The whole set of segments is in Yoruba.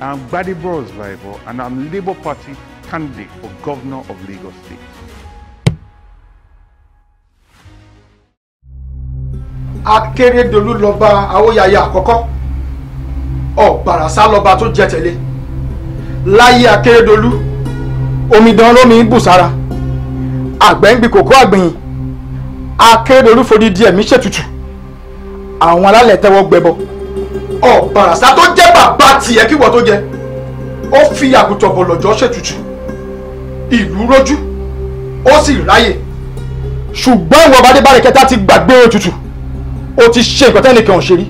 I'm Buddy Gbadebo Bible, and I'm Labour Party candidate for Governor of Lagos State. Akérédolú lọba awóyàyà àkọ́kọ́ ọ̀bàràsá lọba tó jetele. tẹ̀lé láyé Akérédolú omidan olómi mi bù sára àgbẹ̀ ń gbi kòkó àgbìyìn Akérédolú forí díẹ̀ mí ṣètùtù àwọn alálẹ̀ tẹ́wọ́ gbẹbọ ọ̀bàràsá tó jẹ bá tiẹ̀ kí wọ́n tó jẹ ó fi àgùntàn bọ̀lọ̀jọ́ ṣètùtù ìlú rójú ó sì ráyè ṣùgbọ́n ìwọ̀n bá débàrẹ̀ kẹta ti gbàgbé òtútù ó ti ṣe nǹkan tẹ́nìkan ò ṣe rí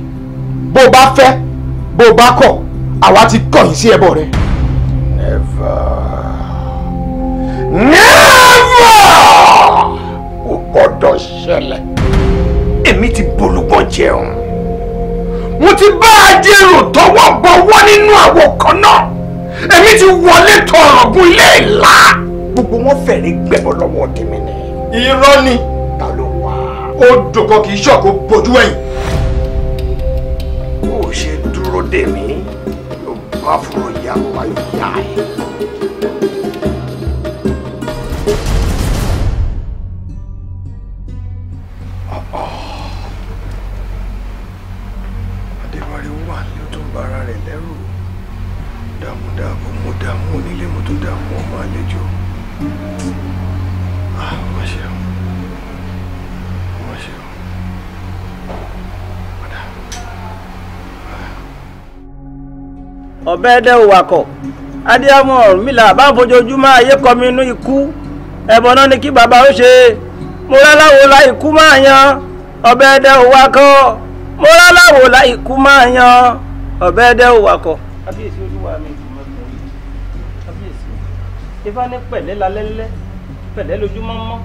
bó bá fẹ́ bó bá kọ̀ àwa ti kọ̀yìn sí ẹbọ rẹ. never never ó gbọ́dọ̀ ṣẹlẹ̀ èmi ti bolúgbọ́n jẹun mo ti bá ajérò tọwọ́ bọwọ́ nínú àwo kan náà èmi ti wọlé tọrọ̀gùn ilé ìlà gbogbo wọn fẹ̀rẹ̀ gbẹ̀bọ̀ lọ́wọ́ tèmi ni. irọ́ ni ta ló wá. ó dòkọ kì í ṣọ̀kò bójú ẹ̀yìn. bó o ṣe dúró dè ló bá fúnra ìyá wa yá ẹ. tó dààmú ọmọ àlejò wọ́n ah, ṣe o wọ́n ṣe o padà. Ah. ọ̀bẹ ẹdẹ òwàkọ̀ adéhámọ́ ọ̀rùnmìlà bá ń fojoojúmọ́ ayé kọmi inú ikú ẹ̀bọ̀n náà ni kí bàbá ó ṣe mo ráláwo la ikú máa yan ọ̀bẹ ẹdẹ òwàkọ̀ mo ráláwo la ikú máa yan ọ̀bẹ ẹdẹ òwàkọ̀. tí bá ní pẹ̀lẹ́ la lẹ́lẹ́ pẹ̀lẹ́ lójúmọ́ mọ́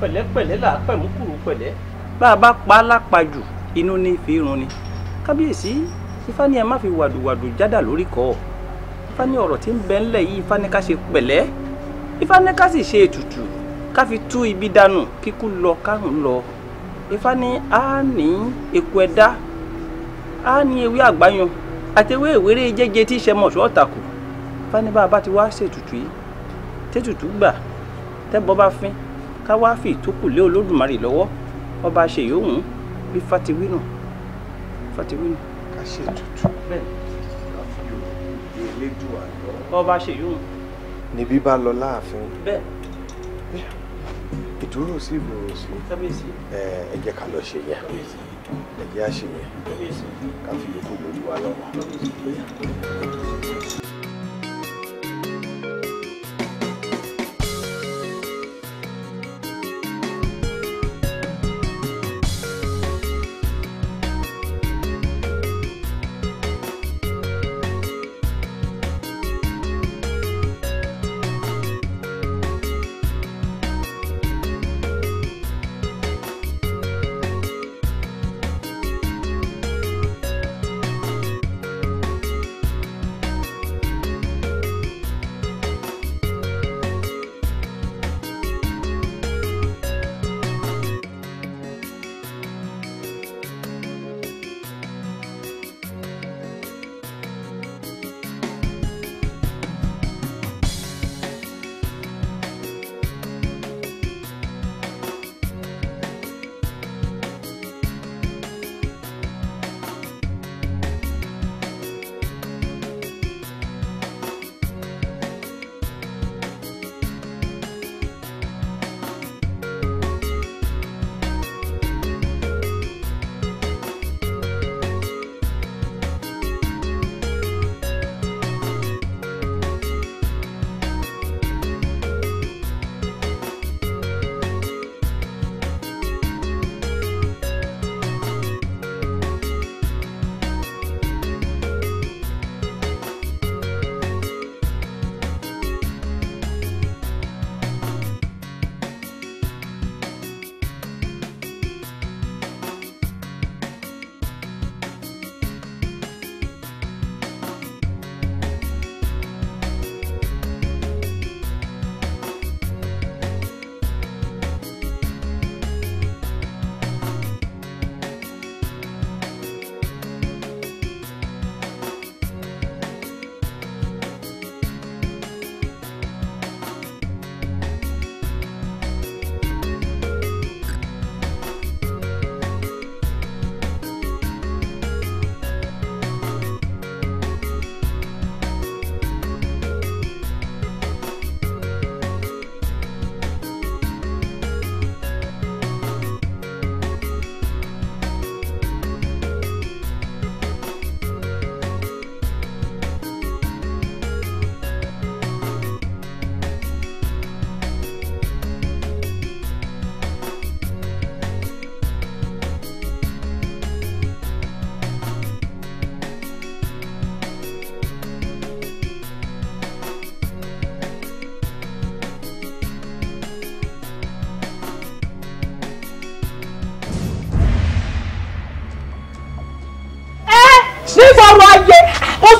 pẹ̀lẹ́ pẹ̀lẹ́ là á pẹ̀mú kúrú pẹ̀lẹ́ bá a bá pa á lápajù inú ní fi run ni kábíyèsí ifá ní ẹ má fi wàdùwàdù jádà lórí kọ́ ifá ní ọ̀rọ̀ tí ń bẹ ńlẹ̀ yìí ifá ní ká ṣe pẹ̀lẹ́ ifá ní ká sì ṣe ètùtù ká fi tú ibi dànù kíkú lọ kárùn lọ ifá ní á ní eku ẹ̀dá á ní ewé àgbáyan àti ìwéré jẹ́jẹ́ tí í ṣe mọ̀ṣọ́ ọ̀tàkù ní bá a bá ti wá ṣètùtù yìí tètùtù gbà tẹ́bọ bá fín ká wá fi ìtókù lé olódùmarè lọ́wọ́ ọba ṣe yòówù bí fatiwínù fatiwínù. ká ṣe tutù bẹ́ẹ̀ ká fi òye elédùà lọ. ọba ṣe yòówù. níbí bá lọ láàfin. bẹ́ẹ̀. ìdúró sí ìbòrò sí. kábíyèsí. ẹ ẹ jẹ́ ká lọ ṣe yẹn. kábíyèsí. ẹ jẹ́ àṣeyẹn. kábíyèsí. ká fi yòókù lórí wa lọ́wọ́. kábíyèsí.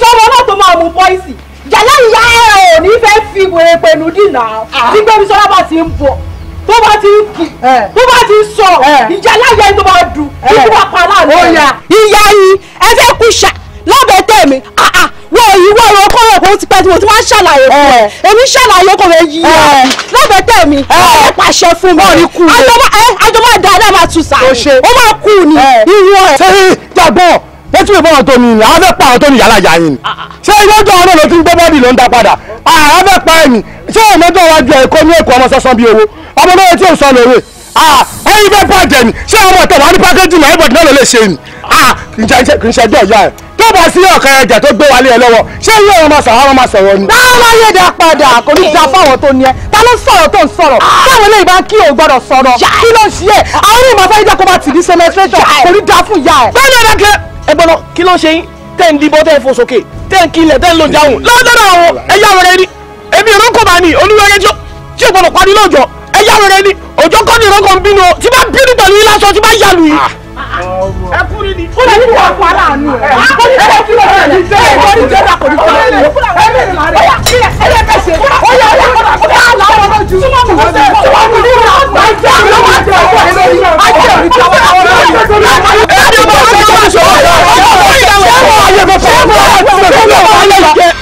sọ́wọ́ náà tó máa mú bọ́ìsì yàrá ìyá ẹ̀ ò ní fẹ́ fi wèrè pẹ̀lú dìnnà ah. tí gbẹ́bí sọ́wọ́ bá ti ń bọ̀ tó bá ti ń kì eh. tó bá ti ń sọ eh. ìjà láyé tó bá dùn títí eh. wà pa láàrin. ó yà ìyá yìí ẹ fẹ́ kú ṣà lábẹ́ tẹ̀mí ah, ah, wọ ìwọ ọ̀rọ̀ kọ́rọ̀ kó ti pẹ́ tí mo ti wá ṣàlàyé fún ẹ èmi ṣàlàyé kò rẹ̀ yí ọ lábẹ́ tẹ̀mí ẹ pàṣẹ fún mi àjọba àjọba dáadáa máa tù sáré ó máa kú ni irú ẹ tí yóò bá wọn tó mi ni àwọn fẹ́ pa àwọn tó ní yàrá ìyá yín ni ah, ah. ṣé ìlọ́jọ́ ọ̀rọ̀ ló ti ń gbé bọ́ọ̀dì ló ń dá padà ah, àwọn fẹ́ pa ẹ̀mí ṣé ìlọ́jọ́ wa jẹ ẹ̀kọ́ ní ẹ̀kọ́ ọmọ sọ́sán bíi owó ọmọ náà tí ò sọ lóore ẹ̀yin fẹ́ bàjẹ́ ni ṣé ọmọ ìtọ́wà ní pákéjì náà ẹ̀bọ̀dì náà ló lè ṣe ni kì í ṣẹjọ́ ìyá ẹ̀ tó bá sí ọ̀kan ẹ̀jẹ̀ tó gbé wálé ẹ lọ́wọ́ ṣé ilé ọmọ sàwọn ọmọ sọ̀rọ̀ ni. báwo la yé da padà kò ní da fáwọn tó ní ẹ ta ló sọ̀rọ̀ tó ń sọ̀rọ̀ táwọn eléyìí bá kí òun gbọ́dọ̀ sọ̀rọ̀ kí ló ń ṣe é àwọn onímọ̀ fẹ́ jẹ́ kó bá tì da fún ìyá ẹ̀. bẹ́ẹ̀ ẹ gbọ́dọ̀ kí ló ń ṣe yín tẹ́ ń dìbọn tẹ́ ń fò sókè tẹ́ ń kílẹ̀ tẹ́ ń lo jáwùn lọ́dọ̀dọ̀ àwọn ẹ̀yà wẹ̀rẹ̀ ni èmi ìrókò bá ní olúwẹ̀rẹ̀ tí ó gbọ́dọ̀ parí lọ́jọ́ ẹ̀yà wẹ̀rẹ̀ ni òjò kọ́ ni ìrókò ń bínú o tí bá bínú pẹ̀lú yín lásán tí bá yàlù yìí ah ẹkùnrin ni kó lè ní ìwà fún aláàánú ẹ kó ní jẹ́ kí lóore ní jẹ́ ẹ kó ní jẹ́ dà kò ní jẹ́ ẹ ọyà kílẹ̀ ẹyẹ kẹsẹ̀ ọyà ọyà ọyà àlọ́ ọ̀rọ̀ ju súnmọ́ mi lọ́sẹ̀ súnmọ́ mi ní ìlà ọ̀gbà ìjẹ́ àlọ́ wà jẹ́ ọ̀gbà ìjẹ́ àjẹ́ ìjẹ́ àwọn ọ̀rọ̀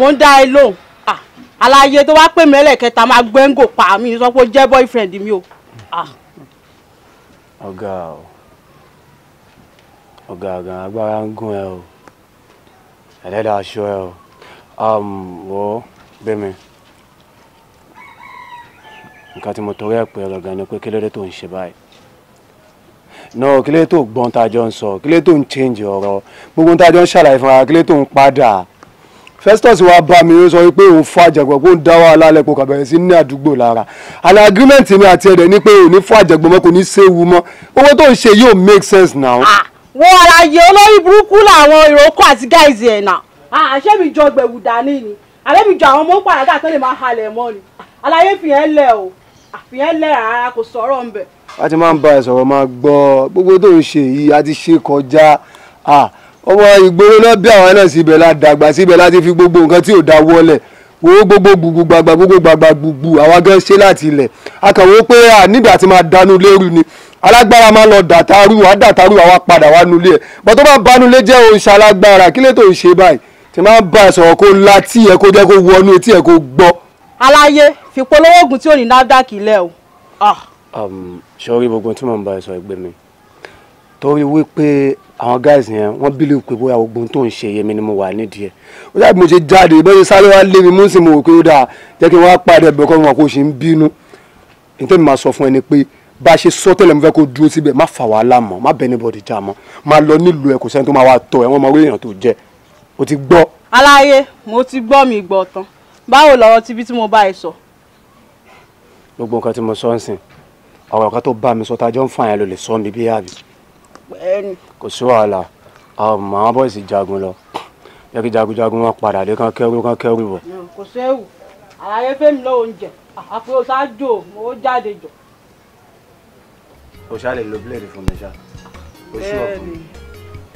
wọ́n dá ẹ lóhùn àlàyé ah, tó wá pè mí ẹlẹ́kẹta máa gbẹ́ngò pa mi sọ pé ó jẹ́ boyfriend mi o. Ah. ọ̀gá o ọ̀gá ọ̀gá agbára ń gún ẹ o ẹ̀lẹ́dà aṣọ ẹ o um, wọ́ bẹ́mi nǹkan tí mo torí ẹ̀ pé ọ̀gá ni pé kí ló dé tó ń ṣe báyìí náà kí ló dé tó gbọ́n tá a jọ ń sọ kí tó ń change ọ̀rọ̀ gbogbo tá a jọ ń ṣàlàyé fún wa kí ló dé tó ń padà. Festus wa bá mi ó sọ pé òun fún àjàgbọ̀n pé òun dá wàhálà lẹ́pọ̀ kà bẹ̀rẹ̀ sí ní àdúgbò lára àlẹ́ agreement mi àti ẹ̀dẹ̀ ni pé òun ní fún àjàgbọ̀n mọ́ kò ní séwu mọ́ owó tó ń ṣe yóò make sense now. Ah, wọn àlàyé olórí burúkú làwọn ìrókò àti gáìsì ẹ̀ nà ah, àṣẹ mi jọ gbẹ̀wù dání ni àlẹ́ mi jọ àwọn mọ́pọ̀ àràgà tó lè máa halẹ̀ mọ́ ni àlàyé fìyẹn lẹ̀ o àfìyẹn ah, lẹ̀ rárá kò sọ̀rọ̀ ńbẹ̀. a ti máa ń bá ẹ sọ̀rọ̀ máa gbọ́ gbogbo tó ń ṣe yìí a ti ṣe kọjá ọmọ ìgboro náà bí àwọn náà síbẹ̀ la dàgbà síbẹ̀ láti fi gbogbo nǹkan tí ò dá wọlẹ̀ wo gbogbo gbùgbù gbàgbà gbogbo gbàgbà gbùgbù àwa gan ṣe láti ilẹ̀ akàwé pé à nígbà tí máa dánú lérú ni alágbára máa lọ dàtàrú wàá dàtàrú àwa padà wá nulẹ̀ ẹ̀ bọ́tọ́ bá banulẹ̀ jẹ́ òun ṣalágbára kí lè tó ṣe báyìí tí máa bá a sọ̀rọ̀ kó la tí ẹ kó jẹ́ kó wọnú etí ẹ kó gbọ́. aláyé fìpolówó oògùn tí ò ní NAFDAC lẹ o. sọrí ah. um, gbogbo tí mò ń bá ẹ sọ ẹgbẹ́ mi torí wípé àwọn guys yẹn wọ́n bílí pé bóyá gbogbo tó ń ṣe yẹmi ni mo wà nídìí ẹ̀ ó dàbí mo ṣe jáde bó ṣe sáré wá lé mi mú sí mo wò pé ó dáa jẹ́ kí wọ́n á pàdé ẹ̀bẹ̀ kọ́ wọn kó ṣe ń bínú nítorí màá sọ fún ẹni pé bá a ṣe sọ tẹ́lẹ̀ mo fẹ́ kó dúró síbẹ̀ má fà wàhálà mọ́ má bẹ anybody jà mọ́ má lọ nílùú ẹ̀ kò sẹ́ni tó máa wá tọ́ ẹ̀ wọ́n máa wí èèyàn tó jẹ́ o ti gbọ́. aláyé mo ti gbọ́ mi gbọ́ tán pẹ́ ni. kò sí wàhálà màá bọ̀ sí jagun lọ jẹ́ kí jagunjagun wọn padà dé kán kẹ́rù kán kẹ́rù bọ̀. kò sẹ́wù àlàyé fẹ́mi lọ oúnjẹ àpò ṣáájú ò jáde jọ. o ṣáà lè lo blade fún mi ṣá o ṣú ọ fún mi.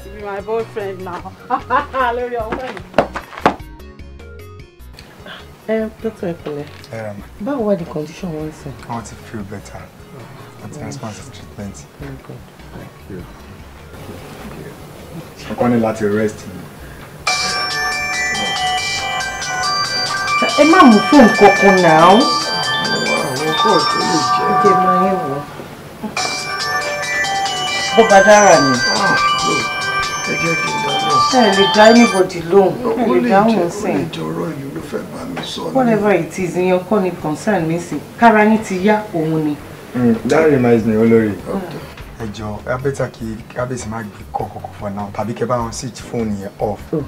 be my boyfriend now lórí ọwọ́ ẹ̀. ẹ dókítà ẹ pẹ̀lẹ́ báwo wà di condition wọn I want to feel better and response to treatment. Mm -hmm ọkọ ní láti rest ni. ẹ má mú fún nǹkankan náà. àwọn ọkọ tó lè jẹ. ó jẹ mọ ẹ wọ. bó bá dára ni. Ah, ẹ jẹ́ kí n dá lọ. ẹ lè dá anybody lóhùn ẹ lè dá òun sìn. ó lè jẹ ọ̀rọ̀ yìí ló fẹ́ bá mi sọ. whatever it is ìyẹn ọkọ ni concern mi sí kára ní ti yá òun ni. Hmm, that reminds me olórí. Okay ẹ jọ kí kábíyèsí má gbé kọ́ kọ̀ọ̀kan for now tàbí kẹ́ bá wọn switch fóònù yẹn off. Hmm,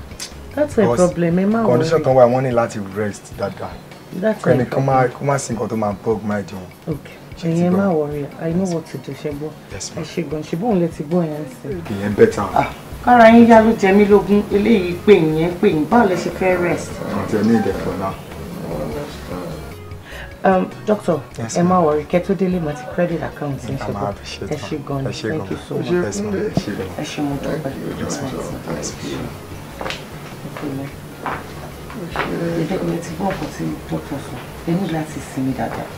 that's a problem ẹ má wọlé. condition kan wà wọ́n ní láti rest dáadáa. that's a má kó má sí nǹkan tó máa bug my jẹun. okay ẹ̀yin má worry i know what to do ṣe gbọ́ ẹ ṣe gbọ́n ṣe bóun lè ti gbọ́ yẹn sí. ìyẹn bẹ́tà. Ah, kára yín yá ló jẹ mí lógún eléyìí pè yín pè yín báwo lẹ ṣe fẹ́ rest. àti ẹni ìdẹ̀fọ̀ náà. Um, doctor, ẹ má wọrí kẹ́ tó délé mo ti credit account ń ṣe bọ́ ẹ ṣe gan ni thank you so much ẹ ṣe mo dúpẹ́ ìdẹ́gbẹ̀rẹ̀ ti gbọ́ ọ̀pọ̀ tí doctor sọ ẹ ní láti sinmi dáadáa.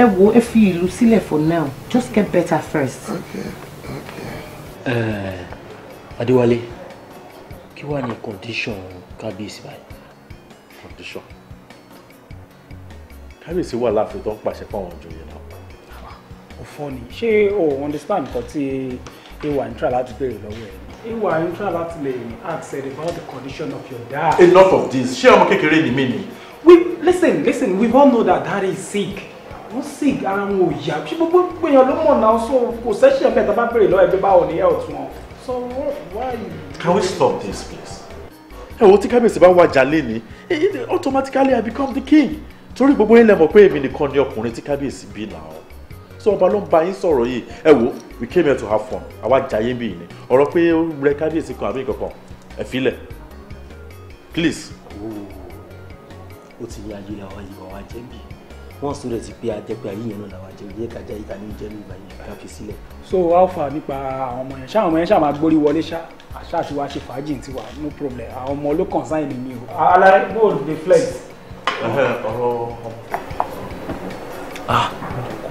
ẹ wo ẹ fi ìlú sílẹ̀ for now just get better first. Eh, Adéwálé kí wàá ní condition kábíyèsí báyìí condition kábíyèsí wà láàfin tó ń pàṣẹ fáwọn òjòyè náà. kò fọ́ ni ṣé o understand nǹkan tí ewa ń tra láti béèrè lọ́wọ́ ẹ̀ ewa ń tra láti lè ask ẹ about the condition of your dad. enough of this ṣé ọmọ kékeré ni mí ni. we listen listen we all know that daddy is sick wọ́n sì ara wọn ò yá ṣé gbogbo èèyàn ló mọ̀ náà so kò sẹ́ṣẹ̀ mẹ́ta bá bèrè lọ́wọ́ ẹgbẹ́ báwo ni health wọn. so why. can we stop this please. ẹ wo tí kábíyèsí bá wájà lé ní automatically i become the king torí gbogbo yín lẹ mọ̀ pé èmi nìkan ni ọkùnrin tí kábíyèsí bí náà so ọba ló ń ba yín sọ̀rọ̀ yìí ẹ wo we came here to have fun àwa jayé bí yìí ni ọ̀rọ̀ pé ó rẹ kábíyèsí kan àbí nǹkan kan ẹ filẹ̀ please. ó ti yẹ ayé àwa yìí wàá jẹ́ bí wọ́n sọ rẹ̀ sí pé a jẹ́ pé ayé yẹn náà làwa jẹ́ yẹ kájà yìí tani jẹ́ ló ìgbà yẹn ká fi sílẹ̀. so how far nípa àwọn ọmọ yẹn ṣá àwọn ọmọ yẹn ṣá máa gbórí wọlé ṣá àṣà àti wàá ṣe fàájì tiwa no problem àwọn ọmọ ló kàn sáyìn mi o. alárẹ́ bóòlù dey flex. Ah,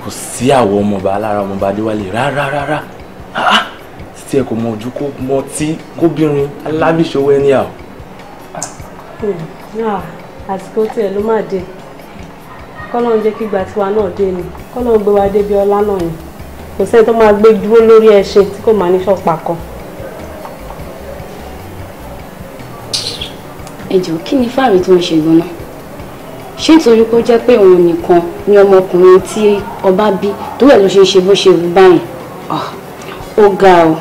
kò sí àwọn ọmọọba alára ọmọọba adéwálé rárá rárá títí ah, ẹ kò mọ ojú kó mọ tí kóbìnrin alábìṣòwò ẹni à. Hmm, ah, àsìkò tiẹ̀ ló máa dé kọ́lọ́n jẹ́ kí ìgbà tiwa náà dé ni kọ́lọ́n gbé wa débi ọlá náà ni kò sẹ́ni tó máa gbé dúró lórí ẹṣin tí kò máa ní ṣọ́pà kan. ẹ jọ̀ọ́ kí ni fáàrí tó ń ṣe gan-an ṣé nítorí kó jẹ́ pé òun nìkan ni ọmọkùnrin tí ọba bí tó wẹ̀ ló ṣe ń ṣe bó ṣe wù báyìí ah, ó ga o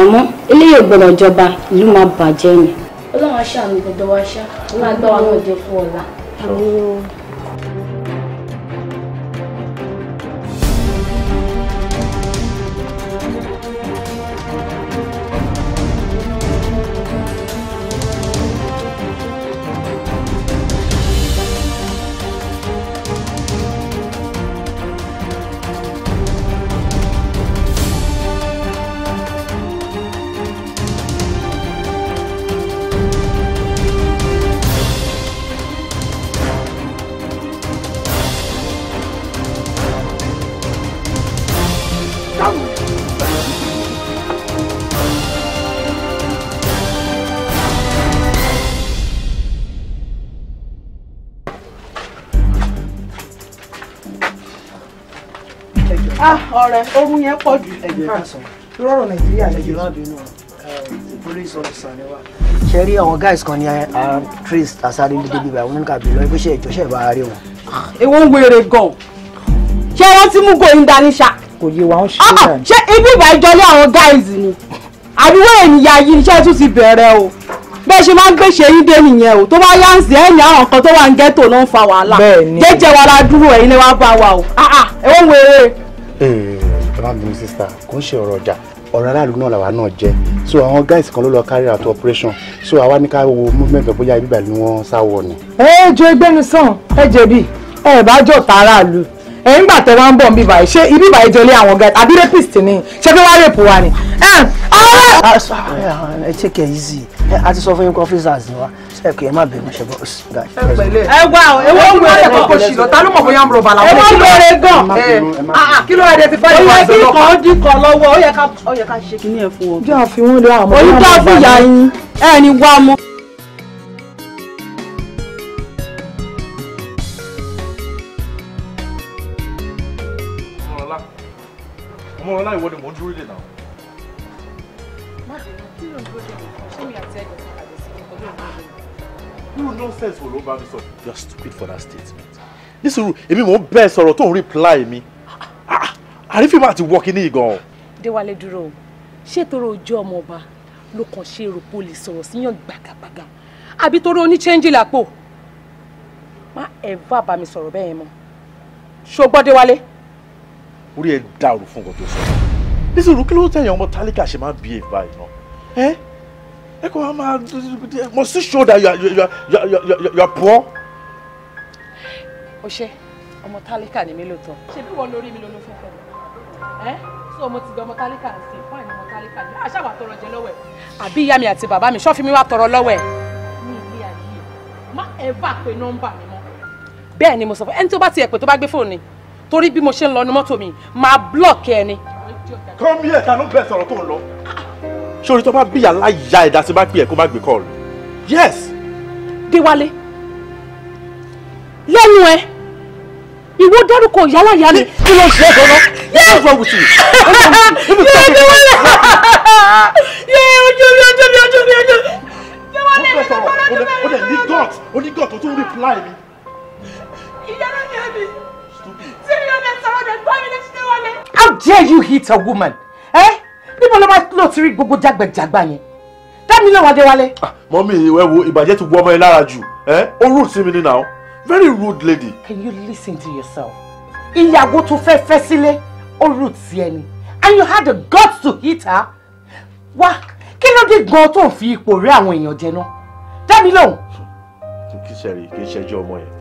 àmọ́ eléyìí ò gbọ́dọ̀ jọba ìlú máa bàjẹ́ ni. ọlọ́run aṣáà mi gbọ́dọ̀ wá ṣá ó máa gbá wa náà dé fún ọ̀la. ọ̀rẹ́ ohun yẹn pọ̀ jù ẹ̀jẹ̀ ká rọrùn nàìjíríà lẹ́yìn náà police officer ni wa. ṣe rí àwọn guys kan ní trace asáré ní débi báyìí wọn ní kàbí lọ ìgbésẹ̀ ìjọsẹ̀ bá rí wọn. èwo ń wèrè gan ṣé wọn ti mú gòyìn dání ṣá. kò yé wa ń ṣe é ah, náà. ṣé ibi ìgbà ìjọlé àwọn guys ni àbí wọ́n ènìyàn yìí iṣẹ́ tún ti bẹ̀rẹ̀ o bẹ́ẹ̀ ṣe máa ń gbèsè yín dé nìyẹn o tó bá yá ń sìn ẹ̀yìn àwọn kan tó wà ń ghetto ló ń fa wàhálà jẹ́jẹ́ wa dúró ẹ̀yin ni wàá bá wa o ẹ̀wọ̀n ah, ah, wèrè ẹ má bínú sísá kò ń ṣe ọ̀rọ̀ ọjà ọ̀rọ̀ aráàlú náà làwa náà jẹ́ so àwọn guys kan ló lọ carry out operation so àwa ní ká wo movement ẹ̀ bóyá ibíbà ni wọ́n sá wọ ni. ẹ jẹ́ gbẹ́nu sàn ẹ jẹ̀bi ẹ bá jọ tààràlù ẹ ń gbà tẹ wá ń bọ̀ ń bíbà ṣé ibi ìbà ìjọlé àwọn guys àbí rapist ni ṣé fẹ́ wá rèpù wa ni. ẹ ṣe ah, ah, kẹ̀ easy. Eh, a ti sọ fún yín kó officers ni wa ṣe kí ẹ má bẹ̀rù ṣe bọ́ ẹ pẹ̀lẹ́ ẹ wá o ewo ń wọlé kókó sí lọ ta ló mọ̀ bóyá ń rọba làwọn ewo ń wọlé gan kí ló ẹ̀rẹ́ ti fẹ́ lọ́wọ́ ẹ̀sọ́ lọ́kọ̀. ó yẹ kí kan dín kan lọ́wọ́ ó yẹ ká ṣe kí ní ẹ̀ fún ọ. bí a fi wọn lé àmọ́ oyún tó fún ìyá yín ẹ̀ ni wá mọ́. ọmọ nonsense wo ló bá mi sọ. you are stupid for that statement. nísìrú èmi mò ń bẹ́ẹ̀ sọ̀rọ̀ tó ń reply mi àrífín máa ti wọ kíní gan-an. déwálé dúró o ṣé torí ojú ọmọ ọba ló kàn ṣe èrò pé o lè sọ̀rọ̀ síyàn gbàgàgbàgà àbí torí oníṣẹ́ńjì làpò má ẹ̀fọ́ àbá mi sọ̀rọ̀ bẹ́ẹ̀ mọ́ ṣùgbọ́n déwálé. orí ẹ dàrú fún nǹkan tó sọ nísìrú kí ló tẹ̀yàn ọmọ tálíkà ṣe máa be bí èèfà Eh? ẹ kò must you show that you are you are you are you are, you are poor. Oshé, ṣe ọmọ tálíkà ni mí lóòótọ́. ṣe bí wọn lórí mi ló ló fẹ́ so mo ti gbé ọmọ tálíkà ń sìn fún àìní ọmọ tálíkà ni àṣà wà tọrọ jẹ lọ́wọ́ ẹ̀. àbí ìyá mi àti bàbá mi ṣọ́ọ́fì mi wà tọrọ lọ́wọ́ ẹ̀. mi ìlú ayé má ẹ bá mi mọ́. bẹ́ẹ̀ ni mo sọ fún ẹni tó bá ti ẹ̀ pé tó bá ni Tori bi mo ṣe ń lọ ní mọ́tò mi máa blọ́ọ̀kì ẹni. come here kanu no sọ̀rọ̀ tó ń sórí tó bá bí aláya ẹ̀dá tí bá pè ẹ́ kó má gbé kọ́ọ̀lù yes. déwálé lẹ́nu ẹ ìwọ dárúkọ ìyálàyà mi. kí ló ń ṣe é gan-an what's wrong with you. yóò déwálé yóò ojú mi ojú mi ojú mi ojú mi. déwálé mi ló bá lọ́jọ́ mẹ́rin. ó dẹ̀ ní gọ́t ó ní gọ́t ó tún reply mi. ìyálàyà mi tí mi ò lè sọ̀rọ̀ dẹ̀ gbọ́ mi lẹ́sìn déwálé. How dare you hit a woman? Eh? níbo ló máa lò ti rí gbogbo jágbẹ̀jágbà yẹn dámi náà wà dé wálé. Ah, mọ́mí ìwẹ́ wo ìbàjẹ́ ti wọ ọmọ yẹn lára jù ẹ́ ó rude sí mi nínà very rude lady. can you listen to yourself ìyàwó tó fẹ́ fẹ́ sílé ó rude sí ẹni and you had the guts to hit her wá kí ló dé gan tó ń fi ipò rí àwọn èèyàn jẹ náà dámi lóhùn. kì í ṣẹ̀rí kì í ṣẹjọ́ ọmọ yẹn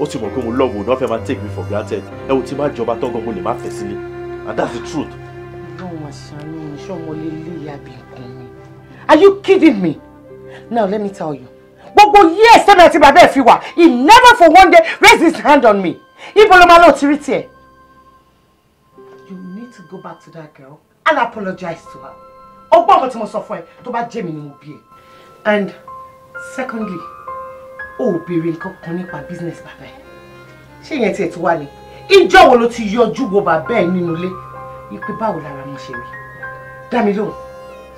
ó ti mọ̀ pé mo love òun náà fẹ́ máa take me for granted ẹ wò tí má jọba tán gan mo lè má fẹ́ sílé and that's the truth are you kidding me now let me tell you gbogbo years tẹ́lẹ̀ àti bàbá ẹ̀ fi wà he never for one day raised his hand on me ibo ló máa lọ ti rí tiẹ̀. you need to go back to that girl and apologize to her ọgbọ́n nǹkan tí mo sọ fún ẹ tó bá jẹ́ mi ni mo bí ẹ and secondly o ò béèrè nǹkan kan nípa business bàbá ẹ ṣé ìyẹn tiẹ̀ ti wá ni ìjọ́ wo ló ti yọjú wo bàbá ẹ nínú ilé ipe báwo lára wọn ṣe rí dá mi lóhùn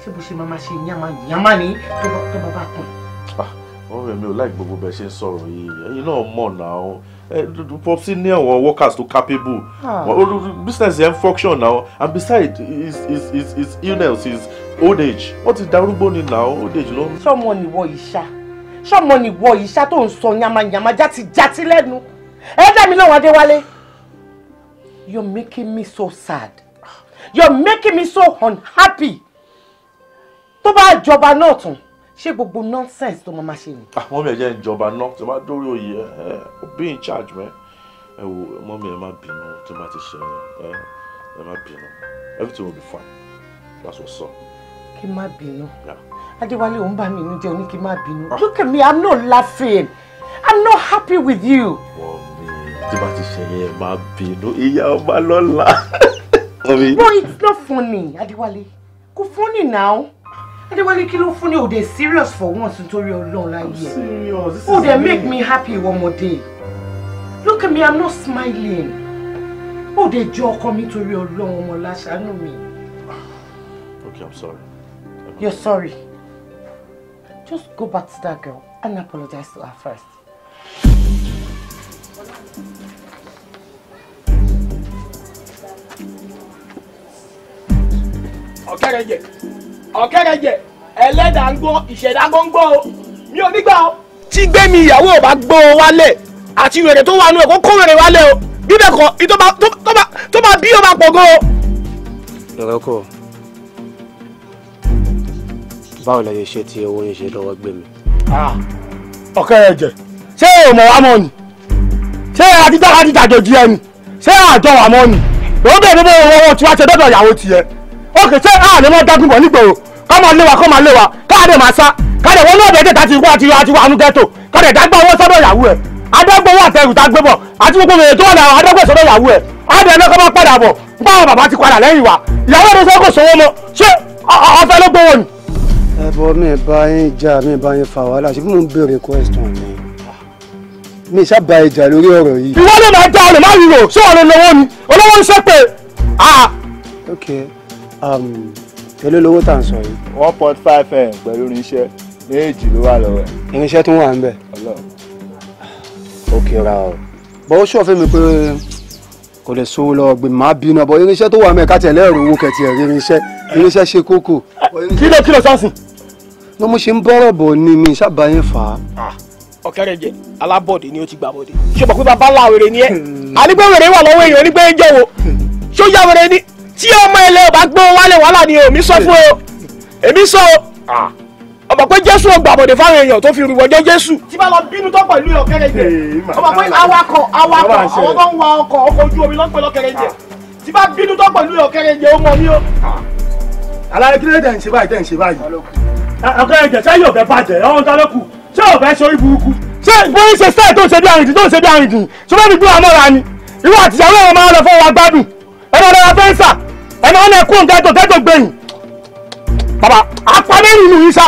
ṣé bó ṣe máa máa ṣe yánmáyánmá ni tó bá bá kùn. wọ́n rẹ̀ mi ò láì gbogbo bẹ́ẹ̀ ṣe ń sọ̀rọ̀ yìí ẹ̀yin náà mọ̀ náà popsi ní àwọn workers tó capable ah. business yẹn function now and besides his his his illness his old age wọ́n ti darúgbó ni now old age ló. sọmọ nìwọ ìṣá sọmọ nìwọ ìṣá tó ń sọ yamayama játijàti lẹ́nu ẹ dá mi lóhùn Adéwálé you are making me so sad you're making me so unhappy tó bá jọba náà tán ṣé gbogbo nonsense tó máa ṣe ni. àwọn ah, mi ẹ jẹ́ ìjọba náà tó bá dórí oyè ẹ ẹ be in charge mẹ́ ẹ wo ọmọ mi ẹ má bínú tó má ti ṣe ẹ ẹ má bínú everything will be fine that's what's up. kí n má bínú adéwálé òun bá mi inú jẹ́ oní kí n má bínú ah. look at me i'm not laughing i'm not happy with you. wọ́n mi tí bá ti ṣe yẹn má bínú ìyá ọba lọ́la. Mommy. No, it's not funny, Adewale. Kò funny now. Adewale, kí ló funny? Oh, they're serious for once until nítorí Ọlọ́run láyé. I'm serious. This o dey make me happy one more day. Look at me, I'm not smiling. Oh, they O dey jọ ọkọ mi torí Ọlọ́run I know me. Okay, I'm sorry. I'm You're sorry. Just go back to that girl and apologize to her first. ọ̀kẹ́rẹ̀jẹ̀ ọ̀kẹ́rẹ̀jẹ̀ ẹlẹ́dàá ń gbọ́ ìṣẹ̀dá gbọ́ ń gbọ́ o mi ò ní gbà o. tí gbẹ̀mí ìyàwó ò bá gbọ́ ọ wálẹ̀ àti wèrè tó wà nù ẹ̀ kó kó wèrè wálẹ̀ o bíbẹ̀ kọ́ tó bá bí ó bá pọ̀ gan o. lọ́kọ̀ báwo lẹ ṣe ti owó yín ṣe lọ́wọ́ gbẹ̀mí. Ah, ọ̀kẹ́rẹ̀jẹ̀ ṣé o mọ̀ wá mọ́ ni ṣé àtijọ́ àtijọ́ àjòjì ẹni ṣé àjọ wà mọ́ ni òun bẹ̀rẹ̀ bó owó tí wàá ṣe dọ́dọ̀ ìyàwó tiẹ̀ òkè ṣé a lè máa dágún bọ̀ nígboro kọ́ máa léwa kọ́ máa léwa káàdé máa sá káàdé wọn náà bẹ̀ẹ́dẹ̀ tàti ikú àti àti àánú ghetto káàdé dágbà owó sọ́dọ̀ ìyàwó ẹ̀ adágbówó àtẹrù tá gbé bọ̀ àti gbogbo èrè tó wà lára adágbó sọ́dọ̀ ìyàwó ẹ̀ àdé ẹ̀nà kọ́ máa padà bọ̀ nípa àwọn bàbá ti padà lẹ́yìn wa ìyàwó ẹ̀dọ́ sọ́kò sọ́wọ́ mọ́ ṣé ọ̀fẹ́ ló gbowó ni. ẹ bọ mi bá yín jà mi bá yín fa wàhálà ṣùgbọ́n mo ń béèrè question ni mi sábà ìjà lórí ọ̀rọ̀ yìí. ìwọ ló máa já ọ̀rọ̀ má ríro ṣé ọ̀rọ̀ lọ́wọ́ ni olówó ń ṣépè. Ah! ok Um, pẹ̀lú lówó tá à ń sọ yìí. one point five m pẹ̀lú irinṣẹ́ méjì ló wà lọ́wọ́ ẹ̀. irinṣẹ́ tún wà ń bẹ̀. òkè ra o bọ́ ó ṣọ̀fẹ́ mi pé kò lè sówó lọ gbé màá bínú ọ̀bọ̀ irinṣẹ́ tó wà mẹ́ẹ̀ káti ẹ̀ lẹ́rù owó kẹ̀tì ẹ̀ irinṣẹ́ irinṣẹ́ ṣe kókó. kílò kílò sánsìn. ní mo ṣe ń bọ́rọ̀ bọ̀ ni mi ṣàbá yẹn fà á. Ah, ọ̀kẹ́rẹ́ jẹ alábọ̀dé ni ó ti gbà bọ̀dé ṣùgbọ́n pé bàbá láwèrè ni ẹ́ hmm tí ọmọ ilé ò bá gbé wọn wálé wàhálà ni èmi sọ fún o èmi sọ o ọmọ pé jésù ọgbà àbọ̀dé fáwọn èèyàn tó fi rúwọ́jọ́ jésù. tí bá lọ bínú tó pẹ̀lú ọ̀kẹ́rẹ́jẹ ọmọ pé awakọ̀ awakọ̀ àwọn tó ń wa ọkọ̀ ọkọ̀ ojú omi lọ́pẹ̀ lọ́kẹ́rẹ́jẹ tí bá bínú tó pẹ̀lú ọ̀kẹ́rẹ́jẹ ó mọ ní o. alára kí ló dé ń ṣe báyìí dé ń ṣe báyìí. ọ̀kẹ́rẹ́jẹ ṣé yóò fẹ́ bàjẹ́ ọ̀hún tá lókù ṣé ò fẹ́ ṣorí burúkú. ṣé bóyá ṣe sẹ́ẹ̀ tó ń ṣe bí àrìndì tó ń ṣe bí àrìndì ṣé bẹ́ẹ̀ bí ni ìwọ àtìyàwó ẹ̀ máa wa gbádùn ẹ̀rọ ọ̀dọ́ fẹ́ ń sà ẹ máa ń ẹkú nǹkan tó tẹ́tò gbẹ̀yìn bàbá apá mẹ́rin nù yín sá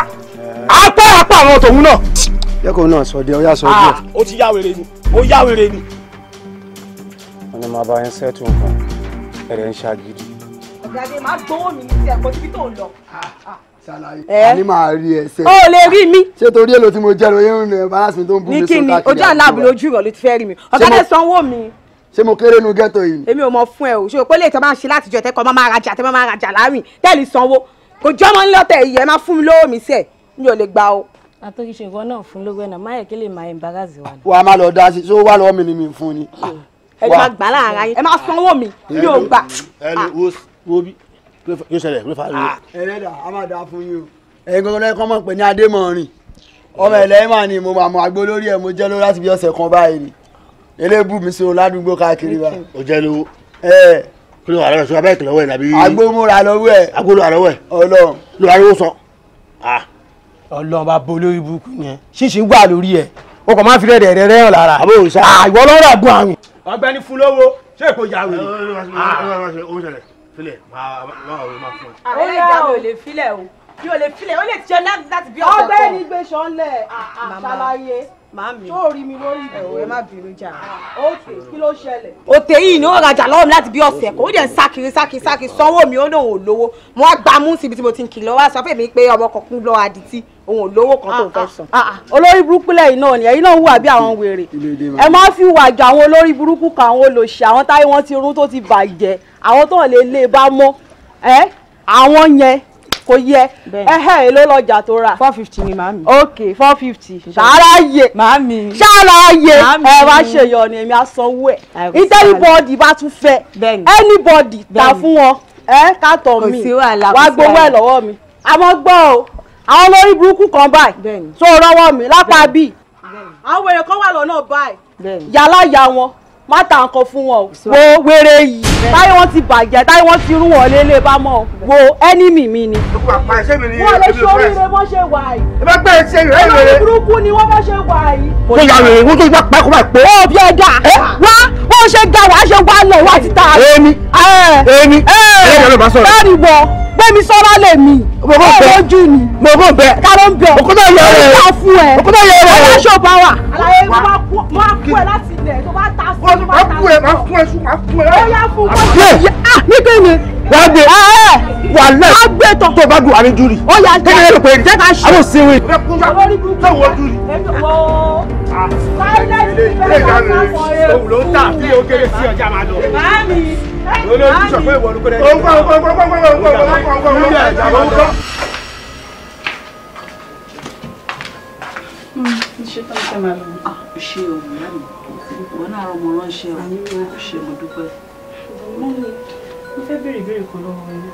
àwọn tòun náà. yẹ́kọ̀ọ́ náà sọ díẹ̀ ó yà sọ díẹ̀. Ah, ó ti yá ni ó yá ni. wọ́n ní máa bá yẹn sẹ́tù nǹkan ẹ̀rẹ̀ ń ṣàgídí. ọ̀gádé máa gbowó mi ní ẹ̀kọ́ síbi tó ń lọ. Ah, ṣàlàyé àní máa rí ẹsẹ̀. o lè rí mi. ṣé torí èlò tí mo jẹ́ lóyún ní embarrassment tó ń bú mi sọ káàkiri àti ní kí ni ojú àlábùlójú rẹ̀ ló ti fẹ́ rí mi ọ̀gádé sanwó mi ṣé mo kéré nu ghetto yìí. èmi ò mọ fún ẹ o ṣé o pé lè tọ́ máa ń ṣe láti jọ tẹ́kọ̀ọ́ máa máa rajà tẹ́ máa máa rajà láwìn tẹ́lì sanwó kò jọ́ mọ́ nílọ́tẹ̀ yìí ẹ máa fún mi lówó mi sí ẹ̀ mi ò lè gbà o. àtọ́jú ṣe ìwọ náà fún lówó ẹ̀ náà máyẹ̀ kí lè máa embarrass wa. wà á máa lọ dá sí i ṣó wà lọ́wọ́ mi ni mi fún ni. ẹ máa gbà láàárọ̀ yín ẹ máa sanwó mi mi ò gbà. ẹ lè wo bí yóò ṣẹlẹ̀ ló fà á. Ah. ẹlẹ́dà a máa dà fún yín o. ẹ̀yin gbọ́dọ̀ ẹ̀kọ́ mọ̀ pé ní adémọ̀rin ọmọ ẹ̀lẹ́mà ni mo máa mọ agbó lórí ẹ̀ mo jẹ́ lórí láti bí ọ̀sẹ̀ kan báyìí ni elébù mi sí o ládùúgbò káàkiri wa. o jẹ lówó. ẹ kí ló wà lọ́wọ́ sọ abẹ́ ìkìlọ̀ wẹ̀ nàbí. agbómúra lọ́wọ́ ẹ̀. agbómúra lọ́wọ́ ẹ̀. ọlọ́run. ló wà lówó sọ. ọlọ́run bá bo lórí burúkú yẹn ṣíṣe wà lórí ẹ̀ o kò má fi rẹ̀ rẹ̀ rẹ̀ hàn lára. àbó òrìṣà. àìwọ lọ́rọ̀ àgùn àrùn. ọ̀gbẹ́ni fún lówó ṣé èkó ya wèrè. ọ̀gbẹ́ni gbèsò ńlẹ̀ ṣàlàyé màámi. mi lórí ìbẹ̀wò ẹ má bínú jà. òkè ah, kí ló ṣẹlẹ̀. òtè yìí ni ó rajà lọ́wọ́ mi láti bí ọ̀sẹ̀ kò ó dẹ̀ sákiri sákiri sákiri sanwó mi ó lóun ò lówó mo wá gbámú síbi tí mo ti ń kiri lọ́wọ́ àṣọ fèmí pé ọmọ kan kún lọ́wọ́ adití òun ò lówó kan tó ń fẹ́ ah, sàn. Ah, olórí burúkú lẹ́yìn náà ni ẹ̀yin náà hùwà bí àwọn wèrè ẹ máa fi hùwà jọ àwọn olórí burúkú kan àwọn olòṣì àwọn táyé wọn ti rún tó ti bàjẹ́ àwọn tó lè lè bá mọ́ àwọn yẹn kò yẹ ẹhẹ́ èló lọ́jà tó rà. four fifty ni màámi. ok four fifty. ṣàlàyé màámi. ṣàlàyé ẹ wá ṣe yọ ni èmi á sanwó ẹ. anybody bá tún fẹ́ anybody ta fún wọn ẹ kàtọ̀ mi wá gbowó ẹ lọ́wọ́ mi. àmọ́ gbọ́ o àwọn olórí burúkú kan báyìí tó rọwọ́ mi lápá bíi àwọn èèyàn kan wà lọ́nà báyìí yàrá ìyá wọn má ta nǹkan fún wọn wo wéré yìí táyé wọn ti bàjẹ́ táyé wọn ti rún wọn lélẹ̀ bá mọ̀ wo ẹnìmì mi ni. wọ́n lè ṣoríire bó ṣe wà yìí. ẹ bá gbẹ́ ẹsẹ̀ rẹ̀ rẹ̀. olórí burúkú ni wọ́n bá ṣe wà yìí. ṣé ìyá rẹ̀ wọ́n tó wá pẹ́ kó bá pé. ó bí ẹja wá bó ṣe ga wàá ṣe wá lẹ̀ wá ti ta. èmi èmi èmi bẹ́ẹ̀ni wọ gbẹmí sọ́ra lè mi. mo bọ̀ bẹ́ẹ̀ lójú ni. mo bọ̀ bẹ́ẹ̀. kárọ̀ ń bẹ̀. òkúta yẹ rẹ̀. òkúta fún ẹ. òkúta yẹ rẹ̀. aláṣọ bá wà. àlàyé mo máa kú ẹ láti ilẹ̀ tó bá ta fún ẹ máa fún ẹ máa fún ẹ sùn máa fún ẹ. ó yá fún wọn. ní kí ni. wà á gbé wà á lẹ. wà á gbé tọ. tó o bá gbé wà á rí júrì. ó yà jẹ́ kékeré pé jẹ́ ká ṣe. àwọn òsè wẹ̀. bẹ́ẹ̀ wọ júrì. ilé ìdáná òun ló ń tà bí o kéré sí ọjà máa lọ. báàmì. olórí sọ pé ìwọ ló kọ́ ṣe tán ṣe máa lọ. Ah, ṣe o ìyá mi wọn náà rọmọ ránṣẹ́ o ṣe mo dúpẹ́. mo fẹ́ béèrè ìbéèrè kan lọ́wọ́ yín.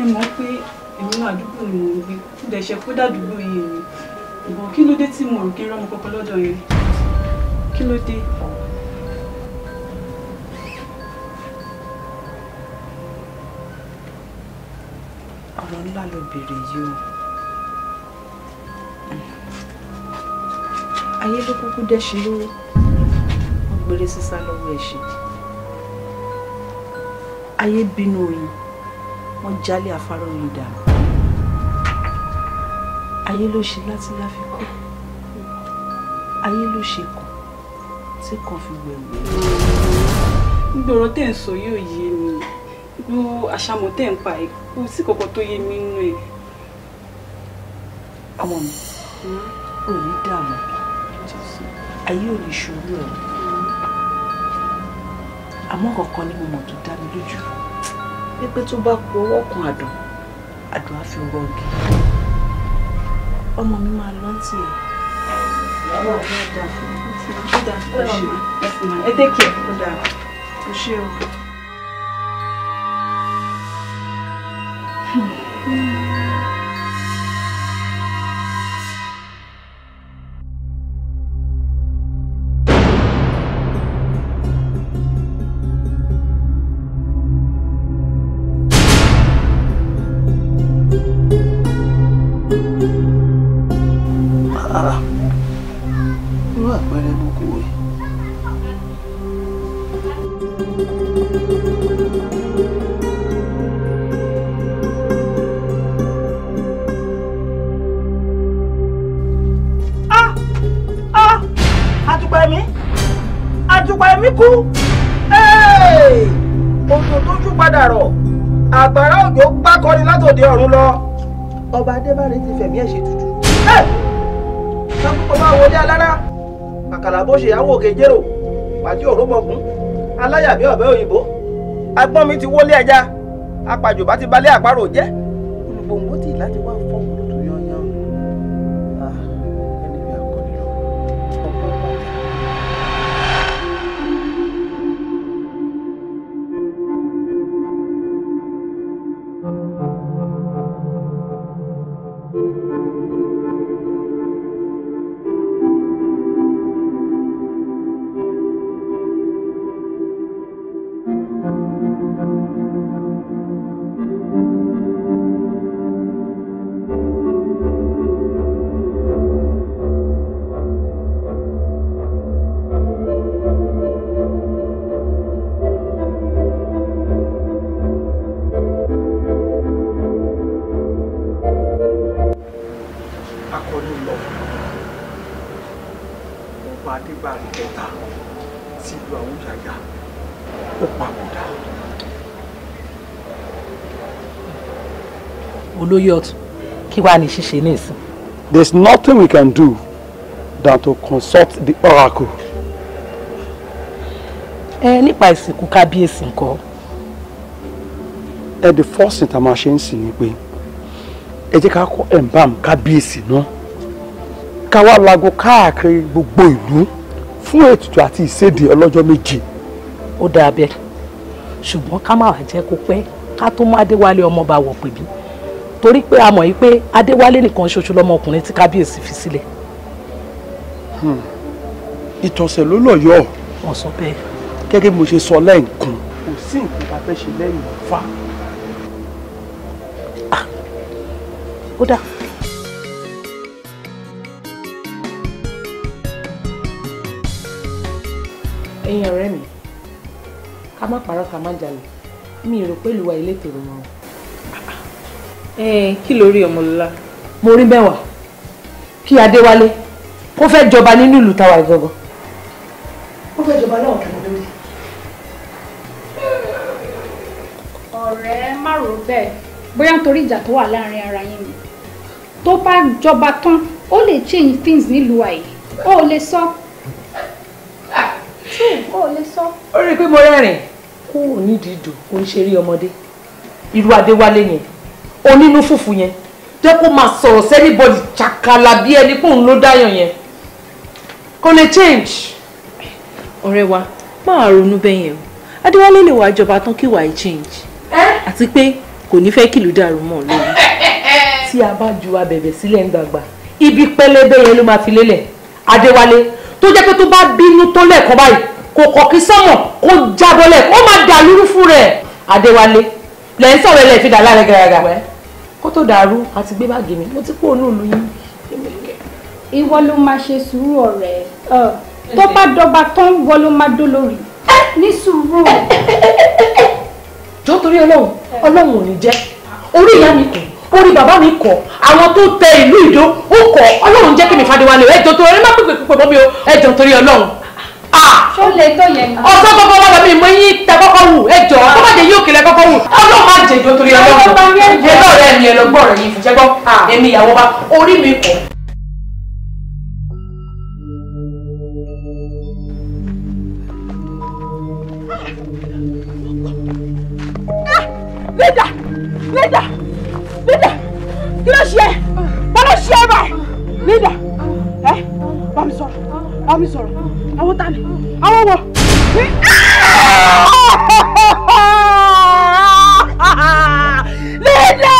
ẹ mọ̀ pé èmi náà àdúgbò ni mo ń gbé kúdẹ̀ ṣe kó dàdúgbò yìí ni ìbọn kí ló dé tí mo rò kí n rọmọ kankan lọ́dọ̀ yẹn kí ló dé. ọ̀rọ̀ ńlá ló béèrè yìí o. ayé ló kúkú dẹ́ṣe lówó wọ́n gbélé sísá lọ́wọ́ ẹ̀ṣẹ̀ ayé bínú oyin wọ́n jálé afárá oyin dànù ayé ló ṣe láti láfi kú ayé ló ṣe kàn tí kan fi wẹ̀wẹ̀. gbogbo tẹ́ ń sọ yóò yé mi gbogbo àṣàmọ̀ tẹ́ ń pa ẹ̀ kò sí kankan tó yé mi nínú ẹ̀. ọmọ mi hmm? ò dààmú ayé ò lè ṣòro ẹ̀ àmọ́ kọ̀ọ̀kan ni mo mọ̀ tó dá mi lójú pé tó bá ku ọwọ́ kan àdùn àdùn á fi rọgì ọmọ mi máa lọ tì í ìyàwó àbí ọ̀dà ọ̀dà ọ̀ṣẹ̀ ẹ̀dẹ́kẹ̀ ọ̀dà ọ̀ṣẹ̀ o. Hmm. fẹ̀mí ẹ̀ ṣe tútù. ẹ sọ pé kò máa wọlé alára àkàlà bó ṣe yàwó òkè jérò pàtí òróbọ̀kún aláyàbí ọ̀bẹ òyìnbó agbọ́n mi ti wọlé ẹja apàjùbá ti balẹ̀ àparò jẹ́ akọni lọ ọba adégbàrí kẹta sílùú àwọn yàyà ó papòdà. olóyè ọ̀tún kí wàá ní ṣíṣe ní ìsìn. there is nothing we can do than to consult the oracle. ẹ nípa ìsìnkú kábíyèsí nǹkan. ẹ the first thing tá a máa ṣe ń sìn ni pé ẹ jẹ́ ká kọ́ ẹ̀ǹbàm kábíyèsí náà ká wá lago káàkiri gbogbo ìlú fún ètùtù àti ìséde ọlọ́jọ́ méje. ó dáa bẹ́ẹ̀ ṣùgbọ́n ká má wàá jẹ́ kó pẹ́ ká tó mú adéwálé ọmọọba wọ̀ pè torí pé a mọ̀ yìí pé adéwálé nìkan ṣoṣo lọmọkùnrin tí kábíyèsí fi sílẹ̀. Hmm. ìtọ̀sẹ̀ ló lọ yọ. ọ̀sán bẹ́ẹ̀. gẹ́gẹ́ bí mo ṣe sọ lẹ́ǹkan kò sí nǹkan tá a fẹ́ ṣe lẹ́yìn fà. ó dà. ẹ̀yin ọ̀rẹ́ mi ká má parọ́ ká má jalè mi ò rò pé ìlú wa ilé tòrò mọ́. kí ló rí ọmọlọ́lá. mo rí mẹ́wàá kí adéwálé kó fẹ́ jọba nínú ìlú táwa gangan. ó fẹ́ jọba náà kàn lórí. ọ̀rẹ́ má rò bẹ́ẹ̀ bóyá nítorí ìjà tó wà láàrin ara yín tó bá jọba tán ó lè change things nílùú àyè ó lè sọ. ó lè sọ. ó rí i pé mo rẹ́rìn kó o nídìí dùn kó o ń ṣe rí ọmọdé irú adéwálé yẹn onínú fùfù yẹn jẹ́ kó máa sọ̀rọ̀ sẹ́nibọ́dì ṣàkàlà bí ẹni pé òun ló dáyàn yẹn kò lè change. ọ̀rẹ́ wa máa ronú bẹ́ẹ̀ yẹn o adéwálé lè wá jọba tán kí wàá change àti pé kò ní fẹ́ kìlú dàrú mọ́ lórí tí a bá ju abẹ̀bẹ̀ sílẹ̀ ń gbàgbà ibi pẹlẹbẹ yẹn ló máa fi lélẹ̀ adéwálé tó jẹ́ pé tó bá bínú tó lẹ́ẹ̀kan báyìí kò kọ̀kí sọ́mọ̀ kó jábọ́ lẹ̀ ó máa dà lúrú fún rẹ̀ adéwálé lẹ̀ ń sọ̀rọ̀ ẹlẹ́ẹ̀fi dà lálẹ́ gàràgà kó tó dàrú àti gbé báàgì mi mo ti kúrò ní ìlú yín. ìwọ ló máa ṣe sùúrù ọ̀rẹ́ tó bá dọba tán ìwọ ló máa dólórí ní sùúrù. jọ́ torí ọlọ́run ọlọ́run ò ní jẹ́ orí ìyá mi kù orí bàbá mi kọ àwọn tó tẹ ìlú ìdó ó kọ ọlọ́run jẹ́ kí mi Fadéwálé ẹjọ́ torí ẹ má pèpè púpọ̀ mọ́ mi o ẹjọ́ torí ọlọ́run. ọ̀sán gbogbo wọn lọ mi mọ yín ta kọ́kọ́ wù ẹjọ́ tó bá jẹ yóò kẹlẹ̀ kọ́kọ́ wù ọlọ́run má jẹ ìjọ torí ọlọ́run ẹjọ́ rẹ mi ẹlọgbọ́n rẹ yìí jẹ́gbọ́ èmi ìyàwó bá orí mi kọ. Leda! Leda! kí ló ṣe wọn ló ṣe ọba ẹ nídà ẹ bá mi sọ̀rọ̀ bá mi sọ̀rọ̀ àwọn ta ni àwọn wo. nídà.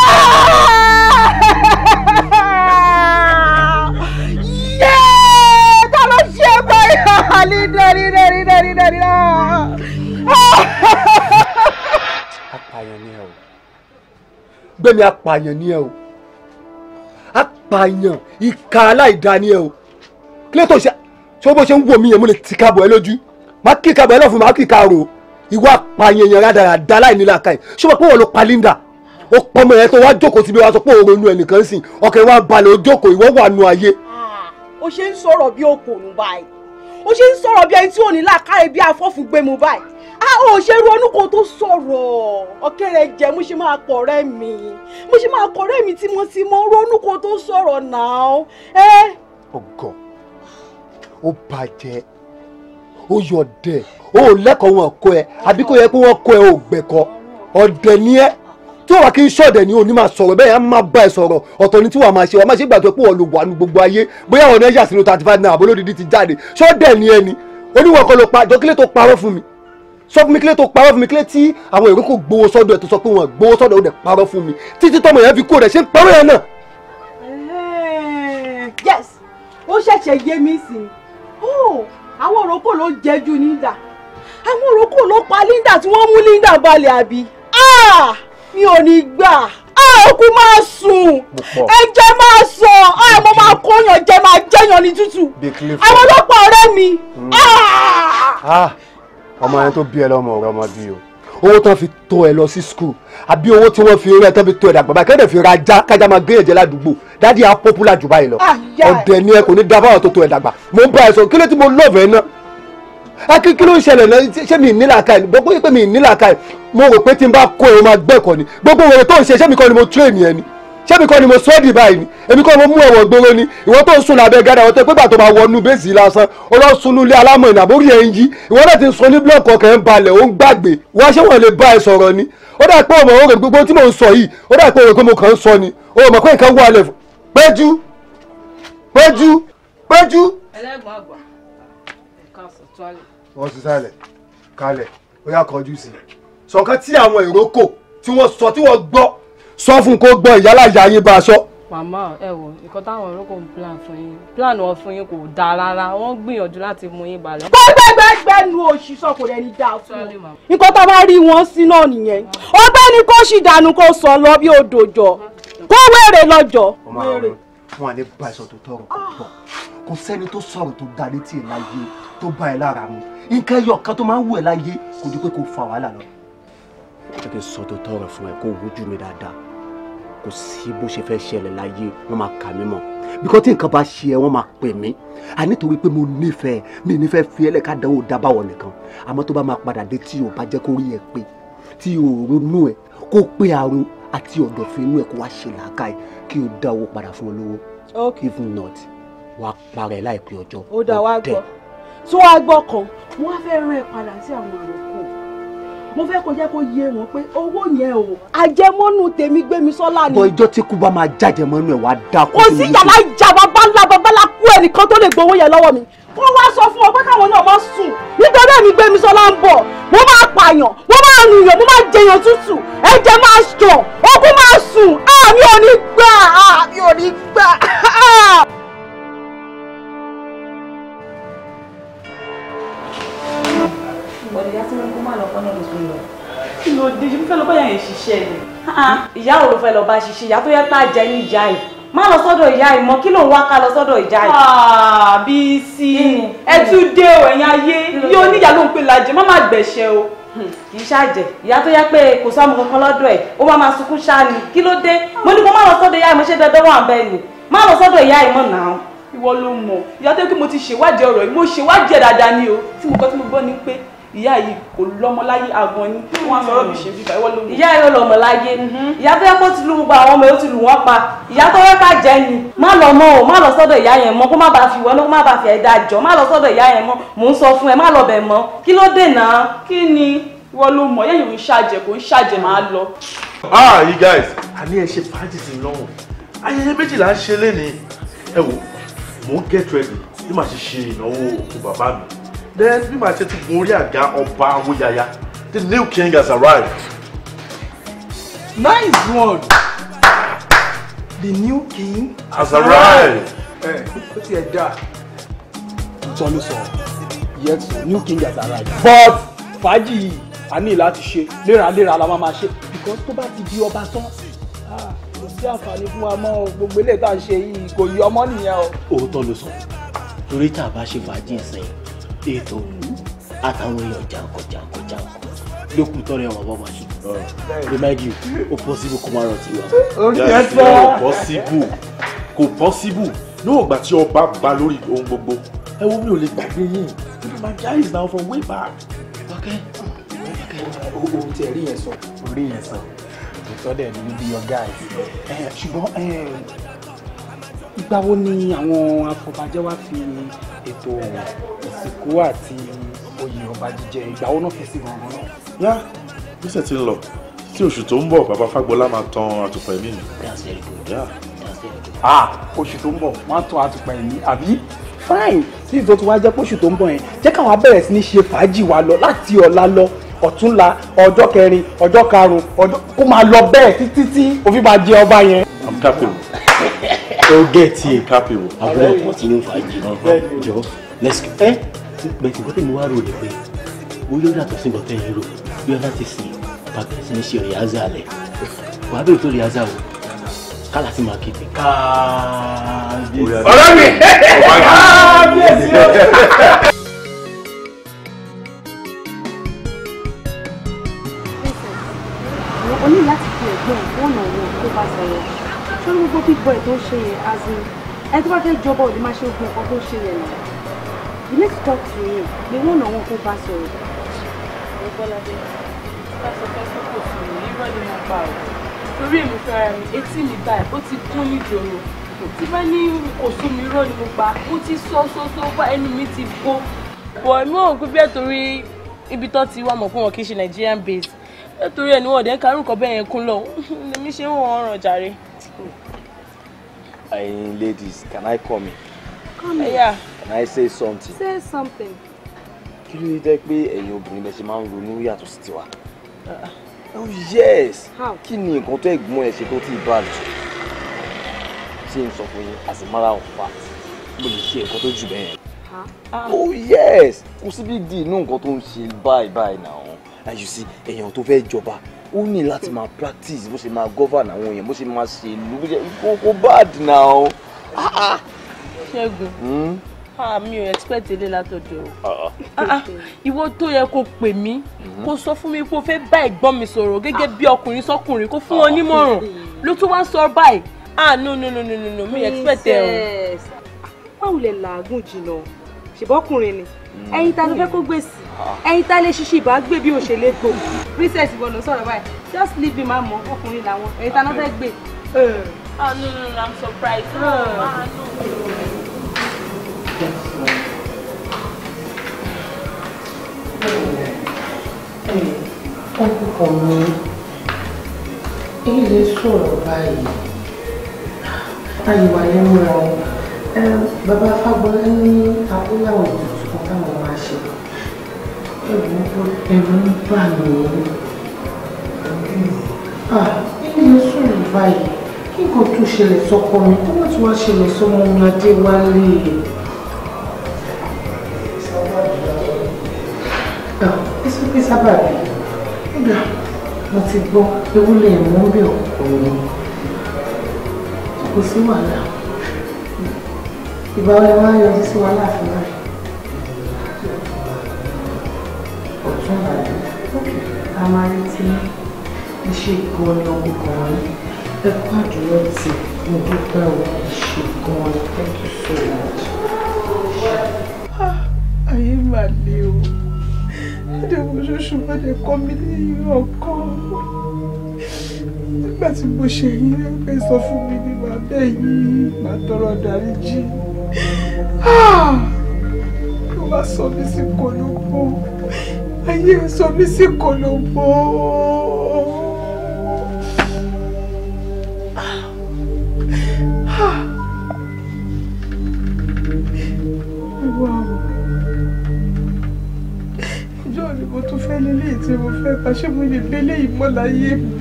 Lídà, lídà, lídà, lídà, lídà. Apààyàn ni ẹ o. Gbẹ̀mí apààyàn ni ẹ o apààyàn ìka aláìdáni ẹ o kílẹ̀ tó ṣe ṣé bó ṣe ń wò mí yẹn mo lè ti kábọ̀ ẹ lójú má kí kábọ̀ ẹ lọ́fun má kí kárò ìwà apààyàn yẹn rádaràda aláìníla káyì ṣé wọ́n pé wọ́n lo palinda ó pọmọ yẹn tó wá jókòó síbi wá sọ pé òun ronú ẹnìkan sìn ọkẹ́ wa balẹ̀ o jókòó ìwọ́ wà nù ayé. ó ṣe ń sọ̀rọ̀ bí òkòrùn báyìí ó ṣe ń sọ̀rọ̀ bí ẹni tí ò ní làákàyè bí afọ́fun gbé mu báyìí a ò ṣe ronú kó tó sọ̀rọ̀ ọ̀kẹ́rẹ́ jẹ mo ṣe máa kọ̀ ọ̀rẹ́ mi mo ṣe máa kọ̀ ọ̀rẹ́ mi tímọ́tímọ́ ronú kó tó sọ̀rọ̀ náà ẹ. ọgọ ó bàjẹ́ ó yọ̀dẹ̀ ó lẹ́kọ̀ọ́ wọn kọ ẹ àbí kó yẹ pé wọ́n kọ ẹ ò gbẹ̀kọ́ ọ̀dẹ̀ ni ẹ́ tí wàá kí n ṣọ̀dẹ̀ ni òní máa sọ̀rọ̀ bẹ́ẹ̀ á máa bá ẹ sọ̀rọ̀ ọ̀tọ̀ ni tí wàá máa ṣe wàá máa ṣe gbàgbọ́ pé wọ́n lò wà ní gbogbo ayé bóyá ọ̀nà ẹ̀yà sínú thirty five naira àbólódìdí ti jáde ṣọ̀dẹ̀ ni ẹ ni oníwọ̀n kan ló pa àjọkílẹ̀ tó parọ́ fún mi sọ fún mi kílé tó parọ́ fún mi kílé tí àwọn èrò kò gbowó sọ́dọ̀ ẹ̀ tó sọ pé wọ́n gbowó sọ́dọ̀ ó dẹ̀ parọ́ fún mi títí tọmọ yẹn fi kú rẹ̀ ṣe ń parọ́ yẹn náà. yes ó ṣẹ̀ṣẹ̀ yé mi sí i oh, àwọn òrókò ló jẹ́jú Linda àwọn òrókò ló pa Linda tí wọ́n mú Linda balẹ̀ àbí ah! mi ò ní gbà ah, òkú máa sùn ẹ̀jẹ̀ máa sọ àmọ́ ah, máa kóyàn jẹ máa jẹyàn ní tútù àwọn ló pa ọ̀rẹ́ mi. Mm ọmọ yẹn tó bí ẹ lọ́mọ rẹ ọmọ bí o owó tán fi tó ẹ lọ sí school àbí owó tí wọ́n fi rẹ tán fi tó ẹ dàgbà báyìí kéde fi ra ajá kájà máa gbé ẹ̀jẹ̀ ládùúgbò dáàdi á pọ́pùlà jù báyìí lọ ah, ọ̀dẹ̀ ni ẹ kò ní dáa fáwọn tó tó ẹ dàgbà mo bá ẹ sọ kí ló ti mo lọ́ọ̀fẹ́ náà akí ah, kí ló ń ṣẹlẹ̀ náà ṣé mi nílà ká ẹ̀ gbogbo pé mi nílà ká ẹ̀ mo rò pé tí n bá kó ẹ̀ o máa gbẹ̀kọ̀ ni gbogbo òwe tó ń ṣe ṣé mi kọ́ ni mo tún ènìyàn ni ṣebí kọ́ ni mo sọ èdè báyìí ni èmi kọ́ mo mú ẹ̀wọ̀n gbòòrò ni ìwọ tó ń sun lábẹ́ gádà ìwọ tó pé gbàtọ́ máa wọnú bẹ́ẹ̀sì lásán ó lọ sunú ilé alámọ̀ ìnàbórí ẹ̀ ń yí ìwọ náà ti ń sun ní blọọkì ọkàn ń balẹ̀ ó ń gbàgbé wọ́n ṣé wọ́n lè bá ẹ sọ̀rọ̀ ni ó dà pé ọmọ òrè gbogbo tí mò ń sọ yìí ó dà pé òrè pé mo kàn ń sọ ni ó mọ̀ pé nǹkan wọlé péjú péjú péjú. ẹlẹ́gbọ̀n àgbà ẹ̀ka sọ̀tọ́lẹ̀. wọ́n ti sálẹ̀ kalẹ̀ ó sọ fún kó gbọ́ ìyálàyà yín bá a sọ. màmá ẹ wò nǹkan táwọn olóko ń plan fún yín plan wọn fún yín kò dáa rárá wọn gbìyànjú láti mú yín balẹ̀. kó gbẹgbẹgbẹ nu òṣìṣọ kò lẹni dáa fún wọn. nǹkan tá a bá rí wọn sí náà nìyẹn ọ̀gbẹ́ni kó sì dànù kó sọ lọ bí odòjọ kó wèrè lọ́jọ́. wèrè fún àlẹ́ bá aṣọ tó tọrọ kò tọ̀ kò sẹ́ni tó sọ̀rọ̀ tó da létí ẹ̀ láyé tó bá ẹ lára mu nǹkan ẹyọ kan tó máa ń wù ẹ láyé kò ju pé kò fa wàhálà lọ. ẹ kì í sọ tó tọrọ fún ẹ kó wojú mi dáadáa kò sí bó ṣe fẹ́ ṣẹlẹ̀ láyé wọ́n máa kà mí mọ̀ bíkọ́ tí nǹkan bá ṣe ẹ wọ́n máa pè mí à nítorí pé mo nífẹ̀ẹ́ mi nífẹ̀ẹ́ fi ẹlẹ́ka dánwò dábàwọ̀ nìkan àmọ́ tó bá máa padà dé tí o bá jẹ́ kó rí ẹ pé tí o ronú ẹ kó pé àrùn àti ọ̀dọ̀fin inú ẹ kó wá ṣe làákà ẹ kí o dá owó padà fún olówó if not wàá para ẹ láìpẹ́ ọjọ́ ó dá wa gbọ́ tó wá gbọ́ kan wọ́n á fẹ́ rán ẹ padà sí àwọn àròkù mo fẹ́ kó jẹ́ kó yé wọn pé owó yẹn o àjẹmọ́nú tèmi Gbémisọ́lá ni. bọ ìjọ tí kú bá máa jáde mọ́nú ẹ̀ wá dá kó. kò sí yàrá ìjà bàbá ńlá bàbá ńlá kú ẹnìkan tó lè gbowó yẹn lọ́wọ́ mi. wọ́n wá sọ fún ọ pé káwọn náà máa sùn nítorí ẹ̀mí Gbémisọ́lá ń bọ̀ mo máa pààyàn mo máa rìnyàn mo máa jẹyàn tútù ẹ̀jẹ̀ máa sàn okùn máa sùn àmì ah, ò ní gbà àmì ah, ò ní gbà. ló dé ṣe fẹ́ lọ bá yàn ṣiṣẹ́ ni. Ah, ah, ìyá ò ló fẹ́ lọ bá ṣiṣẹ́ ìyá tó yẹ tá a jẹ ní ìyá yìí má lọ sọ́dọ̀ ìyá yìí mọ́ kí ló ń wá ká lọ sọ́dọ̀ ìyá yìí. àbí ah, sí ẹ tún dé o ẹ̀yin ayé yóò níyà ló ń pè lájẹ má má gbẹ̀ṣẹ̀ o hmm, kì í ṣàjẹ́ ìyá tó yẹ pé kò sọ́mọ kankan lọ́dọ̀ ẹ̀ ó má máa sunkún ṣáá ni kí ló dé mo ní kó má lọ sọ́dọ̀ ìyá yìí mo ṣe dandan wà bẹ́ẹ̀ ni má lọ sọ́dọ̀ ìyá yìí mọ̀ náà ìwọ ló mọ̀ ìyá tó yẹ pé mo ti ṣèwádìí ọ̀rọ̀ mo ṣèwádìí ẹ̀ dáadáa ni o tí mo kọ́ tí mo gbọ́ ni pé ìyá yìí kò lọ́mọláyé àgbọn ni hmm. wọ́n á sọ̀rọ̀ bí ṣe fífa ìwọ ló ń. ìyá yóò lọ́mọláyé hmm. ìyá tó yẹ kó ti lu gbogbo àwọn ọmọ yóò ti lù wọ́n pa ìyá tó yẹ ká jẹ ni. má lọ mọ o má lọ sọ́dọ̀ ìyá yẹn mọ́ kó má bàa fi wọlé kó má bàa fi ẹ̀dá jọ má lọ sọ́dọ̀ ìyá yẹn mọ́ mò ń sọ fún ẹ má lọ bẹ̀ mọ́ kí ló dènà. kí ni ìwọ ló mọ yẹ́yìn ò ń ṣàjẹ kò ń ṣàjẹ máa lọ. ah you guys àní ẹ ṣe pàjìsì lọ́hùn ayẹyẹ méjìlá ń ṣe lé ní ẹ wò mò get ready bí màá ṣe ṣe ìnáwó òkú bàbá then bí màá ṣe ti gun orí or ọba Yaya. the new king has arrived. nice one the new king has arrived. Hey, eh, ó ti ẹ̀ dá. ìtọ́ ló sọ yes new king has arrived. but Faji, I need a ní láti ṣe léraléra la máa máa ṣe because to bá ti di ọba tán kò sí àǹfààní fún wa mọ́ gbogbo eléyìí tá à ń ṣe yìí kò yí ọmọ nìyẹn o. òótọ́ ló To torí tá a bá ṣe fàájì ètò òun àtàwọn èèyàn jàǹkọ̀ jàǹkọ̀ jàǹkọ̀ lókun tọrẹ àwọn ọmọ màṣí remind you o possible kò má rántí wa. orí ẹ sọ kò possible kò possible níwọ̀n ìgbà tí ọba bá lórí ohun gbogbo ẹ wo mi ò lè gbàgbé yín my guy is now from way back. okay ohun tí ẹ rí yẹn sọ. orí yẹn sọ òótọ́ dẹ̀ ní bí your guy ṣùgbọ́n ìgbà wo ni àwọn afọbajẹ wá fi ètò ìsìnkú àti oyè ọba jíjẹ ìgbà wo náà fi sí gbọ̀ngàn náà. yá bísẹ̀ ti ń lọ kí oṣù tó ń bọ̀ bàbá Fágbọ́lá máa tan àtùpà ẹ̀mí mi. ah oṣù tó ń bọ̀ wọ́n á tan àtùpà ẹ̀mí àbí fine tí ìtò tí wàá jẹ́ pósù tó ń bọ̀ yẹn jẹ́ káwa bẹ̀rẹ̀ sí ní ṣe fàájì wa lọ láti ọ̀la lọ ọ̀túnla ọjọ́ kẹrin ọjọ́ karùn-ún ọjọ́ kó máa lọ bẹ́ẹ̀ títí tí òfin máa jẹ ọba yẹn. i'm capable. o get here happy o. àbúrò continue fàájì let's go. ẹ bẹ̀sì kọ́tẹ́ mi wá rò ní pé ó yóò yàtọ̀ sí nǹkan tẹ́yìn rò bí ọlá ti sìn pàtó sí ní ṣe rìhásà rẹ̀ wàá bèrè tó rìhásà o kálá sí máa kéde. ọ̀rọ̀ mi káàbíyèsí o. o ní láti fi ẹ̀gbọ́n ìfowópamọ́ kó bá tó ní gbogbo big boy tó ń ṣe yẹn as in ẹni tó bá fẹ́ jọba ò lè máa ṣe ogun ọkọ tó ń ṣe yẹn nìyẹn you need to talk to him ni wọn náà wọn kó bá sọ̀rọ̀. ọ̀gbọ́ládé bá sọ fẹ́ sọ́kò fún mi irọ́ ni mo pa ọ́ torí èmi fẹ́ra mi um, etí mi báyìí ó ti kún nídòrò tí bá ní kò sún mi irọ́ ni mo pa ó ti sọ sọ́sọ́ wá ẹnu mi ti bó. bọ̀ ẹ̀mí òun kú bẹ́ẹ̀ torí ibi tó ti wà mọ̀ fún wọn kì í ṣe Nigerian base. nítorí ẹ̀ ni wọ́n ọ̀dẹ́ karùn-ún kan bẹ́ẹ̀ yẹn kún lọ lèmi ṣe ń wọ́n ọ̀ràn jàre. Hey, ladies, can I come in? Come in. Yeah. Can I say something? Say something. Kí ló dé pé ẹ̀yin obìnrin bẹ́ẹ̀ ṣe máa ń ronú yàtọ̀ sí tiwa? Oh yes! How? Kí ni nǹkan tó ẹ̀gbọ́n ẹ̀ ṣe tó ti bá jù? as a matter of fact, mo lè ṣe nǹkan tó jù bẹ́ẹ̀ yẹn. Oh yes! Kò sí big deal inú nǹkan tó ń ṣe báyìí báyìí náà. And you see, èèyàn tó fẹ́ jọba ó ní láti máa practice bó ṣe máa govern àwọn èèyàn bó ṣe máa ṣe ìlú bó ṣe kókó bad now. Ah, ah. ṣẹ́gun hmm? ah, mi ò expect ilé látọ̀dọ̀ o ìwọ tó yẹ kó pè mí hmm. kó sọ fún mi pé o fẹ́ bá ẹ̀gbọ́n mi sọ̀rọ̀ gẹ́gẹ́ bí ọkùnrin sọkùnrin kó fún wọn nímọ̀ràn ló tún wá sọ báyìí ah no no no no no mi expect ẹ o. báwo lè làágùn jìnnà ṣèbọ́kùnrin ni ẹ̀yin ta ló fẹ́ kó gbèsè ẹ̀yin ta lè ṣiṣẹ́ ìbá gbé bí òṣèlè gbò princess ìwọ ló sọ̀rọ̀ báyìí just leave him àmọ́ ọkùnrin làwọn ẹ̀yin ta ló fẹ́ gbé. oh no no no i'm surprised. Oh. Ah, no. mi èyí lè sọ̀rọ̀ báyìí àyíwá yẹn múra bàbá fagbọ́lá ní abúláwọ̀ tuntun kí táwọn máa ṣe ẹ̀wọ̀n kó tẹnu ń bà mí ẹni ló sùn lù báyìí kí nǹkan tó ṣẹlẹ̀ sọ́kọ mi kó má tún wá ṣẹlẹ̀ sọ́mọ mi Adéwálé. ẹ sọ ah, pé sábàbí nígbà mo ti gbọ́ ewu lè mú bẹ̀ ọ̀pọ̀ kò sí wàhálà ìbáwọlé máa ń yọjú sí wàhálà fún wa. ìjọba òkè amárì tí iṣẹ́ gan ni ọkọ̀ gan ni ẹ kú àdúrà tí mo dúpẹ́ o iṣẹ́ gan ni thank you so much. ayé mà le o adéwò ṣoṣo má lè kọ́ mi ní ọkọ nígbà tí mo ṣe yín ló fẹ́ sọ fún mi ní màá bẹ́ẹ̀ yín màá tọrọ dáríjì ló bá sọ mí sí kọ́nùkù ayé sọ mí sí kòlòbó. ìjọ ni mo tún fẹ́ lélẹ́yìí tí mo fẹ́ pa ṣé mo lè gbélé ìmọ̀láyé mi.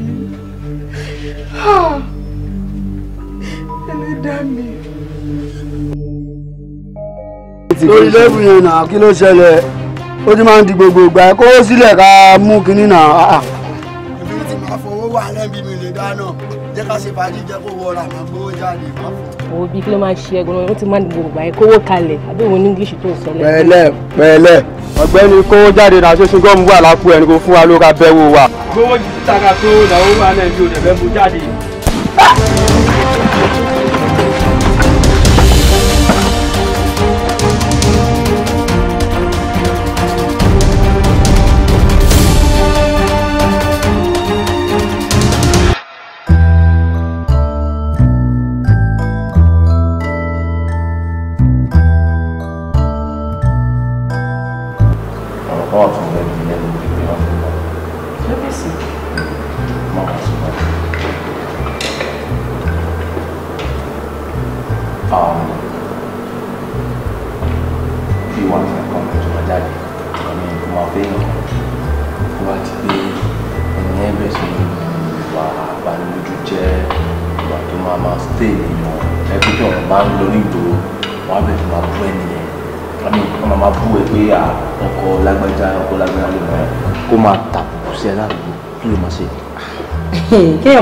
Ẹlẹ́dàá mi lórí lẹ́bùn yẹn náà kí ló ṣẹlẹ̀ ó ti máa ń di gbogbo ìgbà ẹ kówó sílẹ̀ ká mú kinní náà. Ah, ah. èmi ti máa fowó wà lẹ́bi mi lè dáná jẹ́ ká ṣe fàájì jẹ́ kó wọra àmọ́ gbówó jáde má fò. bíi kí ló máa ṣe ẹgbẹ́ wọn ó ti máa ń di gbogbo ìgbà ẹ kówó kalẹ̀ àbí òun ní english tó sọ lẹ́yìn. pẹ̀lẹ́ pẹ̀lẹ́ ọ̀gbẹ́ni kówó jáde náà ṣoṣo gọ́ọ̀mù wà lápò ẹni kò fún wa ló ka bẹ́wò wa. gbówó ti tàkà tó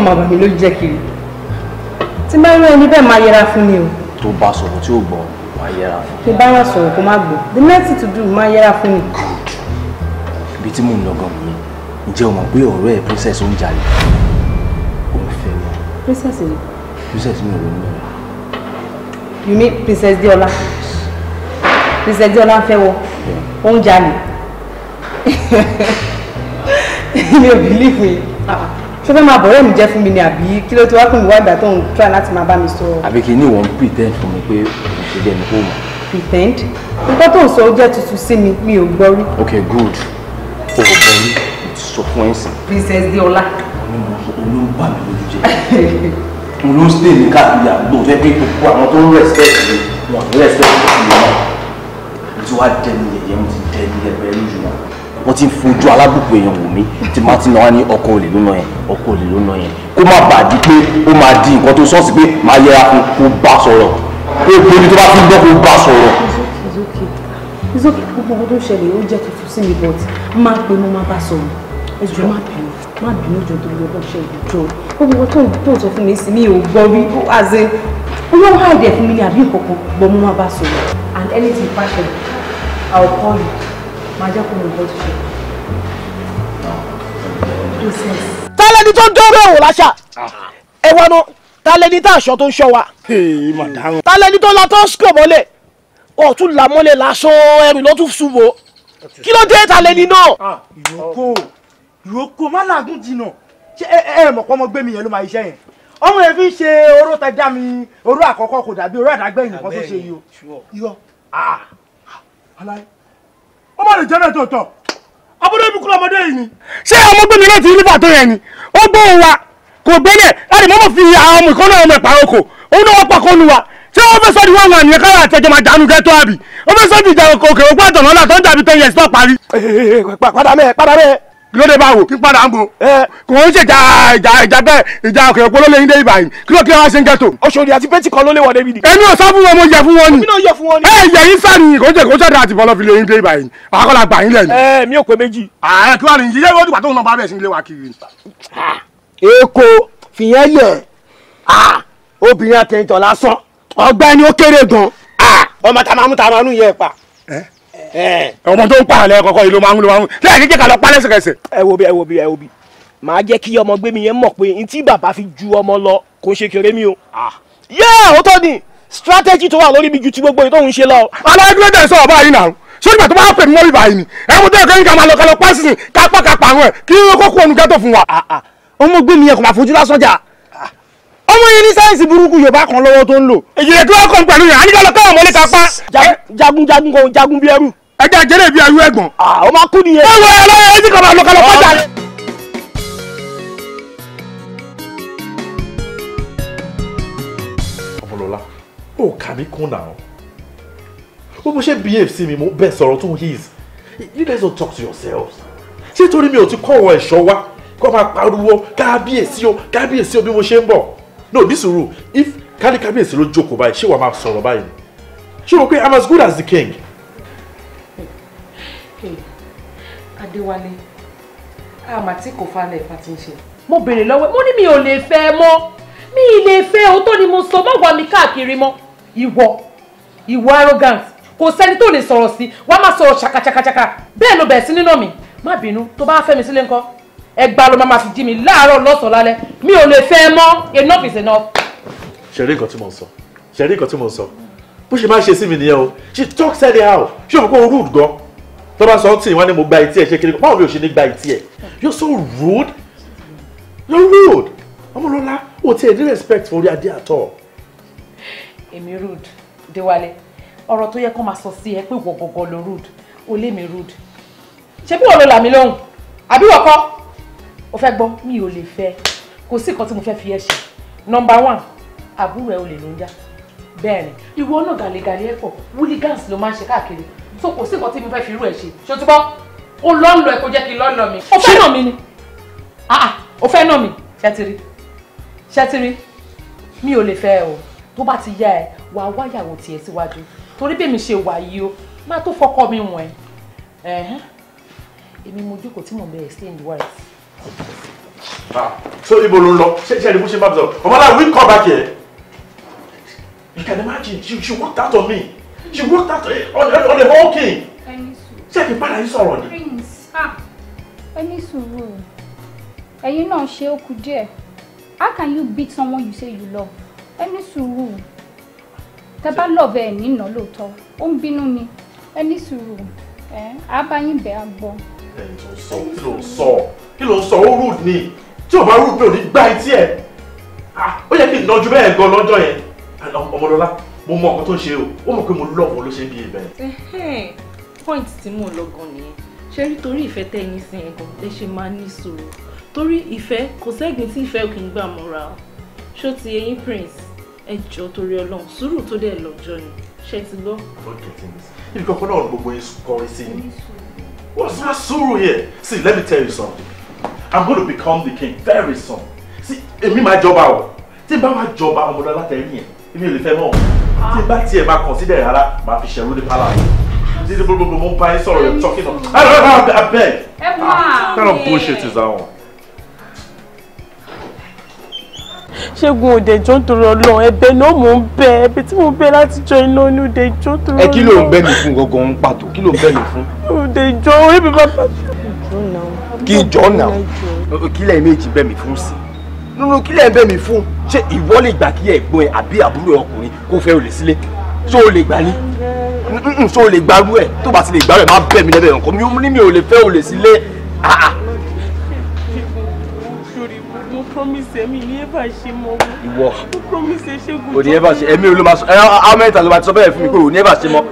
máa bà mí lójú jẹ́ kiri tí bá rán ẹni bẹ́ẹ̀ máa yẹra fún mi o. tó bá sọ̀rọ̀ tí ò gbọ́ máa yẹra fún mi. tó bá wà sọ̀rọ̀ kó má gbọ́ the next thing to do máa yẹra fún mi. good ibi tí mò ń lọ mi ǹjẹ́ o mọ̀ pé ọ̀rẹ́ ẹ̀ princess ó ń jalè ó ń fẹ́ mi. princess ni. princess mi ò lóyún rẹ. you mean princess Deola princess Deola ń fẹ́ wọ ó ń jalè mi ò believe me ṣé fẹ́ máa bọ̀rẹ́ mi jẹ́ fún mi ni àbí kí ló ti wá pè mí wá ìgbà tó ń try láti máa bá mi sọ. àbí kí ni ìwọ ń pretend fún mi pé òun ṣe jẹ́ mi kó mọ̀. pretend nǹkan tó ń sọ ó jẹ́ tuntun sí mi mi ò gbọ́ rí. ok good o ò gbọ́ rí mo ti sọ fún ẹ̀sìn. princess diola. olóńgbà mi lójú jẹ olóńgbà mi káàkiri àgbo fẹ́ pé gbogbo àwọn tó ń respect mi wọ́n respect mi náà mo ti wá dẹni yẹ̀yẹ́ mo ti dẹni yẹ̀yẹ́ wọ́n ti ń fojú alábùkù èèyàn wò mí tí máa ti náwó ní ọkọ òlè lónà yẹn ọkọ òlè lónà yẹn kó má bàa di pé ó máa di nǹkan tó sọ́ọ̀sì pé máa yẹra fún kó bá sọ̀rọ̀ pé ebi tó bá fi gbọ́ kó bá sọ̀rọ̀. ìzókè gbogbo ọkọ tó ṣẹlẹ̀ ó jẹ́ tuntun sí mi but máa pe mo máa bá sọ̀rọ̀ ẹ̀jọ̀ má bínú má bínú jọ tó gbogbo ọṣẹ ìjọ gbogbo tó ń sọ fún mi sí mi ò gbọ́ rí àzẹ bóyá ó hàìdẹ̀ fún mi ní àbí nǹkan gbọ́ mo máa bá sọ̀rọ̀ and anything fashion I will call you máa jẹ́ kó o gbọ́ tó ṣe. tálẹ́ni tó ń dọ́rọ̀ ẹ̀wò láṣà ah. ẹ̀wọ̀ náà tálẹ́ni tá aṣọ tó ń ṣọ wa tálẹ́ni tó la tó ń sùkọ̀ mọ́lẹ̀ ọ̀tún làmọ́lẹ̀ lásán ẹrù ló tún sùn wò kí ló dé tálẹ́ni náà. yòókù ah, yòókù má làágùn jìnnà ṣé ẹ ẹ mọ̀ pọ́nmọ́ gbé mi yẹn ló máa iṣẹ́ yẹn ọmọ yẹn fi ń ṣe oró tẹ dá mi oró àkọ́kọ́ kò dàbí oró àdágbẹ́yìn nǹkan tó ṣe yìí o ó má lè jẹ́ bẹ́ẹ̀ tó tọ̀ abúlé ibi kúrò ọmọdé yìí ni. ṣé ọmọ gbẹmí náà ti rí bàtó yẹn ni ó gbóhùn wa kò gbélé láti mọ́mọ́ fi àwọn ọmọ ìkọ́nà ọmọ ìpàrọ̀ kò òun náà wọ́n pàkó nu wa ṣé wọ́n fẹ́ sọ́ọ́dì wọn àníyàn káyọ̀ àtẹ̀jọ́ máa dànù kẹ́tọ́ àbí wọ́n fẹ́ sọ́ọ́dì ìjà òkè òkè òkú àtọ̀nà ọ̀la tó ń dàbí ten years náà parí. padà mẹ́ẹ̀ padà mẹ́ẹ̀ kí ló dé báwo kí n padà ń bo. kò ń ṣe ìjà ìjà ìjà bẹ́ẹ̀ ìjà òkè òpó ló lè ń dé ibà yìí kí ló kí wọ́n ṣe ń gẹ́tò. Ọ̀ṣọ́dì àti Bẹ́tì kan ló lè wọlé bìdì. èmi ò sọ fún wọn mo yẹ fún wọn ni. èmi náà yẹ fún wọn ni. ẹ yẹ yín sáà nìyí kò ń ṣe kò ń ṣàdá àti bọ́lọ́ fi lè ń dé ibà yìí àkọlà gbà yín lẹ́nu. ẹ mi ò pé méjì. ààrẹ kí wàá nìyí yẹ wọ́n dùgbà tó ń lọ bá bẹ̀ sí ilé wa kiri. èkó fìyẹn lẹ̀ obìnrin àtẹ̀yìntàn lásán ọgbẹ́ni ó Eh, ọmọ tó ń pa àlẹ kọkọ yìí ló máa ń lo àwọn tí àyè jẹ́ ká lọ pa lẹ́sẹ̀kẹsẹ̀. ẹ wo bí ẹ wo bí ẹ wo bí màá jẹ́ kí ọmọ gbé mi yẹn mọ̀ pé ntí bàbá fi ju ọmọ lọ kò ń ṣe kéré mi o. yẹ́ ò tọ́ ni strategy tó wà lórí mi ju ti gbogbo ìtọ́hún ṣe lọ. aláàdúró dẹ̀ sọ̀rọ̀ báyìí náà sórí ìgbà tó bá pè mí mọ́bí báyìí ni ẹ̀wọ̀n tó yẹ kẹ́yìn ká máa lọ ká lọ pa sísìn ká pàkà pàrọ̀ ẹ̀ kí ló kó kó ònú gẹ́tò fún wa. ọmọ gbé mi yẹn kò máa fojú lásán jà ọmọ yẹn ní sáyẹ́ǹsì burúkú yorùbá kan lọ́wọ́ tó ń lò. èyí tó wá kàn pẹ̀lú yẹn àníkà lọ káwọn mọ́lẹ́ ká pa. jagunjagun kan jagun bí ẹrú. ẹja jẹrẹ bí ayú ẹ̀gbọ́n. ó máa kú nìyẹn. báwo ẹ lọ́yọ̀ ẹ ti kọ̀ máa lọ kálọ̀ kọjá. ọmọlọlá ó kà mí kún náà bó bó ṣe behave sí mi mo bẹ sọ̀rọ̀ tó ń his you guys don't talk to yourselves ṣé torí mi ò ti kọ́ ọ̀rọ̀ ẹ̀ṣọ́ wa kó máa pariwo kábíyèsí o kábíyèsí o bí mo ṣe ń bọ̀ no this rule. if kálí kábíyèsí ló jókòó báyìí ṣé wàá máa sọ̀rọ̀ báyìí ṣé o pé i'm as good as the king. adéwálé àmà tí kò falẹ̀ ìfà ń ṣe. mo béèrè lọ́wọ́ mo ní mi ò lè fẹ́ mọ́ mi ì lè fẹ́ ẹ òótọ́ ni mo sọ má wà mí káàkiri mọ́ ìwọ ìwọ arrogant kò sẹ́ni tó lè sọ̀rọ̀ sí wàá máa sọ̀rọ̀ ṣàkàṣàkàṣàkà bẹ́ẹ̀ ló bẹ̀rẹ̀ sí nínú mi má bínú tó bá fẹ́ mi sílé ńkọ́ ẹgbà ló máa fi jí mi láàárọ̀ lọ́sàn-án lálẹ́ mi ò lè fẹ́ mọ́ enough is enough. ṣe nǹkan tí mo ń sọ ṣe nǹkan tí mo ń sọ bó ṣe máa ṣe sí mi nìyẹn o she talks anyhow ṣé o mọ̀ pé o rude gan tó bá sọ ọ́ tì wọ́n ní mo gba etí ẹ̀ ṣe kiri báwo ni o ṣe ní gba etí ẹ̀ you're so rude You rude ọmọlọ́lá o ti ẹ̀ ní respect for orí adé àtọ̀. èmi rude déwálé ọ̀rọ̀ tó yẹ kó máa sọ sí ẹ pé ìwọ gọgọ ló rude olé mi rude ṣé bí wọn ló là mí lóhùn àbí wọ́n kọ́ o fẹ́ gbọ́ mi ò lè fẹ́ kò sí nǹkan tí mo fẹ́ fi ẹ ṣe number one àbúrò ẹ ò lè ló ń já bẹ́ẹ̀ ni ìwọ náà gàlégàlé ẹ pọ̀ wúlígánsì ló máa ń ṣe káàkiri so kò sí nǹkan tí mo fẹ́ fi irú ẹ ṣe ṣòtúbọ́ o lọ́nlọ ẹ kò jẹ́ kí n lọ́nlọ mi o fẹ́ nà mí ni ah, ah. o fẹ́ nà mí ṣẹ́tìrì ṣẹ́tìrì mi ò lè fẹ́ o tó bá ti yá ẹ wàá wáyàwó tiẹ̀ síwájú torí bí mi ṣe wà yìí o máa tó fọ́kọ́ mi wọ̀n ẹ́ èmi mo jókòó tí mò ń bẹ explain the words so ibo ló ń lọ ṣe ṣe ẹni bó ṣe bá mi sọ ọmọláwí we come back here you can imagine she she worked out on me she worked out on on on the whole king ṣé kí n padà yín sọ̀rọ̀ ni. ẹni sùúrù ẹ̀yin náà ṣe ó kù díẹ̀ how can you beat someone you say you love ẹni sùúrù tẹ bá lọ́ọ̀bẹ ẹ̀ nínà lóòótọ́ ó ń bínú ni ẹni sùúrù ẹ̀ á bá yín bẹ̀ á gbọ́ ẹ̀yìn tó sọ kí ló ń sọ kí ló ń sọ ó rúd ni tí ò bá rúd mi ò ní gbá etí ẹ̀ ah, ó yẹ kí n nọjú bẹ́ẹ̀ gan lọ́jọ́ yẹn ọmọdọ́lá mo mọ ọkọ tó ń ṣe o ó mọ̀ pé mo lọ́wọ́ ló ṣe ń bí ibẹ̀. point tí mò ń lọ gan nìyẹn ṣé rí torí ìfẹ́ tẹ́ ẹ̀yin sí yẹn gan lè ṣe máa ní sùúrù torí ìfẹ́ kò sẹ́gbìn tí ìfẹ́ kì í gbà mọ́ra o ṣó ti ẹ̀yin prince ẹ jọ torí ọlọ́run sùúrù tó dẹ̀ lọ́jọ́ ni ṣe ti gbọ́. ibi kankan náà gbogbo yín kọrin sí ni. What's my sorrow here? See, let me tell you something. I'm going to become the king very soon. See, me my job out. Tí n my job. jọba ọmọdé látẹ̀yìn yẹn, Me ò lè fẹ́ mọ́. Tí n bá tiẹ̀ máa consider rárá, màá fi ṣẹ̀rú ní palace. Títí gbogbogbò mo ń bá yín sọ̀rọ̀ yẹn talking of. I don't know how I beg. Ẹ kind of bullshit is that one? ṣẹ́gun òde jọ́ ń tọrọ lọ ẹ̀bẹ̀ náà mò ń bẹ ẹ̀bẹ̀ tí mò ń bẹ láti jọ iná ní òde jọ́ ń tọrọ lọ. ẹ kí ló ń bẹ mi fún gangan ń pàtó kí ló ń bẹ mi fún dìde ìjọ orí mi bàbá. kí ìjọ náà kí lẹ́yìn méjì bẹ́ẹ̀ mi fún sí nínú kí lẹ́yìn bẹ́ẹ̀ mi fún ṣé ìwọ lè gbà kí ẹ̀gbọ́n ẹ àbí àbúrò ọkùnrin kó fẹ́ olè sílé ṣé o lè gbà ní ṣé o lè gbàrú ẹ tó bá ti lè gbàrú ẹ má bẹ̀ mí lẹ́bẹ̀ẹ́ nǹkan mi ò ní mi ò lè fẹ́ olè sílé ah, ah promise mi ní ever ṣe mọ́. ìwọ o promise ṣẹ́gun. kò ní ever ṣe èmi ò ló máa sọ ẹ how many times ló máa ti sọ bẹ́ẹ̀ fún mi pé ò ní ever ṣe mọ́. ó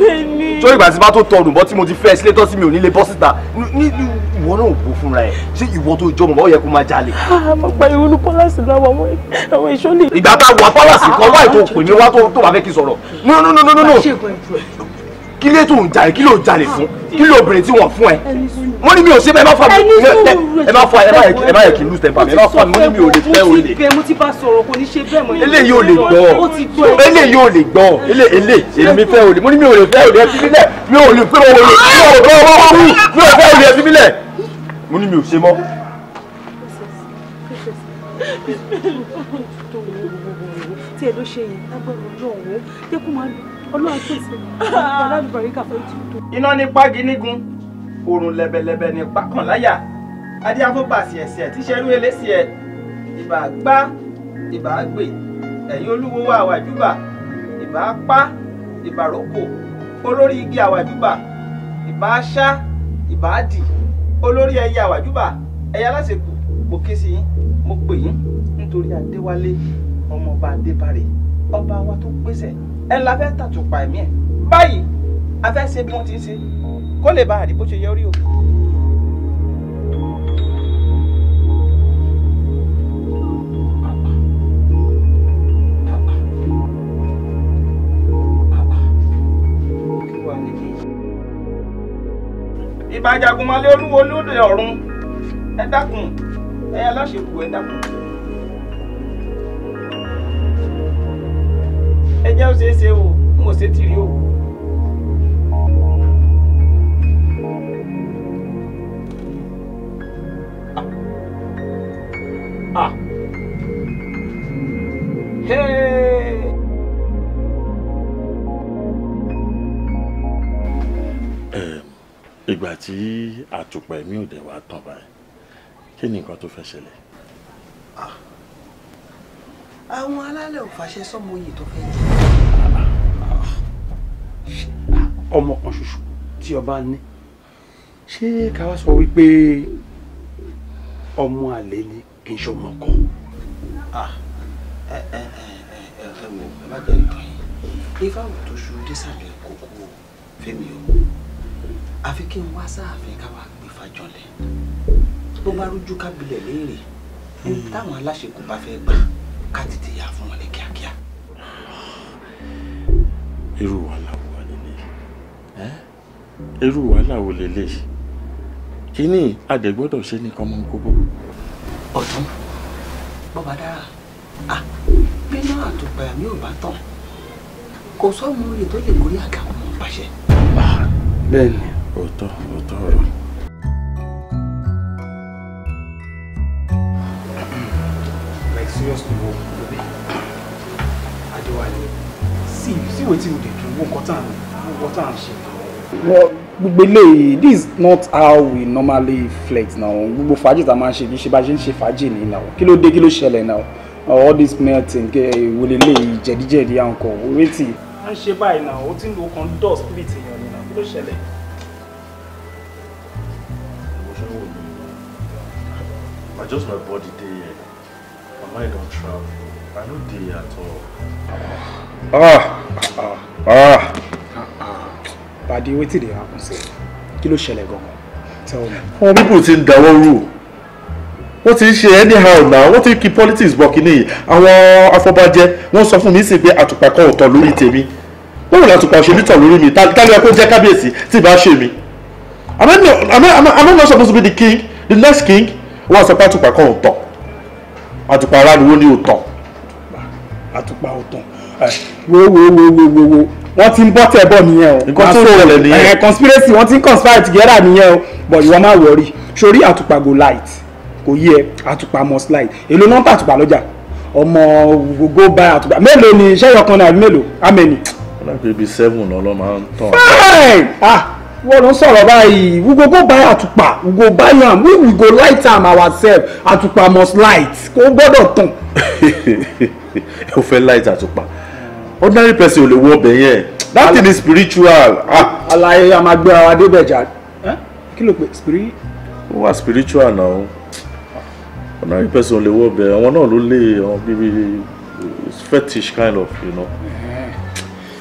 bẹ́ẹ̀ ni. tó ìgbà tí bá tó tọrùn bọ́ tí mo ti fẹ́ sílé tọ́ sí mi ò ní lè bọ́ síta ní ìwọ náà ò bó fúnra ẹ ṣé ìwọ tó jọmọ báwo yẹ kó máa jalè. àpapọ̀ ìwúlú pọ́lásì lọ́wọ́ àwọn ìṣó lè. ìgbà tá a wà pọ́lásì kan wáyé tó pè mí wá tó bá fẹ́ kí sọ̀rọ̀. no no no no no kí lé tó ń jalè kí ló jalè fún kí ló bèrè tí wọ́n fún ẹ wọ́n ní mi ò ṣe bẹ́ẹ̀ ẹ má fà mí ẹ má fà ẹ má yẹ ẹ má yẹ kí n lose temper mi ẹ má fà mí wọ́n ní mi ò lè fẹ́ o lè eléyìí ò lè gbọ́ eléyìí ò lè gbọ́ eléyìí èmi fẹ́ o lè wọ́n ní mi ò lè fẹ́ o lè fi mílẹ̀ mi ò lè fẹ́ o lè mi ò fẹ́ o lè mi ò fẹ́ o lè fi mílẹ̀ wọ́n ní mi ò ṣe mọ́. tí ẹ ló ṣe yẹn lágbára ọlọ́run jẹ́ kó máa Olúwa ah. pèsè ọlọ́dúnbọ̀ríkà fún ìtúntò. iná ní pági nígun òrùn lẹ̀bẹ̀lẹ̀bẹ̀ ní pákànláyà adé afọ́pàṣẹ ẹ̀sẹ̀ tí ṣerú eléṣẹ̀ ẹ̀ ìbà gbá ìbà gbè ẹ̀yìn olúwo wa àwàjúbà ìbà pa ìbà rókò olórí igi àwàjúbà ìbà ṣá ìbà dì olórí ẹyẹ àwàjúbà ẹyẹ aláṣẹkù mo ké sí yín mo pè yín nítorí adéwálé ọmọọba adébárè ọba wa tó gbéṣẹ́ ẹ la fẹ́ tàtùpà ẹ̀mí ẹ̀ báyìí a fẹ́ ṣe bí wọ́n ti ń ṣe kó lè bá àdìbò ṣe yọrí o. ìbàjàgùnmọ́lé olúwo lóde ọ̀run ẹ dákun ẹ aláṣẹ kù ẹ dákun. ẹ jẹ́ ó ṣeé ṣe o n ò ṣe tì rí o. Ah. ah. Hey. ìgbà tí àtùpà ẹ̀mí òde wa tàn báyìí kí ni nǹkan tó fẹ́ ṣẹlẹ̀. Ah. àwọn alálẹ̀ ò fàṣẹ sọ́mọ oyè tó fẹ́ jẹ́ ṣé ọmọ kan ṣoṣo tí ọba ní ṣé ká wá sọ wípé ọmọ àlè ni kì í ṣe ọmọ kan. ẹ ẹ ẹ ẹ wo bàbá jẹ nǹkan yìí ifá wò tó ṣu désàlẹ̀ kókó fẹ́mi o àfi kí n wá sáàfin ká wàá gbé fàjọlẹ̀ tó bá rújú kábílẹ̀ léèrè hmm. táwọn aláṣẹ kò bá fẹ́ gbà ká tètè yà fún wọn ní kíákíá. irú wàhálà irú wàhálà wo lélẹ́yìí kínní àdẹ̀gbọ́dọ̀ ṣe nìkan mọ́ kóbó. ọ̀tún bọ́ba dára à bínú àtùpà mi ò bá tán kò sọ́mù rè tó lè gorí àga ọmọ pàṣẹ. bẹ́ẹ̀ ni òótọ́ òótọ́ ọ̀rọ̀. like seriously wo obi adéwálé see see wetin we dey do wo nǹkan tá à ń wo nǹkan tá à ń gbogbo eléyìí this is not how we normally flex na o gbogbo fàájì tá a máa ń ṣe kì í ṣe bá a ṣe ń ṣe fàájì ní na o kí ló dé kí ló ṣẹlẹ̀ na o all this melting kẹ ìwò eléyìí jẹ̀díjẹ̀dí à ń kọ orí tì. wọ́n ṣe báyìí na o tí ń lo kan dọ̀ spirit èèyàn ni na kí ló ṣẹlẹ̀. na just my body dey here my mind don travel i no dey at all. ah ah ah pàdé wetin dey happen sef kí ló ṣẹlẹ̀ gangan tell me. àwọn people ti ń dáwọ́ rú wọ́n ti ń ṣe anyhow now wọ́n ti ń kí politics bọ̀ kínní yìí àwọn afọbajẹ wọ́n sọ fún mi sí pé àtùpà kan ò tọ̀ lórí tèmi báwo ni àtùpà òṣèlú tọ̀ lórí mi tálẹ́ kó jẹ́ kábíyèsí tí ì bá ṣe mi am I am I am I not supposed to be the king the next king wọ́n sọ pé àtùpà kan ò tọ̀ àtùpà ara ni wọ́n ní ò tọ̀. àtùpà ò tọ̀ wo wo wo wo wo wọ́n ti ń bọ́ tẹ̀ bọ̀ nìyẹn o nǹkan tó ṣẹlẹ̀ nìyẹn ẹ̀ conspiracy wọ́n ti ń conspire together nìyẹn o but ìwọ má wọrí sórí àtùpà go light kò yí ẹ àtùpà must light èlò nọ́mbà àtùpà lọ́jà ọmọ go buy àtùpà mélòó ni iṣẹ́ yọkan náà mélòó amẹ́ni. ọlọ́pàá ibi seven lọ́lọ́ máa ń tàn. fine ah wọ́n ló ń sọ̀rọ̀ báyìí we go go buy àtùpà we go buy am we we go light am ourselves àtùpà must light kò gbọ́dọ̀ tàn. o fẹ́ light àtùpà ordinary person ò lè wọ ọbẹ̀ yẹn that thing is spiritual. Ah. àlàyé a máa gbéra wa débẹ̀ jà kí ló pe spirit. ó wà spiritual náà ordinary person ò lè wọ ọbẹ̀ àwọn náà ló lè àwọn bíbí fetish kind of you know.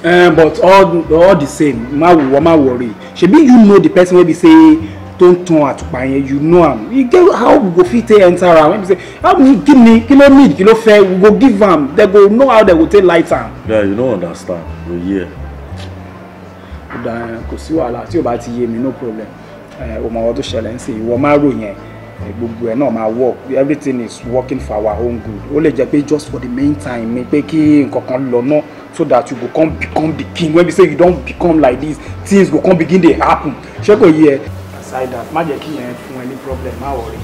Uh, but all all the same ma wo ma worry shebi you know the person wey be say tó turn tan àtùpà yẹn you know am you get how we go fit take enter am when be say how we kí ni kí ló need kí ló we go give am they go know how they go take light am. Yeah, you no understand you hear. ó dáa kò sí wàhálà tí o bá ti yé mi no problem eh, o mọ ọwọ́ tó ṣẹlẹ̀ ń sè ìwọ máa rò yẹn eh, gbogbo ẹ náà máa work everything is working for our own good ó lè jẹ pé just for the main time ni pé kí nǹkan kan lọ náà so that you go come become the king when be say you don become like this things go come begin dey happen ṣé kò yé aside that má jẹ́ kí yẹn fún ẹ ní problem má wọrí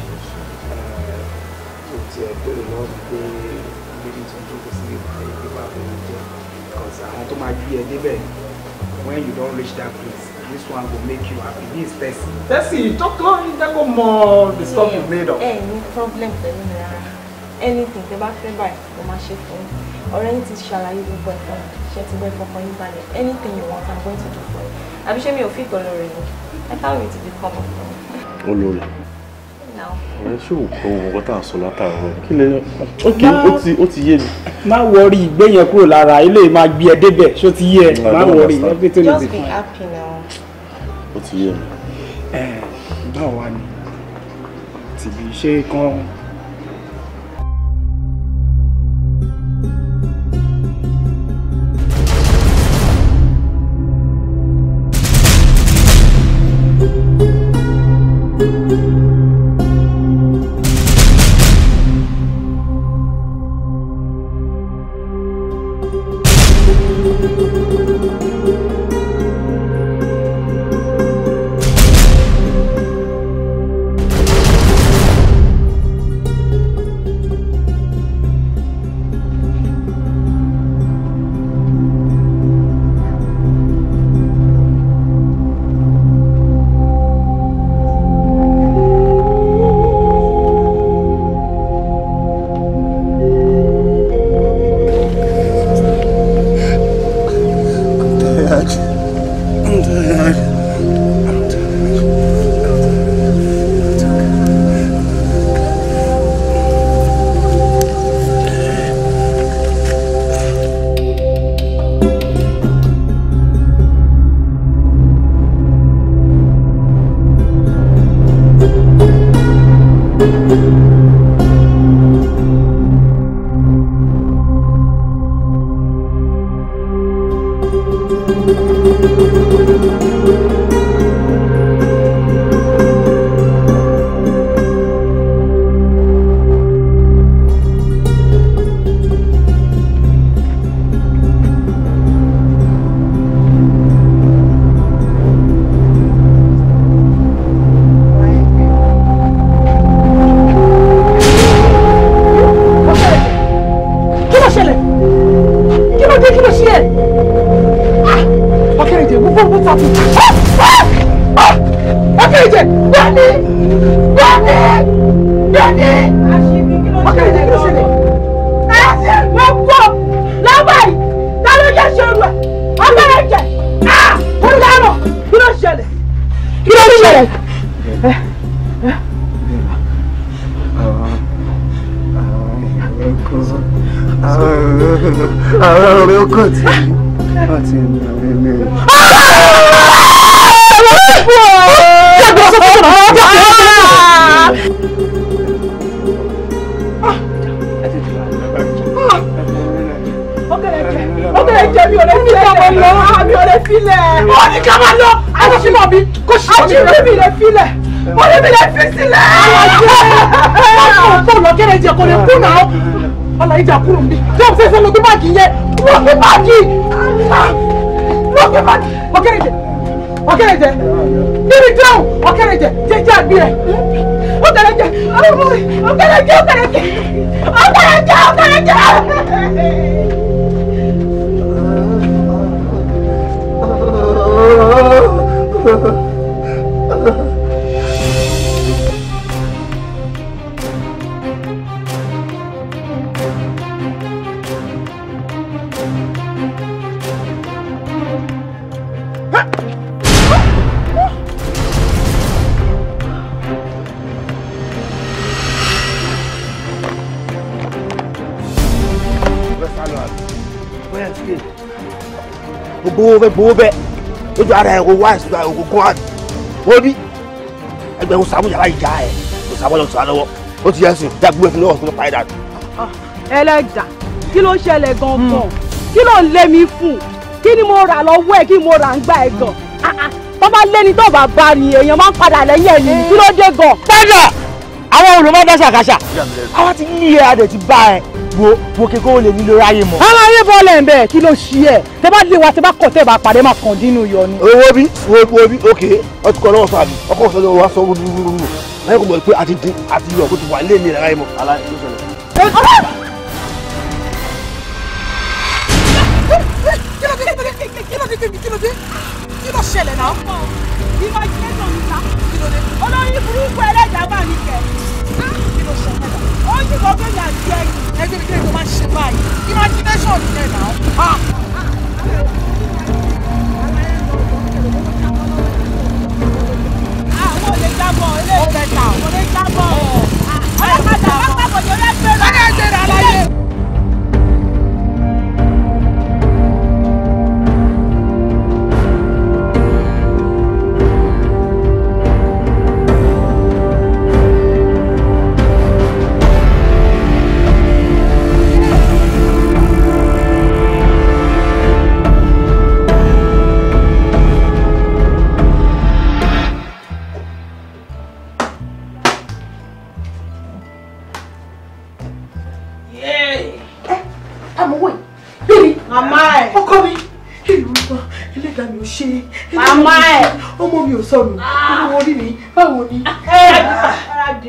tó eh, tiẹ̀ béèrè lọ́wọ́ pé bíbí tó ń jókòó sí ìgbà ìgbà jẹ́ because àwọn tó máa gbé ẹ débẹ̀ when you don reach that place this one go make you happy this person person tọ́kọ́ ìdákọ̀ mọ the stuff you made of. ẹ ní problem pẹ̀lú mi anything tẹ bá fẹ́ báyìí mo máa ṣe fún yín ọ̀rẹ́ yín ti ṣàlàyé gbogbo ẹ̀fọ́ ṣe ti gbọ́ ẹ̀fọ́ kan yín balẹ̀ anything you want i'm going to do for you àbí ṣé mi ò fi ìkọlọ rẹ̀ ni. I can't wait to become a mom. Olórí. No. Ọ̀rẹ́ ṣé ò kọ́ ohun ọ̀gọ́ta sọ látàárọ̀? Kí lè ókè ó ti ó ti yé mi. Má wọrí ìgbé yẹn kúrò lára ilé máa gbé ẹ débẹ̀ ṣó ti yé ẹ. Má wọrí everything is fine. Just be happy now. Ó ti yé mi. Ẹ eh, báwo wá ni? Tìbí ṣé kan gbowó fẹ́ gbowó bẹ́ẹ̀ lójú ara ẹ̀ owó àìsàn ìgbà ògùn kan àbí wọ́n bí ẹgbẹ́ wọn sàmúyà láì já ẹ̀ kò sàmúyà lọ́sọ̀ àlọ́wọ́ ó ti yẹ sùn jágbó ẹ̀ fún lọ́wọ́ fún pa ah, ẹ̀dá. ẹlẹ́jà kí ló ṣẹlẹ̀ gan kí ló ń lé mi fún kí ni mo rà lọ́wọ́ ẹ̀ kí mo rà ń gbà ẹ̀ gan ah, ah, tó bá lé ní tó bá bá ni èèyàn máa ń padà lẹ́yìn ẹ̀ kí ló dé gan-an. tẹ́jà àwọn olùmọ̀ọ́dá ṣàkàṣà àwa ti yí ẹ adẹ̀ ti bá ẹ wo wo kí kó lè nílò ráyè mọ́. a máa rí bọ́ọ̀lù ẹ̀ǹbẹ̀ kí ló ṣí ẹ̀ tẹ bá lè wa tẹ bá kọ̀ tẹ bá pàdé máa kàn dínú yọ ni. owó bí owó bí òkè ọtí kọ lọ́wọ́ fàbí ọkọ òṣèlú wa sọ wúlúwúlú láyé kò mọ̀ pé àti dín àti yọ kó ti wà lé ní ráyè mọ́ aláì ló ṣẹlẹ̀. kí ló ṣẹlẹ̀ náà. ìmọ̀ ìṣẹ́jọ́ mi ta kí ló dé. olórí burúkú ẹlẹ́jà bá mi kẹ̀. kí ló ṣẹlẹ̀ ó yí kó kéde àti ẹ̀yìn ẹgbẹ́ mi kéde tó máa ṣe báyìí imagination ni ẹ̀ náà. àwọn olè jábọ̀ ilé ìgbẹ́ta olè jábọ̀ ọ̀ọ́dà lápapọ̀ ni ó lẹ́gbẹ̀ẹ́ rẹ̀. owó mi ò sọnù owó orí mi báwo ni. Ah. Eh.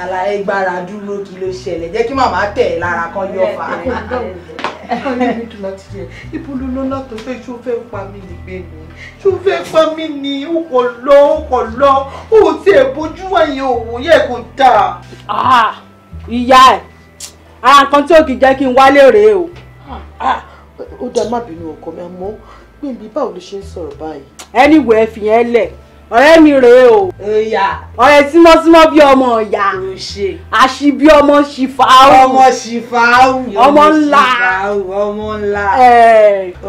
àlàyé gbára dúró kí ló ṣẹlẹ̀ jẹ́ kí màmá tẹ̀ ẹ́ lára kan yọ fà á. ẹ̀kọ́ mi dùn láti jẹ ibùdó lọ́nà tó fẹ́ ṣó fẹ́ pa mí nígbè ni ṣó fẹ́ pa mí ni ó kò lọ ó kò lọ ó ti ẹ̀ bójú wáyé òun yẹ kó dáa. Ah, ìyá ẹ̀ ara nǹkan tí ò kì í jẹ́ kí n wálé rèé o. Ah, ó dá má bínú ọkọ mi àmọ́ gbèǹbí báwo ló ṣe ń sọ̀rọ̀ báyìí. anyway fi yẹn lẹ̀ ọ̀rẹ́ mi rèé o. ọ̀rẹ́ tímọ́tímọ́ bí ọmọ ìyá. àṣì bí ọmọ ṣìfàáwù. ọmọ ṣìfàáwù. ọmọ ńlá. ọmọ ńlá.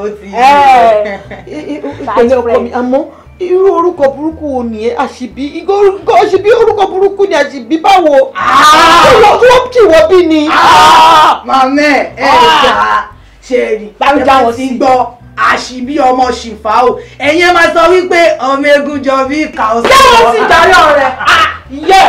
ó ti yé. ìpínlẹ̀ ọkọ mi àmọ́ irú orúkọ burúkú wo nìyẹn àṣìbí àṣìbí orúkọ burúkú ni àṣìbí báwo. Ah. kí wọ́n kí wọ́n bí ni. Ah. màmá ẹ̀ ẹ̀ ah. ṣe é rí. báwo jáwọ́ sí i àṣìbí ọmọ ṣìfà o ẹ̀yin ẹ máa sọ wípé ọmọ egun jọ bí ìkà ọ̀sán. ṣé wọ́n ti darí ọ̀rẹ́ yẹ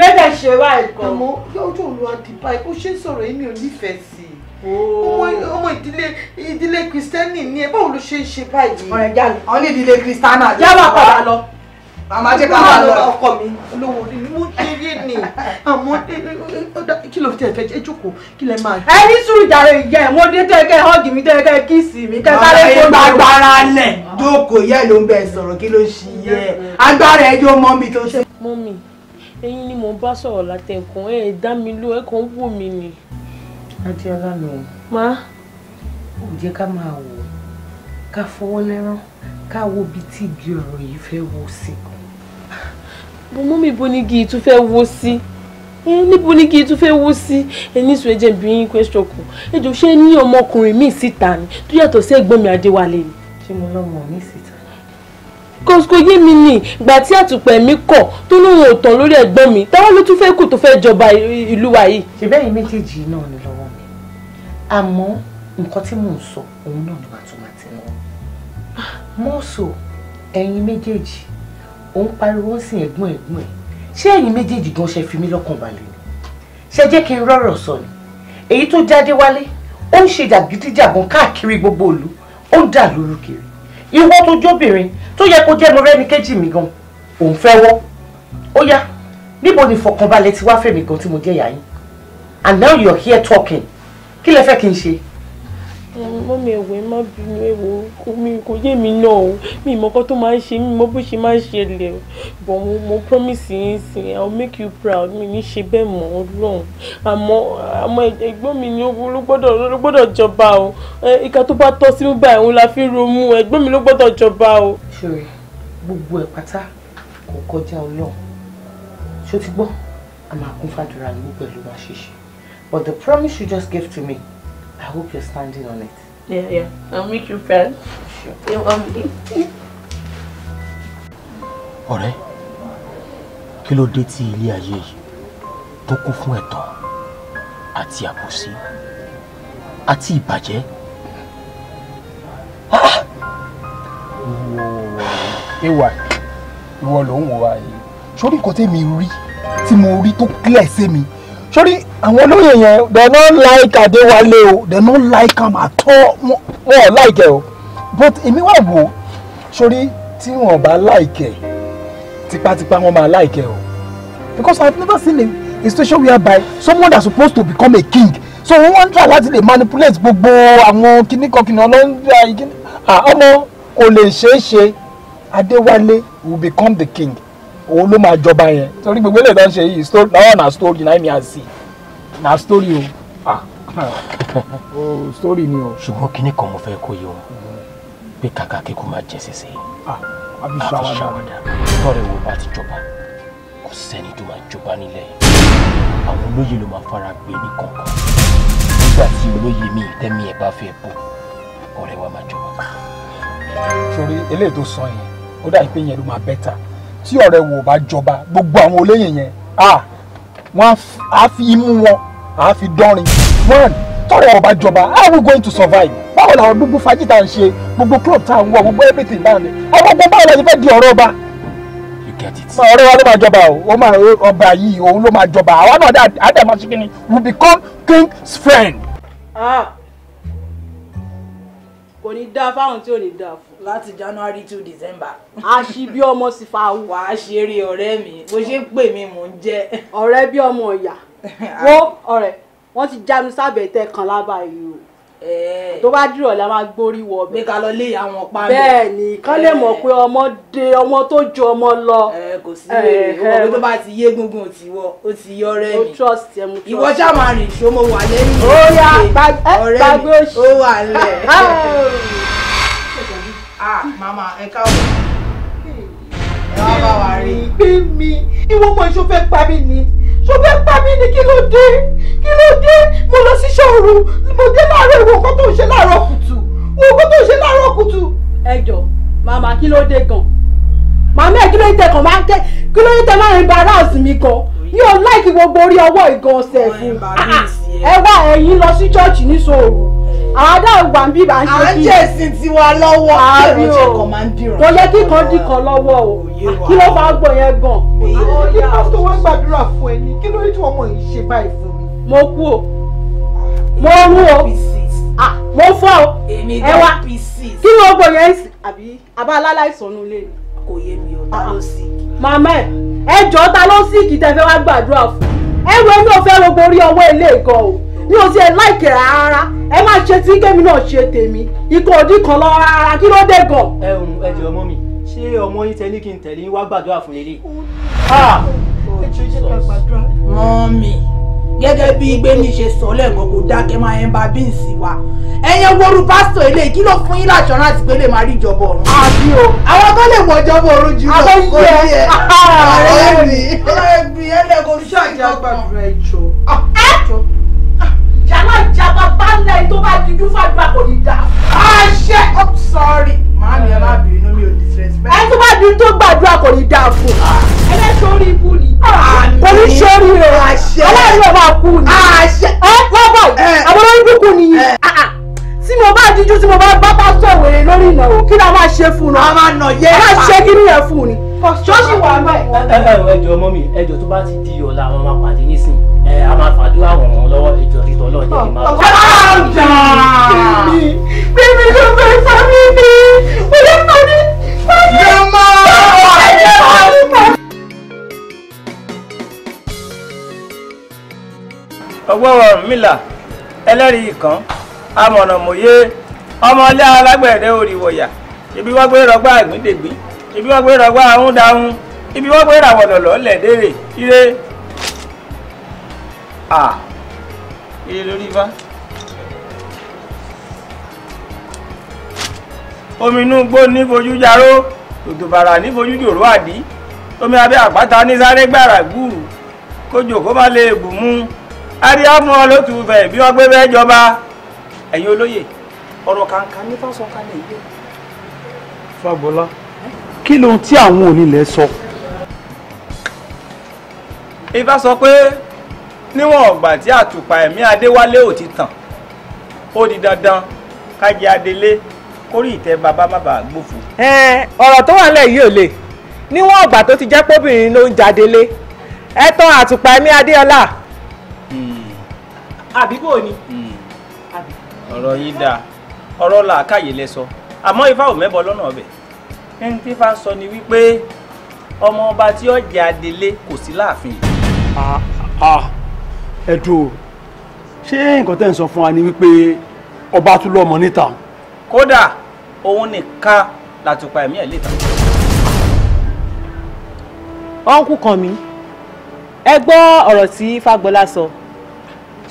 lẹ́dẹ̀ ṣe wá ẹ̀kọ́. àmọ́ yóò tó lu àdìbá ẹ̀ kó ṣe sọ̀rọ̀ yìí mi ò nífẹ̀ẹ́ sí i oh. ọmọ ìdílé ìdílé kristẹni ni ẹ báwo ló ṣe ń ṣe báyìí. ọ̀rẹ́ jáde àwọn ní ìdílé kristana. jábà padà lọ màmá jẹ́ ká máa lọ ọkọ mi olówó ni mo ṣeré ni àmọ́ kí ló fi tẹ̀ fẹ́ jẹ́ jókòó kí lẹ máa. ẹ ní sùúrù jàre ìyá ẹ mo dé tẹ́kẹ́ họ́ọ̀gì mi tẹ́kẹ́ kíìsì mi kẹsàlẹ̀ kó lọ. agbára lẹ̀ jókòó yẹ́ ló ń bẹ sọ̀rọ̀ kí ló ṣe yẹ agbára ẹ yóò mọ́ mi tó ṣe. mọ́mì ẹ̀yin ni mo bá sọ̀rọ̀ látẹ̀kùn ẹ̀ dá mi ló ẹ̀ kàn wò mí ni. adéọlá mi ò. má. ó jẹ́ ká máa wò ká fọwọ́ lẹ́rán ká wo ibi tí ibi ọ̀rọ̀ yìí fẹ́ wò sí bó mú mi bonigi tún fẹ́ wó sí ẹ níbo ni kí n tún fẹ́ wó sí ẹ ní sùn ẹ jẹ́ bí yín question kù ẹ jọ ṣé ní ọmọkùnrin míì síta ni tó yàtọ̀ sí ẹ̀gbọ́n mi Adéwálé ni. ṣé mo lọ́mọ mi síta. kòsìkò yé mi ni ìgbà tí àtùpẹ̀ mi kọ̀ tó lóun ò tán lórí ẹ̀gbọ́n mi táwọn ló tún fẹ́ kù tó fẹ́ jọba ìlú wa yìí. ṣe bẹ́ẹ̀ méjèèjì náà ni lọ́wọ́ mi àmọ́ nǹkan tí mò ń sọ òun náà ni màá tún máa ó pariwo ń sin ẹ̀gbọ́n ẹ̀gbọ́n ẹ̀ ṣé ẹ̀yin méjèèjì gan ṣe fi mí lọ́kàn balẹ̀ ni ṣe jẹ́ kí n rọ́rọ̀ sọ ni èyí tó jáde wálé ó ń ṣe jàgídíjàgan káàkiri gbogbo ìlú ó ń dà lóru kiri ìwọ tó jóbìnrin tó yẹ kó jẹ́ mo rẹ́ni kejì mi gan òun fẹ́ wọ́ ó yá níbo ni ìfọ̀kànbalẹ̀ ti wá fẹ́ gan tí mo jẹ́ yàyín and now you are here talking kí lẹ fẹ́ kí n ṣe mọ́mí ẹ̀wẹ̀ má bínú ẹ̀wọ̀ omi kò yé mi náà o mi ìmọ̀ kan tó máa ń ṣe mi mọ̀ bó ṣe máa ń ṣẹlẹ̀ o bọ̀ mo promise yín sí i I'll make you proud mi ní ṣe bẹ́ẹ̀ mọ́ ọlọ́run àmọ́ àmọ́ ẹ̀gbọ́n mi ni ló gbọ́dọ̀ ló gbọ́dọ̀ jọba o ìka tó bá tọ́ sí mi báyìí òun la fi romú ẹ̀gbọ́n mi ló gbọ́dọ̀ jọba o. ṣòrí gbogbo ẹ̀ pátá kò kọjá ọlọ́run ṣó ti gbọ́ àmọ́ àkúnfàdúrà ni gbogbo ẹ̀ ló máa ṣe ṣe but the promise you just gave to me I hope you're standing on it. Yeah, yeah. I'll make you proud. Sure. You want me? Ọ̀rẹ́, kilo ló dé tí ilé ayé yìí tó kún fún ẹ̀tàn àti àbòsí àti ìbàjẹ́? Ìwà ìwọ ló ń wọ ààyè. Sórí nǹkan tẹ́mi rí mo rí tó clear sí mi sórí àwọn olóyè yẹn they no like Adéwálé o they no like am at all wọn ò like ẹ o but èmi wà wò sórí tí wọn bá like ẹ tipátipá wọn máa like ẹ o because I've never seen a, a situation whereby someone that's supposed to become a king so wọn wọn try láti lè manipulate gbogbo àwọn kìnnìkankìnnì ọlọ́run ọmọ kò lè ṣeé ṣe Adéwálé will become the king òun ló máa jọba yẹn torí gbogbo eléyìí tó ń ṣe yìí story náà na story náà mi à sí na story o. o story ni o. ṣùgbọ́n kinní kan mo fẹ́ kó yé wọn pé kàkà kíkú máa jẹ ṣẹṣẹ yìí àfi ṣàwádà tọ́rẹ̀ wo bá ti jọba kò sẹ́ni tó máa jọba nílẹ̀ àwọn olóyè ló máa fara gbé ní kọ̀ọ̀kan nígbà tí olóyè mi tẹ́mi ẹ̀ bá fẹ́ bò ọ̀rẹ́ wa máa jọba. sori eléyìí tó sọ yẹn ó dà pé yẹn ló máa bẹ́tà tí ọ̀rẹ́ wò bá jọba gbogbo àwọn olóyè yẹn wọ́n á fi imú wọn á fi dánrin one tọ́rẹ́ ọba jọba how we going to survive báwo làwọn gbogbo fàájì tá à ń ṣe gbogbo club tá à ń wọ gbogbo everything bá mi àwọn gbogbo báwo la ti fẹ́ di ọ̀rọ̀ ọba ọ̀rẹ́ wa ló máa jọba o ó máa ọba yìí òun ló máa jọba àwa náà àdá máa ṣe kí we become king's friend. Ah! kò ní dáa fáwọn tí ò ní dáa fún láti january to december. àṣì bí ọmọ sì fa awù. wàá ṣeré ọ̀rẹ́ mi bó ṣe ń pè mí mò ń jẹ́. ọ̀rẹ́ bí ọmọ ìyá wo ọ̀rẹ́ wọ́n ti jánu sábẹ́ tẹ kan lába yìí o eh. tó bá dìrọ̀ la máa gbórí wọ bẹ́ẹ̀ ká lọ lé àwọn pa mi. bẹ́ẹ̀ ni kán lè mọ̀ eh. pé ọmọ de ọmọ tó ju ọmọ lọ. Eh, kò sí èrè owó tó bá ti yé gungun ó ti wọ ó ti yọ ọ̀rẹ́ mi. Oh, ìwọ ṣáà máa rìn ṣó mo wà lẹ́yìn. ó yà gbàgbé òṣì. ó wà lẹ̀. Oh ah màmá ẹ káwọ́ ẹ wá bá wa rí. ìgbé mi ìwọ ọmọ ìṣó fẹ́ pa mí ni ṣó fẹ́ pa mí ni kí ló dé kí ló dé mo lọ sí ṣọ́ọ̀rù mo dé láàárọ̀ ìwọ nǹkan tó ń ṣe láàárọ̀ kùtù ìwọ nǹkan tó ń ṣe láàárọ̀ kùtù. ẹ jọ màmá kí ló dé gan màmá ẹ kí ló ń tẹkàn máa ń tẹ kí ló ń tẹ máa ń embarrass mi gan ní o láìkí gbogbo orí ọwọ́ ìgan ọ̀sẹ̀ fún oh, ah, ah. ẹ wá ẹ̀yin lọ sí ṣọ́ọ̀ṣì ní sòòrò àwọn dá wà ń bí bá ń ṣe bí. à ń jèsìn tiwa lọ́wọ́ àbí o kò yẹ kí kan dì kan lọ́wọ́ o kí ló bá gbọ̀ yẹn gan. kí pásítọ̀ wá gbàdúrà fún ẹ ní kí ló tí ọmọ yìí ṣe báyìí fún mi. mo kú o mo rú o mo fọ́ o ẹ wá kí ló gbọ̀ yẹn àbí abá aláìsàn nulẹ̀ ni. kò yé mi o ta ló ah. sì. màmá ẹ ẹ jọ ta ló sì kì í tẹ fẹ́ wá gbàdúrà fún ẹ wo ẹni ò fẹ́ rogbo orí ọwọ́ ilé gan o ní o ti ẹ̀ láìkè rárá ẹ má ṣe tí kémi náà ṣe tèmi ikọ̀ òdì kan lọ rárá kí ló dé gan. ẹ ǹ ẹ jẹ ọmọ mi ṣé ọmọ yín tẹlí kí n tẹ̀lé wá gbàdúrà fún lélẹ̀. mọ́mì gẹ́gẹ́ bí gbẹ́mi ṣe sọ lẹ́ẹ̀kan kò dákẹ́ máa ń ba bíǹsì wa ẹ̀yẹ woru pásítọ̀ ilé kí ló fún yín láṣọ láti pé lè máa rí ìjọba ọ̀run. àbí o àwọn kan lè wọ ìjọba ọ̀run jù lọ kò ní ẹ ọ̀rẹ́ mi ọ̀rẹ́ mi ẹlẹ́kọ̀ọ́ ṣàjà gbàdúrà ẹ̀jọ̀. Ah! yàrá ìjàmbá bá ń lẹ́yìn tó bá di bí fàdúrà kò ní dá. àṣẹ i'm sorry màámi ẹ má bínú mi ò disrespect. ẹ tó bá di tó gbàdúrà kò ní dá fún. ẹ lẹ́ sórí ibú ni. kò ní sórí rẹ̀ ọlọ́run ẹ̀ máa kú ni. àṣẹ ẹ lọ́bọ̀ eh. àwọn olórí kúkú nìyí eh. ah, ah. tí mo bá díjú tí mo bá bá bá sọ̀rọ̀ lórí ìnáwó kí ni a máa ṣe fún un. a máa nà yẹ́ ẹ̀ pa a máa ṣe kí ni yẹn fún un ni ṣọ́ọ̀ṣì wà ń bẹ̀. ẹjọ mọ́mí ẹjọ tó bá ti di ọ̀la àwọn máa pàdé nísìn ẹ a máa fàdúrà wọ̀n wọn lọ́wọ́ ẹjọ títọ́ náà jẹ́ kí n máa. ọjà bíbí ló fẹ́ sọ mí bí olè pàdé pàdé. yóò máa wọ ẹjẹ wọn. ọwọ́ Ọ̀rúnmìlà ẹlẹ́rìí kan amọ̀nàmọ̀yé ọmọlé alágbẹ̀dẹ òrìwọ̀yà ibi wọ́n gbé rọgbà àgbìndègbìn ibi wọ́n gbé rọgbà àwọn dáhùn ibi wọ́n gbé ràwọ̀dọ̀ lọ́lẹ̀ déèrè ire à ire lórí ifá. omi inú gbó ní fojú jaró òdò bàrà ní fojú jòrò àdí omi abẹ́ àpáta ní sáré gbàrà gbùrù kójò kó má lè bù mú ariamu olótùfẹ́ bí wọ́n gbé bẹ́ẹ̀ jọba ẹ̀yin olóye ọ̀rọ̀ kankan ní fásọ̀kan lè yé. fagbọ́lá kí lóhun tí àwọn onílẹ̀ sọ. ifá sọ pé níwọ̀n ọ̀gbà tí àtùpà ẹ̀mí adéwálé ò ti tàn ó di dandan kájí adelé kórì ìtẹ́ bàbá bàbá gbòfò. ẹ ọ̀rọ̀ tó wà nílẹ̀ yìí ò le níwọ̀n ọ̀gbà tó ti jẹ́ póbìnrin ló ń jádelé ẹ tán àtùpà ẹ̀mí adéọlá. Hmm. àbíkó ni. Hmm. ọ̀rọ̀ yìí dáa ọ̀rọ̀ làákàyè lẹ sọ àmọ́ ifá ò mẹ́bọ lọ́nà ọbẹ̀ ẹni tí fa sọ ni wípé ọmọ ọba tí ó jẹ adelé kò sí láàfin. ẹ̀dùn o ṣé nǹkan tẹ́ ń sọ fún wa ni wípé ọba tún lọ́mọ níta. kódà òun nìkan látùpà ẹ̀mí ẹ̀ léta. ọ̀nkù kan mi ẹ gbọ́ ọ̀rọ̀ tí Fágbọ́lá sọ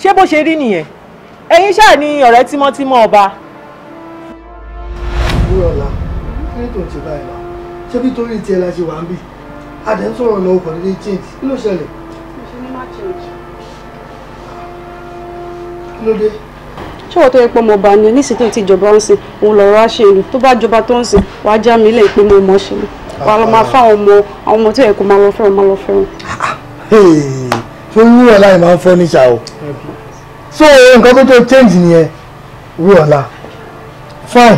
ṣé bó ṣe rí nìyẹn ẹ̀yin ṣáà ni ọ̀rẹ́ tímọ́tímọ́ ọba kí tó ń báyìí náà ṣé bí torí tiẹ̀ la ṣe wà ń bì a dẹ̀ ń sọ̀rọ̀ lọ ọkọ̀ nílé change kí ló ṣẹlẹ̀. kí ló dé. ṣé tó yẹ pé mo bá ní nísìsiyìí tó ti ń sìn òun lọ́rọ̀ á ṣe ìlú tó bá jọba tó ń sìn wàá já mi lẹ́yìn pé mo mọ̀ ṣe ni wà á lọ máa fáwọn ọmọ àwọn ọmọ tó yẹ kó máa lọ fẹ́ràn máa lọ fẹ́ràn. tó ń wúwo láì máa ń fọ́ níṣà o so nǹkan tó tó change nìyẹn wúwo ọ̀la fine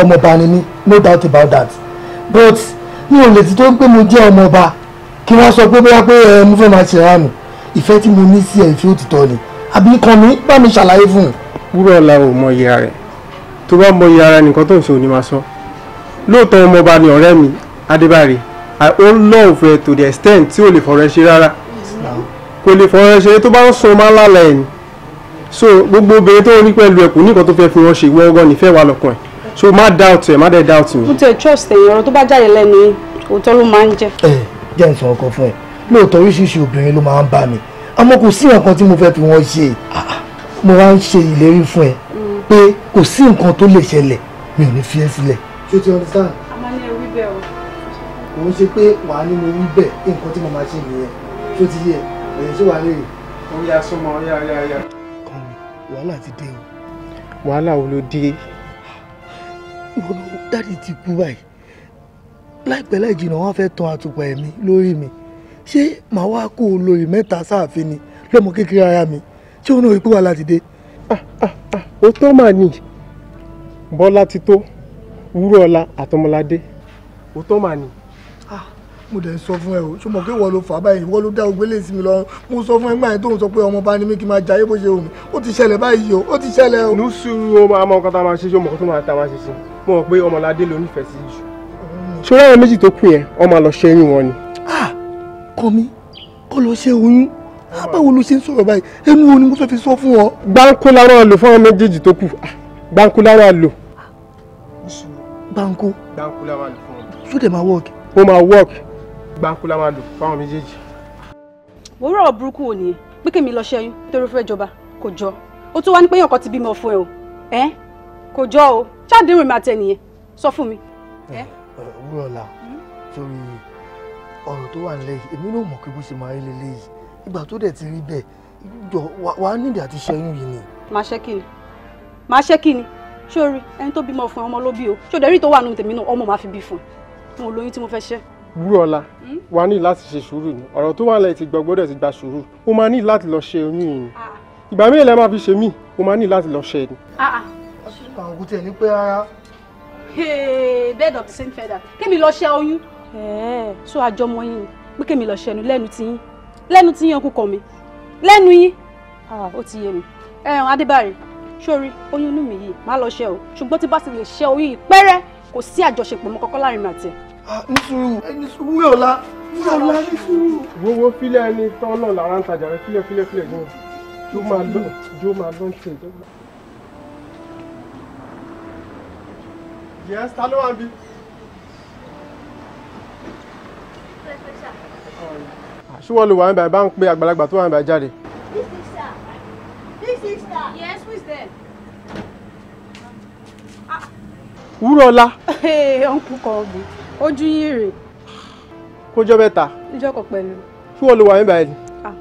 ọmọ bá ni mí no doubt about that but mi ò lè ti tó ń pé mo jẹ́ ọmọ ọba kí wọ́n sọ pé bóyá pé ẹ mo fẹ́ máa ṣe ránù ìfẹ́ tí mo ní sí ẹ̀ ìfẹ́ òtítọ́ ni àbí kan mi bá mi ṣàlàyé fún un. wúrọ̀ ọ̀la ò mọ iye rẹ̀ tó bá mọ iye ara nìkan tó ń ṣe òní máa sọ lóòótọ́ ọmọọba ni ọ̀rẹ́ mi adébárí i own love rẹ to the extent tí ò lè fọ̀rọ̀ ẹ ṣe rárá kò lè fọ̀rọ̀ ẹ ṣe tó bá ń sun máa lálẹ́ ẹ̀ ni so gbogbo obìnrin tó rí pẹ̀lú ẹ̀kú nìkan tó fẹ́ fi wọ́n ṣe ìwọ ọgọ́ nífẹ̀ẹ́ wa lọ́kàn ẹ̀ so má doubt ẹ má dẹ̀ doubt mi. mo tẹ trust ẹ̀yin ọ̀rọ̀ tó bá jáde lẹ́nu òótọ́ ló máa ń jẹ́. ẹ jẹ́ n sọ ọkọ fún ẹ lóòótọ́ oríṣiríṣi obìnrin ló máa ń bá mi àmọ́ kò sí nǹkan tí mo fẹ́ fi wọ́n ṣe mo wá ń ṣe ìlérí fún ẹ pé kò sí nǹkan tó lè ṣẹlẹ̀ mi ò ní fi ẹ́ sílẹ̀. ṣé ti understand. a máa ní ewì bẹ́ẹ̀ o. kò ń ṣe pé wàá ní wí bẹ́ẹ̀ nǹkan tí mo máa ṣe nìyẹn ṣé o ti yẹ ẹ̀yẹ ṣé wàá léèrè. ó wọn dáàdì ti kú báyìí láìpẹ́ láì jìnnà wọ́n fẹ́ tan àtùpà ẹ̀mí lórí mi ṣé màá wá kó o lórí mẹ́ta sáàfin ni lọ́mọ kékeré ara mi ṣé òun náà rí pé wà láti dé. Ah, ah, ah, ó tán màá nì bọ́lá ti tó wúrọ̀ọ́lá àtọmọládé ó tán màá nì mo dẹ̀ sọ fún ẹ o ṣùgbọ́n pé wọ́n ló fà báyìí wọ́n ló dá ògbélé sí mi lọ́rùn mo sọ fún ẹ gbà yẹn tó ń sọ pé ọmọ bá ní mi kí n máa jayé bó ṣe wù mí ó ti ṣẹlẹ̀ báyìí o ó ti ṣẹlẹ̀ o. nùsùrù ọmọ àmọ́ nǹkan tá a máa ṣe ṣe ọmọ kan tó máa ta máa ṣe sí i mo mọ̀ pé ọmọládé ló nífẹ̀ẹ́ sí jù mm. ṣọlá àwọn méjì tó kù yẹn ọmọ àlọ́ ṣẹ́yìn wọn ni. kọ́ mi kọ́ lọ ṣe oyún ah, báwo ló ṣe ń sọ̀rọ̀ báyìí ẹnu wo ni mo fẹ́ fi sọ fún ọ. gbáǹkó lára lò fún àwọn méjèèjì tó kù ah, gbáǹkó lára lò. gbáǹkó gbáǹkó lára lò fún ọ. sódẹ̀ máa wọ́ọ̀kì. ó máa wọ́ọ̀kì gbáǹkó lára lò fún àwọn méjèèjì. mo rọ̀ burúkú ò ní pé kèmi lọ ṣẹ́yún nítorí fẹ́ jọba kò jọ ó tún wá ní pé èèyàn ti bímọ fún ẹ o ẹ kò jọ o ṣáàdéhùn èmi àti ẹnìyẹn sọ fún mi. ẹ wúrọ̀ la torí ọ̀rọ̀ tó wà nílẹ̀ yìí èmi náà mọ̀ pé bó ṣe máa rí lélẹ̀ yìí ìgbà tó dẹ̀ ti rí bẹ́ẹ̀ jọ wàá nídìí àti ṣẹ́yún yìí ni. màá ṣe kí ni màá ṣe kí ni ṣé o rí ẹni tó bímọ fún ọmọ ló o ṣé o dẹ̀rí tó wà nù tèmi náà ọmọ màá fi bí fún un mo lóyún tí mo fẹ́ ṣe. wúrọ̀la hmm? wàá ní láti ṣe sùúrù ni ọ̀rọ̀ tó wà nílẹ̀ ti gbọ́ gbọ́dọ̀ ti gba sùúrù o máa ní láti lọ ṣe oyún yìí ni ah. ìgbà mélòó lẹ́ máa fi ṣe mí o máa ní láti lọ ṣe ni. Ah, ah àwọn òkú tiẹ̀ ní pé rárá. bird of the same feather kémi lọ ṣe oyún. so àjọmọ yín pé kémi lọ ṣẹnu lẹ́nu tí yín lẹ́nu tí yín ọkùnkàn mi lẹ́nu yín ó ti yé mi ẹ̀hún adébárí sórí oyún inú mi yìí má lọ ṣe o ṣùgbọ́n tí bá ti lè ṣe oyún ìpẹ́rẹ́ kò sí àjọṣepọ̀ mọ́ kọ́kọ́ láàrin àti ẹ̀. ní sùúrù ní sùúrù wúyọ̀ la wúyọ̀ la ní sùúrù. wo wo fílẹ̀ ẹni tán náà lára ń tajà rẹ fílẹ̀ fílẹ̀ fílẹ̀ gan-an jó máa lọ jó máa lọ ṣe ìjọba. Yes, ta ló wà bí? Àṣùwọ̀ ló wà bank. Be ń pe àgbàlagbà tó wà ń This is Big This is sister. Yes, who is there? Wúrọ̀lá. Ọ̀nkú kan ọ̀gbìn, ojú yín rè. Kó jọ mẹ́ta. Ìjọ kan pẹ̀lú. Ṣùwọ̀ ló wà Ah, bà ẹ̀.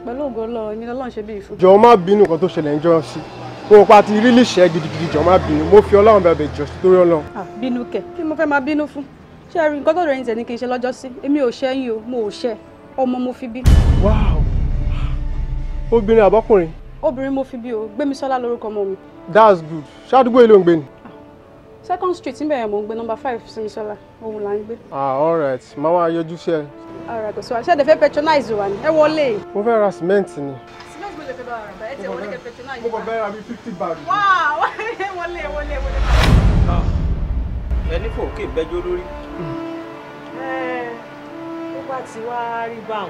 Pẹ̀lú ògo lọ, èmi lọ́lọ́run ṣe bí ìfún. Jọ̀ọ́ má bínú nǹkan tó ṣẹlẹ̀ ń jọ sí tó pa ti rí lìṣẹ́ gidigidi jọ máa bínú mo fi ọlọ́run bẹ̀bẹ̀ jọ torí ọlọ́run. bínú kẹ kí mo fẹ́ máa bínú fún ṣé ẹ rí nǹkan tó rẹ̀ ń tẹ̀ ní kí n ṣe lọ́jọ́ sí èmi ò ṣẹ́yìn o mo ò ṣẹ́ ọmọ mo fi bí. wáò obìnrin àbọ́kùnrin. obìnrin mo fi bí o gbémisọ́lá lórúkọ ọmọ mi. that's good ṣáàdúgbò ilé òǹgbẹ ni. second street níbẹ̀ yẹn mò ń gbé number five símisọ́lá òun là ń gbé. ah all right máa wá yọjú sí ẹ. all right kò sí wa ṣé ẹ dẹ̀ fẹ́ patronize wa ni ẹ wọlé. mo fẹ́ mo kàn lórí. ó bá ti wá rí báwọn.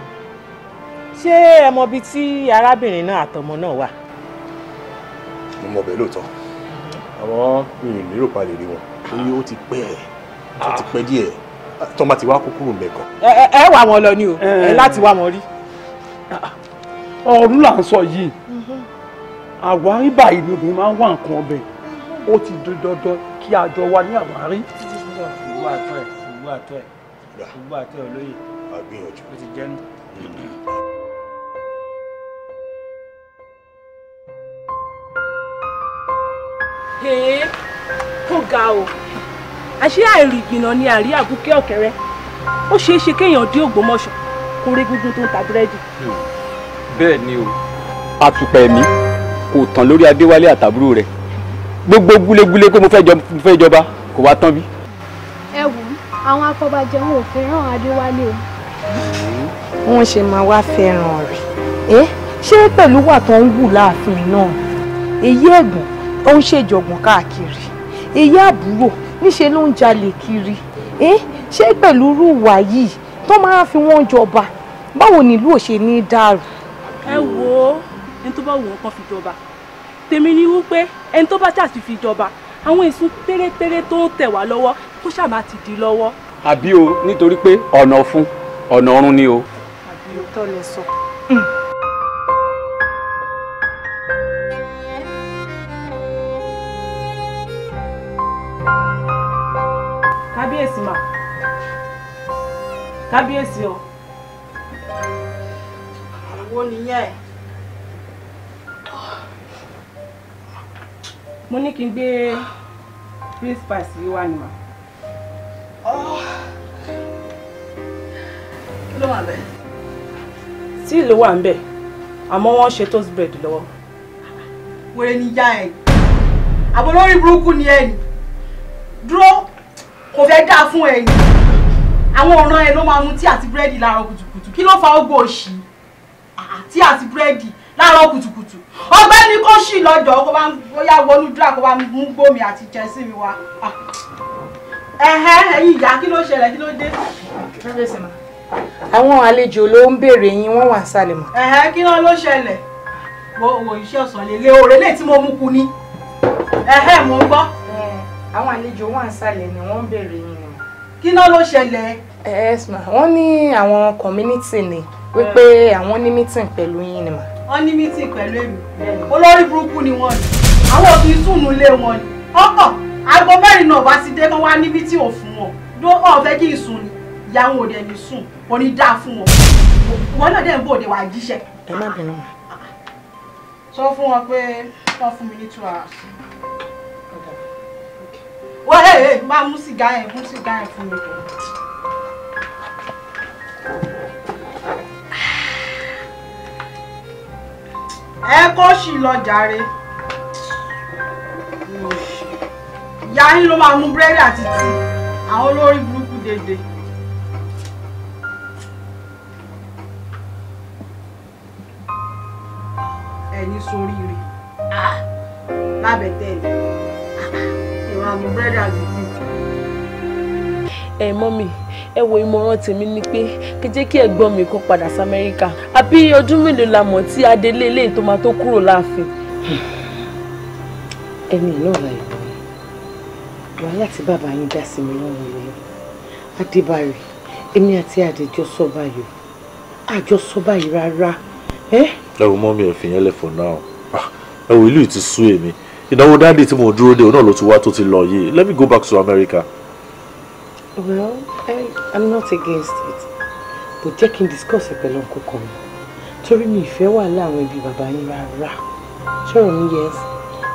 ṣé ẹ mọ tí arábìnrin náà àtọmọ náà wà. mo mọ bẹ́ẹ̀ lóòótọ́ àwọn mi lérò pa rí wọn torí ó ti pẹ́ ẹ̀ ó ti pẹ́ díẹ̀ tọ́ba ti wá kúkúrú mẹ́kàn. ẹ ẹ wà wọn lọ ni o ẹ láti wá wọn rí ọ̀run là ń sọ yìí mhm. àwárí báyìí ni obìnrin máa ń wá nǹkan ọbẹ̀ mhm. ó ti di dandan kí a jọ wá ní àwárí. ìwọ àtọ ẹ ìwọ àtọ ẹ ìwọ àtọ ẹ olóyè àgbìyànjú ó ti jẹnu. hèé tó ga o àṣé àìrí ìgbìnà ni àrí àbúkẹ́ ọ̀kẹ́rẹ́ ó ṣeé ṣe kéèyàn dé Ògbómọ̀ṣọ́ kó rí gúngún tó ń ta búrẹ́dì. Hmm bẹ́ẹ̀ ni o. àtùpà ẹ̀mí kò tán lórí adéwálé àtàbúrò rẹ̀ gbogbo gúlégúlé pé mo fẹ́ jọba kò wá tán bí. ẹ wò ó àwọn afọbajẹ wọn ò fẹ́ràn adéwálé o. wọ́n ṣe máa wá fẹ́ràn rẹ̀ ẹ́ ṣé pẹ̀lú wà tó ń wù láàfin náà èyí ẹ̀gbọ́n ó ń ṣèjọ̀gbọ̀n káàkiri èyí àbúrò níṣe ló ń jalè kiri ṣé pẹ̀lú rúwà yìí tó máa fi wọ́n jọba báwo nílùú òṣè ní dàrú ẹ wò ó ẹni tó bá wù wọn kàn fi jọba tèmi ni wípé ẹni tó bá ṣàṣì fi jọba àwọn ìsun pérépéré tó ń tẹ̀ wá lọ́wọ́ kó ṣàmà ti di lọ́wọ́. àbí o nítorí pé ọ̀nà fún ọ̀nà ọ̀run ni o. àbí o tọ́ lẹ sọ. kábíyèsí mà kábíyèsí o wo nìyẹn. mo ní kí n gbé green spice yìí wá ni mà. kí ló wà bẹ́ẹ̀. tí ló wà ń bẹ̀ àmọ́ wọ́n ṣe toast bread lọ́wọ́. wèrè níyà ẹ̀ àbọ̀ lórí burúkú ni ẹ̀ ní dúró kò fẹ́ dáa fún ẹ̀ ní àwọn ọ̀ràn ẹ̀ ló máa mú tí àti búrẹ́dì láàárọ̀ kùtùkùtù kí ló fa ogbó òṣì tíì àti búrẹ́dì láàárọ̀ kùtùkùtù ọgbẹ́ni kò sì lọ́jọ́ kó bá ń bóyá wọnú dúrà kó bá ń mú gbómi àti jẹ́sí mi wá. Ah. ẹ̀hẹ́ ẹ̀yin ìyá kí ló ṣẹlẹ̀ kí ló dé. àwọn àlejò ló ń béèrè yín wọ́n wà sálẹ̀ mọ́. ẹ̀hẹ́ kí ló ló ṣẹlẹ̀ mo wò iṣẹ́ ọ̀sán lélẹ̀ òrè lè tí mo mú kú ni ẹ̀hẹ́ mo gbọ́. àwọn àlejò wà sálẹ̀ ni wọ́n ń béèrè yín. kí ló ló ṣẹlẹ̀. ẹ̀ẹ́sì mà wọ́n ní àwọn community ni wípé àwọn ní mítìn pẹ̀lú yín ni mà. wọ́n ní mítìn pẹ̀lú èmi olórí burúkú ni wọ́n ni àwọn òkè túnú lé wọn ni ọkọ̀ aago mẹ́rin náà bá ti dé kán wá níbi tí ò fún wọn ló ọ̀fẹ́ kí n sùn ni ìyá wọn ò dẹ̀ ní sùn kò ní dáa fún wọn wọn náà dẹ̀ ń bòde wà jíṣẹ́. ẹ má bínú. sọ fún wọn pé wọ́n fún mi ní two hours wọ́n ẹ̀ ẹ̀ máa mú sìgá ẹ̀ mú sìgá ẹ̀ fún mi. ẹ kó sì lọ jàre ìyá yín ló máa mú búrẹ́dì àti tíì àwọn olórí burúkú dédé. ẹ̀yin soríire lábẹ́tẹ̀lẹ̀ ìwọ̀n àmú búrẹ́dì àti tíì. ẹ mọ́mì ẹ wo ìmọ̀ràn tèmi ni pé kí jẹ́ kí ẹ̀gbọ́n mi kó padà sí amẹ́ríkà àbí ọdún mélòó la mọ̀ tí adélé ilé tó máa tó kúrò láàfin. ẹni náà la ìbò yìí wàhálà tí bàbá yín dá sí mi lọ́rùn ni adébárí èmi àti àdèjọ sọ báyìí àjọ sọ báyìí rárá. ẹ wo mọ́ mi ẹ̀ fi yẹn lẹ̀ for now ah, ẹ wo ìlú ti sú èmi ìnáwó dáàdì tí mo dúró dé òun náà ló ti wá tó ti lọ yìí let me go back to America. well Eh, I'm not against it but jẹ́ kí n discuss ẹ̀ pẹ̀lú ọkọ kan mi torí mi ìfẹ́ wà láwọn ibi bàbá yín rárá sọ̀rọ̀ mi yes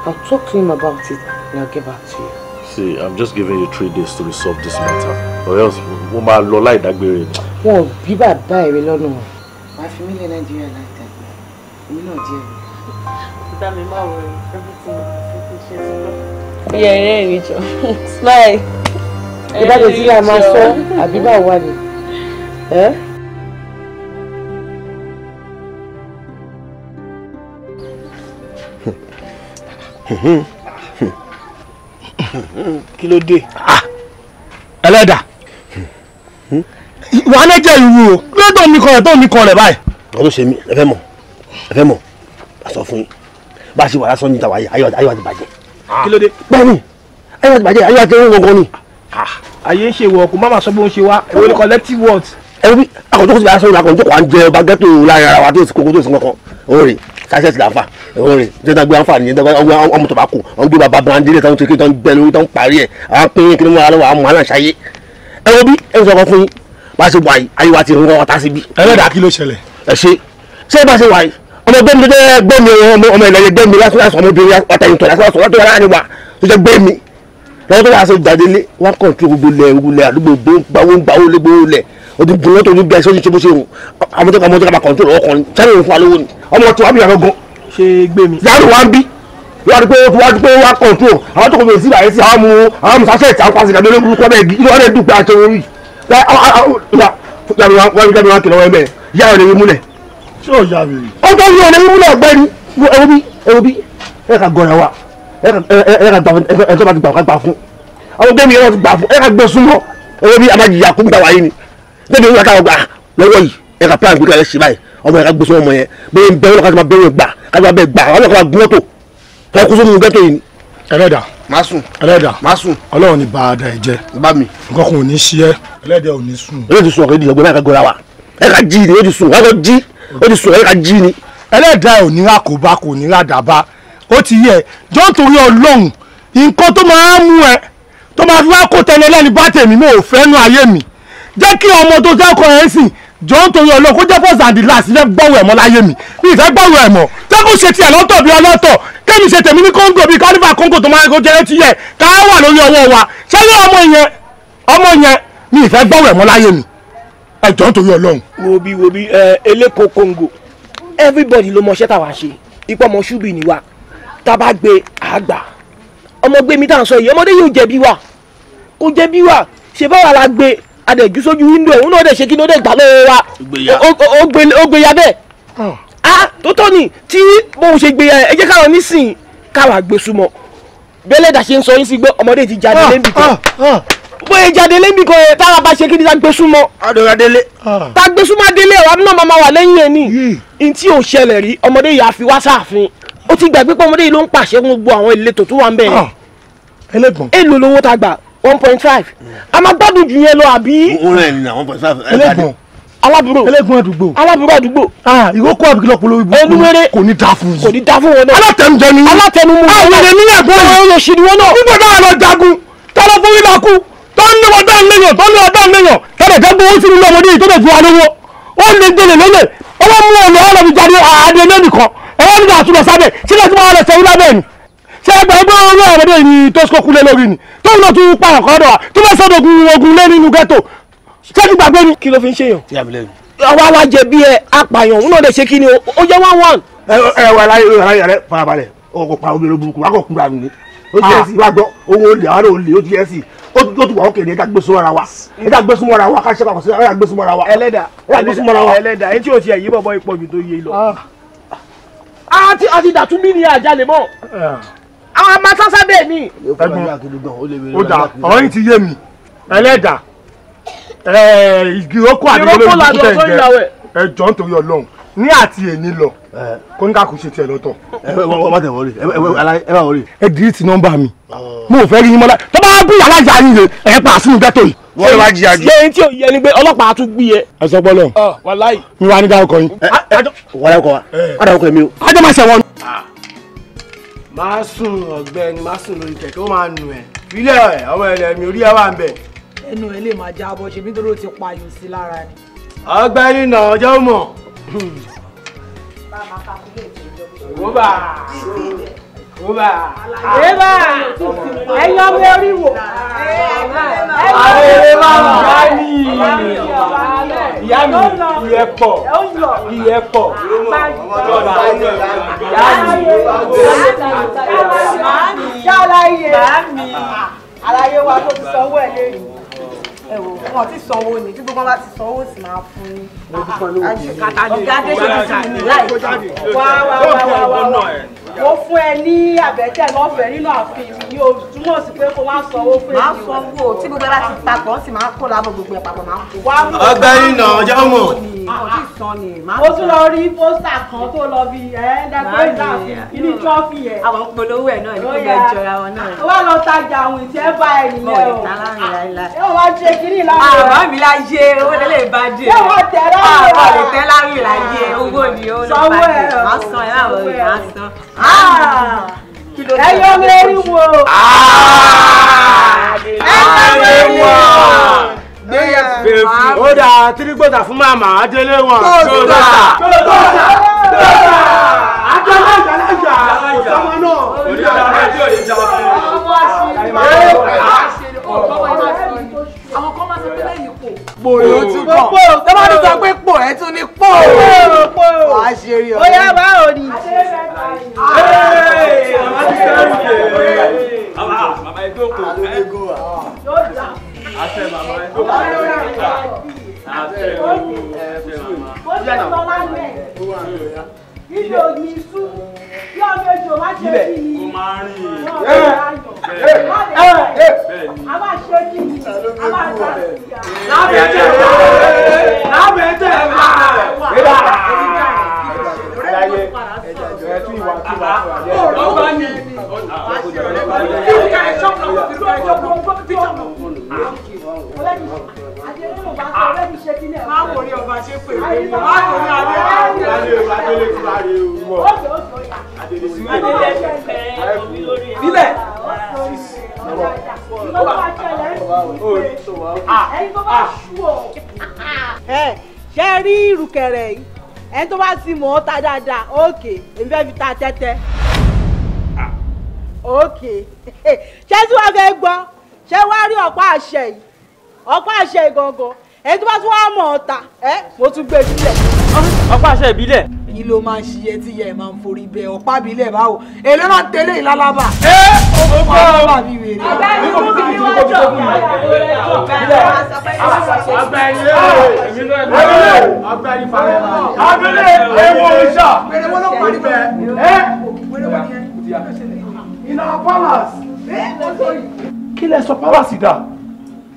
I'll talk to him about it and I'll get back to you. See, I'm just giving you three days to resolve this matter or else wọ́n máa lọ láì dágbére. wọn ò bí bàbá ẹ̀rẹ̀ lọ́nà. wàá fi mí lé nàìjíríà láì dàgbà èmi náà jẹ́ ẹ̀rọ. bá mi máa wọ everything ṣe é sí lọ. ìyá ẹ̀rẹ́ ìrìnjọ smile ìbáde tí la máa sọ àbí bá wà ní. kí ló dé. Ah! ẹlẹ́dà wàá ní jẹ́ ìwú o kí ló tó mi kọlẹ̀ tó mi kọlẹ̀ báyìí. ọdún ṣe mí ẹ fẹ́ mọ̀ ẹ fẹ́ mọ̀ a sọ fún yín bá a ṣe wà lásán ní ìta wáyé ayé wa ti bàjẹ́. Ah! kí ló dé. bẹ́ẹ̀ ni ayé wa ti bàjẹ́ ayé wa ti ń gbọ̀ngàn ni ayé ń ṣe wọ ọkùn má máa sọ bó ń ṣe wá èwo ni collective words. ẹ akọ̀tún kò sí aṣọ ìlàkùn tó kọ́ à ń jẹ ọba gẹ́tò láàrin ara wa tó sì kókó tó sì kankan òórè sachet la fa òórè tó dàgbé àǹfà nìyẹn dàgbé ọmọ tó bá kù ọmọ tó bá bá bá táwọn tó tó ń bẹ lórí tó parí ẹ àwọn pín kí ni wọn àwọn àmọ aláṣayé ẹ wo bí ẹ ń sọ fún yín bá a ṣe lọ́wọ́ tó bá aṣọ ìdádélé wọ́n kàn tó gbogbo lẹ̀ gbogbo lẹ̀ àdúgbò gbó gbawó gbawó lé gbowó lẹ̀ odi gbóná tó ní bẹ́ẹ̀ sọ́jú ṣe bó ṣe wù àwọn tó tó kà bá kàn lọ́wọ́ kan sáré òun fún alówó ni ọmọ tó wà bí yàrá gan. ṣe gbé mi. yàrá wa ń bí wọ́n rí pé wọ́n rí pé wọ́n kàn tó àwọn tó kò bẹ̀rẹ̀ sí ìbàyẹ̀ sí àwọn mu àwọn musafẹ́ ìta pàṣẹ ìdádélé burúkú ọbẹ̀ yìí wọ́n rẹ̀ dùgbà àti orí. yàrá rẹ̀ wí múlẹ̀ ẹ ka gbà fún ẹ tó bá ti gbà ká gbà fún àwọn géèmì yẹn náà ti gbà fún ẹ ka gbé súnmọ́ ẹ wọ́n bí abajìyà kó gbà wáyé ni débi ìwé ká gbà lọ́wọ́ yìí ẹ ka plan gbẹdọ̀ ẹ ṣì báyìí ọmọ yẹn ká gbé súnmọ́ ọmọ yẹn bẹ́ẹ̀ ń bẹ́ẹ̀ lọ́ka bẹ́ẹ̀ gbà ká bẹ́ẹ̀ gbà àwọn ọlọ́ka gún mọ́tò fẹ́ kó sómi gẹ́tò yìí ni. ẹlẹ́dà máa sùn ẹlẹ́dà máa sùn ọlọ́run ni bàdà ẹ̀ jẹ́ bá mi nǹkan kan ò ní ṣí ẹ ẹlẹ́dà ò ní sùn. ó ti sùn ọ̀kẹ́ ìdìyàgbẹ́ náà ká gbọ́ra wa ẹ ká jí ni ó ti sùn ó ti sùn ẹ ká jí ni. ẹlẹ́dà ò ní rà kó bá kò ní rà dà bá ó ti yẹ jọ́ torí ọlọ́run nǹkan tó máa ń mú ẹ tó máa fi wá kó tẹni ẹlẹ́ni bá tèmi mo ò fẹ́ nu ayé mi jẹ́ kí ọmọ tó jẹ́ ọkọ ẹ̀ sìn jọ́ torí ọlọ́run kó jẹ́ first and the last jẹ́ gbọ́wọ́ ẹ̀ mọ́ láyé mi mi ìfẹ́ gbọ́wọ́ ẹ̀ mọ́ jẹ́ kó ṣe tiẹ̀ lọ́tọ̀ bí ọlọ́tọ̀ kémi ṣe tèmi ní kóńgò bíi kánífà kóńgò tó máa ń jẹ́ ti yẹ ká wà lórí ọwọ́ wa ṣẹ́yìn ọmọ yẹn ọmọ yẹn mi ìfẹ́ gbọ́wọ́ ẹ̀ mọ́ láyé mi ẹ jọ́ torí ọlọ́run. wo bí wo bí ẹ eléko kóńgò everybody ló mọ iṣẹ́ táwa ṣe ipò ọmọ ṣúbì ni wa tá a bá gbé àgbà ọmọ gbé mi tá à ń sọ yìí ọmọdé yóò jẹ̀bi wa kò jẹ̀bi wa ṣe báwa la gbé adẹ̀jú sójú wíńdò òun náà dẹ̀ ṣe kí ni ó gbà lọ́wọ́ wa ó gbé ya bẹ́ẹ̀ ah. ah tó tọ́ ni tí bóun ṣe gbé ya ẹ jẹ́ káwọn nísìnyí káwọn àgbè súnmọ́ bẹ́lẹ̀ dà ṣe ń sọ yín sí gbọ́ ọmọdé ti jáde ah, lẹ́ńbì kan ah, bóyá jáde lẹ́ńbì kan yẹn táwa bá ṣe kí ni tá gbé súnmọ́ tá gbé súnmọ́ délé ọ̀rọ̀ náà máa wà lẹ́yìn ẹ̀ ní ní ò ṣẹlẹ̀ rí ọmọdé yà á fi wá sáàfin ó ti gbàgbé pé ọmọdé yìí ló ń pàṣẹ gbogbo àwọn ìletò tó wà ń bẹ̀ yẹn. Ah, ẹlẹ́gbọ̀n. èlò lówó ta gbà one point five a máa gbádùn jù yẹn lọ àbí. ó rẹ̀ ní one point five. ẹlẹ́gbọ̀n alábùrò ẹlẹ́gbọ̀n àdúgbò alábùrò àdúgbò. Ah, ìwọ kó àbíkí lọ́pọ̀ lórí ibùdó kò ní da fún yìí kò ní da fún wọn náà. alátẹnudẹnu alátẹnumú àwọn ènìyàn ah, nílẹ̀ gbọ́n yìí àwọn olóṣì ni wọn náà. nígbà náà lọ jagun tọ́lọ́ fún yìí lakú tó ń níwọ̀n dá níyàn tó ń níwọ̀n dá níyàn tọ́lẹ̀ fẹ́ gbowó sínú lọ́mọdé yìí tó lè fún wa lówó ó lè gbélé lólè ọwọ́ mú ọ̀nà ọ̀rọ̀ mi jáde àdé lẹ́nìkan ọwọ́ nígbà àtúbọ̀ sábẹ̀ sílẹ̀ tí wọ́n rẹ̀ sẹ́yìn lábẹ́ ni ṣé ẹgbẹ́ ẹgbẹ́ orí ọ̀rẹ́dẹ̀ ni Tosco kú lé lórí ni tóun náà tún pa ọ̀kọ́ dọ̀ wa tó bá sọ̀dọ̀ ogun ogun lé nínú ghetto ṣé kí gbàgbé ni. kí ló fi ń ṣèyàn. àwa wa jẹ bí ẹ apààyàn òun náà lè ṣe kí ni ó jẹ one one. ẹ ẹ wà láyé rẹ rẹ farabalẹ̀ ọkọ pa obìnrin burúkú wà á kọ kúra nìyí ó ti ẹsì ah. wá gbọ́ òun olè àwọn olè ó ti ẹsì ó ti wà ókè ní ẹ̀ka gbésùn ara wa ẹ̀ka gbésùn ara wa ká ṣe pàkó sí ẹ̀ka gbésùn ara wa. ẹlẹ́dà ẹlẹ́dà ẹlẹ́dà etí ò ti ẹ̀yí bọ̀bọ̀ ipò mi tó yé lọ. Ah àti àti dàtúmí ni àjálè mọ́ eh. àwọn ọmọ sọ́sọ́ bẹ́ẹ̀ ni. ẹ̀gbọ́n ó dà ọ̀rọ̀ yìí ti yé mi ẹlẹ́dà igi eh, oko àdìgbò lórí ìdíkùtẹ̀ ẹ̀jọ̀ nítorí ọlọ́run ní àti èní lọ Eh. kó ní káàkó ṣe tiẹ̀ lọ́tọ̀. Eh, eh, ẹ bá tẹ wọlé ẹ bá wọlé. ẹ dìrì ti nọ́mbà mi ah. mo ò fẹ́ rí yín mọ́lá tó bá bí alájà yín rè ẹ pa sínú gẹ́tò yìí. wọ́n yóò wá jí ajé. ṣé tí o yẹ ni pé ọlọ́pàá tún gbé yẹ. ẹ sọ gbọ́dọ̀ ah, wàláì. mi wá ní dáhùn kọ yín. wàláì kọ wa ọ̀dà ọkọ mi o. ajé máa ṣẹ̀wọ̀n. Ah. máa sùn ọ̀gbẹ́ni máa sùn lórí kẹ̀kẹ́ ó máa nù ẹ̀ bílẹ̀ ọmọ ẹlẹ́mi orí ẹ wà ń bẹ̀. ẹnu ẹ lè máa jábọ̀ ṣe nítorí o ti payò sí lára ni. ọ̀gbẹ́ni náà ọjọ́ mọ̀ máa calculate ìjọba. wọ́bà wọ́bà ẹ̀bà ẹ̀yọ́ mi orí wò. àrèrè máa ń bá ní ìyá mi ìyẹ́ pọ̀ ìyẹ́ pọ̀ lọ́ba ìyá mi ṣàlàyé àlàyé wa tó ti sanwó ẹ̀ lẹ́yìn ẹ wò wọn ti sanwó ni tí gbogbo wọn bá ti sanwó sì máa fún ah, ah, yín. ọ̀gá adéṣèlú ti ní láì wá wá wá wá wá mo fún ẹ ní àbẹ̀tẹ̀ lọ́fẹ̀ẹ́ nínú ààfin mi ni o túmọ̀ sí pé kó má sanwó pé. máa sanwó tí gbogbo ẹ bá ti papọ̀ sì máa kó lábọ̀ gbogbo ẹ papọ̀ máa kó. ọgbà yín nà ọjọ́ mọ̀. mo tún lọ rí pósítà kan tó lọ bí ẹ dẹkọrẹ́tà inú trọ́fì yẹn. àwọn polówó ẹ̀ náà ni kò gbẹ jọra wọn náà. wọ́n lọ tajà àwìn tí ẹ bá ẹ̀ nìyẹn o. ọ̀ kiri ìlànà. Ah, àbá mi la yé owó délé ìbàdí. ṣé wọn tẹ ẹ láàyè ah, wa. àwọn ìtẹ láàyè la yé owó ni ó lọ bá dé. má sọ ẹ má wọlé má sọ. ẹ yọ mẹ́rin wo. Ah. ẹ yọ mẹ́rin wo e ó dà tírígbòtà fún màmá délé wọn. tóòtà tóòtà tóòtà àjọ alájà alájà ọ̀sán náà. orí àjọ ìjọba. pòrò tí mo pò tó bá tún sọ pé pò ẹ tún ní pò pòrò pòrò wàá ṣe rí ọ̀rẹ́ bóyá báwo ni. màmá ẹgbẹ́ òkú ẹ àṣẹ màmá ẹgbẹ́ òkú àṣẹ màmá ìdò ní ìsú yọ méjò má ṣe kí ni ó máa rìn a máa ṣe kí ni a máa ta sí i. lábẹ́ tẹ̀ wá lábẹ́ tẹ̀ wá nígbà láyé ẹ̀ tún ìwà tún wà fún àjẹ́. ọ̀rọ̀ bá ní ọ̀rọ̀ bá ní. kí ni ká ẹ̀ ṣọ́kùnrin kí ni ká ẹ̀ ṣọ́kùnrin kí ni ká ẹ̀ ṣọ́kùnrin má wò rí ọba ṣe pé èmi má wò rí adé adé adélé fún ayé wọ adélé fún ayé wọ nílẹ̀ ṣe rí ìrùkẹ̀rẹ̀ yìí ẹni tó bá ti mọ̀ ọ́ ta dáadáa ókè èmi fẹ́ fi ta tẹ́tẹ́ ókè ṣé tí wọ́n fẹ́ gbọ́ ṣé wọ́n rí ọ̀pá àṣẹ yìí ọ̀pá àṣẹ yìí gangan ẹni tó bá tún wá mọ̀ ọ́ ta ẹ mo tún gbé e sílẹ̀. ọ̀pá àṣẹ ìbílẹ̀. kí ló máa ń ṣiyẹ tí ìyá ẹ̀ máa ń forí bẹ ọ̀pá ìbílẹ̀ báwo èlé náà tẹ́lẹ̀ ìlálábà. ẹ o mọ fún ọ bá mi wèrè. ọ̀gá ẹni tó fi ìjọba ọjọ́ mi. ọ̀gá ẹni tó fi ìjọba ọjọ́ mi. ọ̀gá ẹni tó fi ìjọba ọjọ́ mi. ọ̀gá ẹni tó fi ìjọba ọjọ́ mi. kí lẹ sọ palace dà?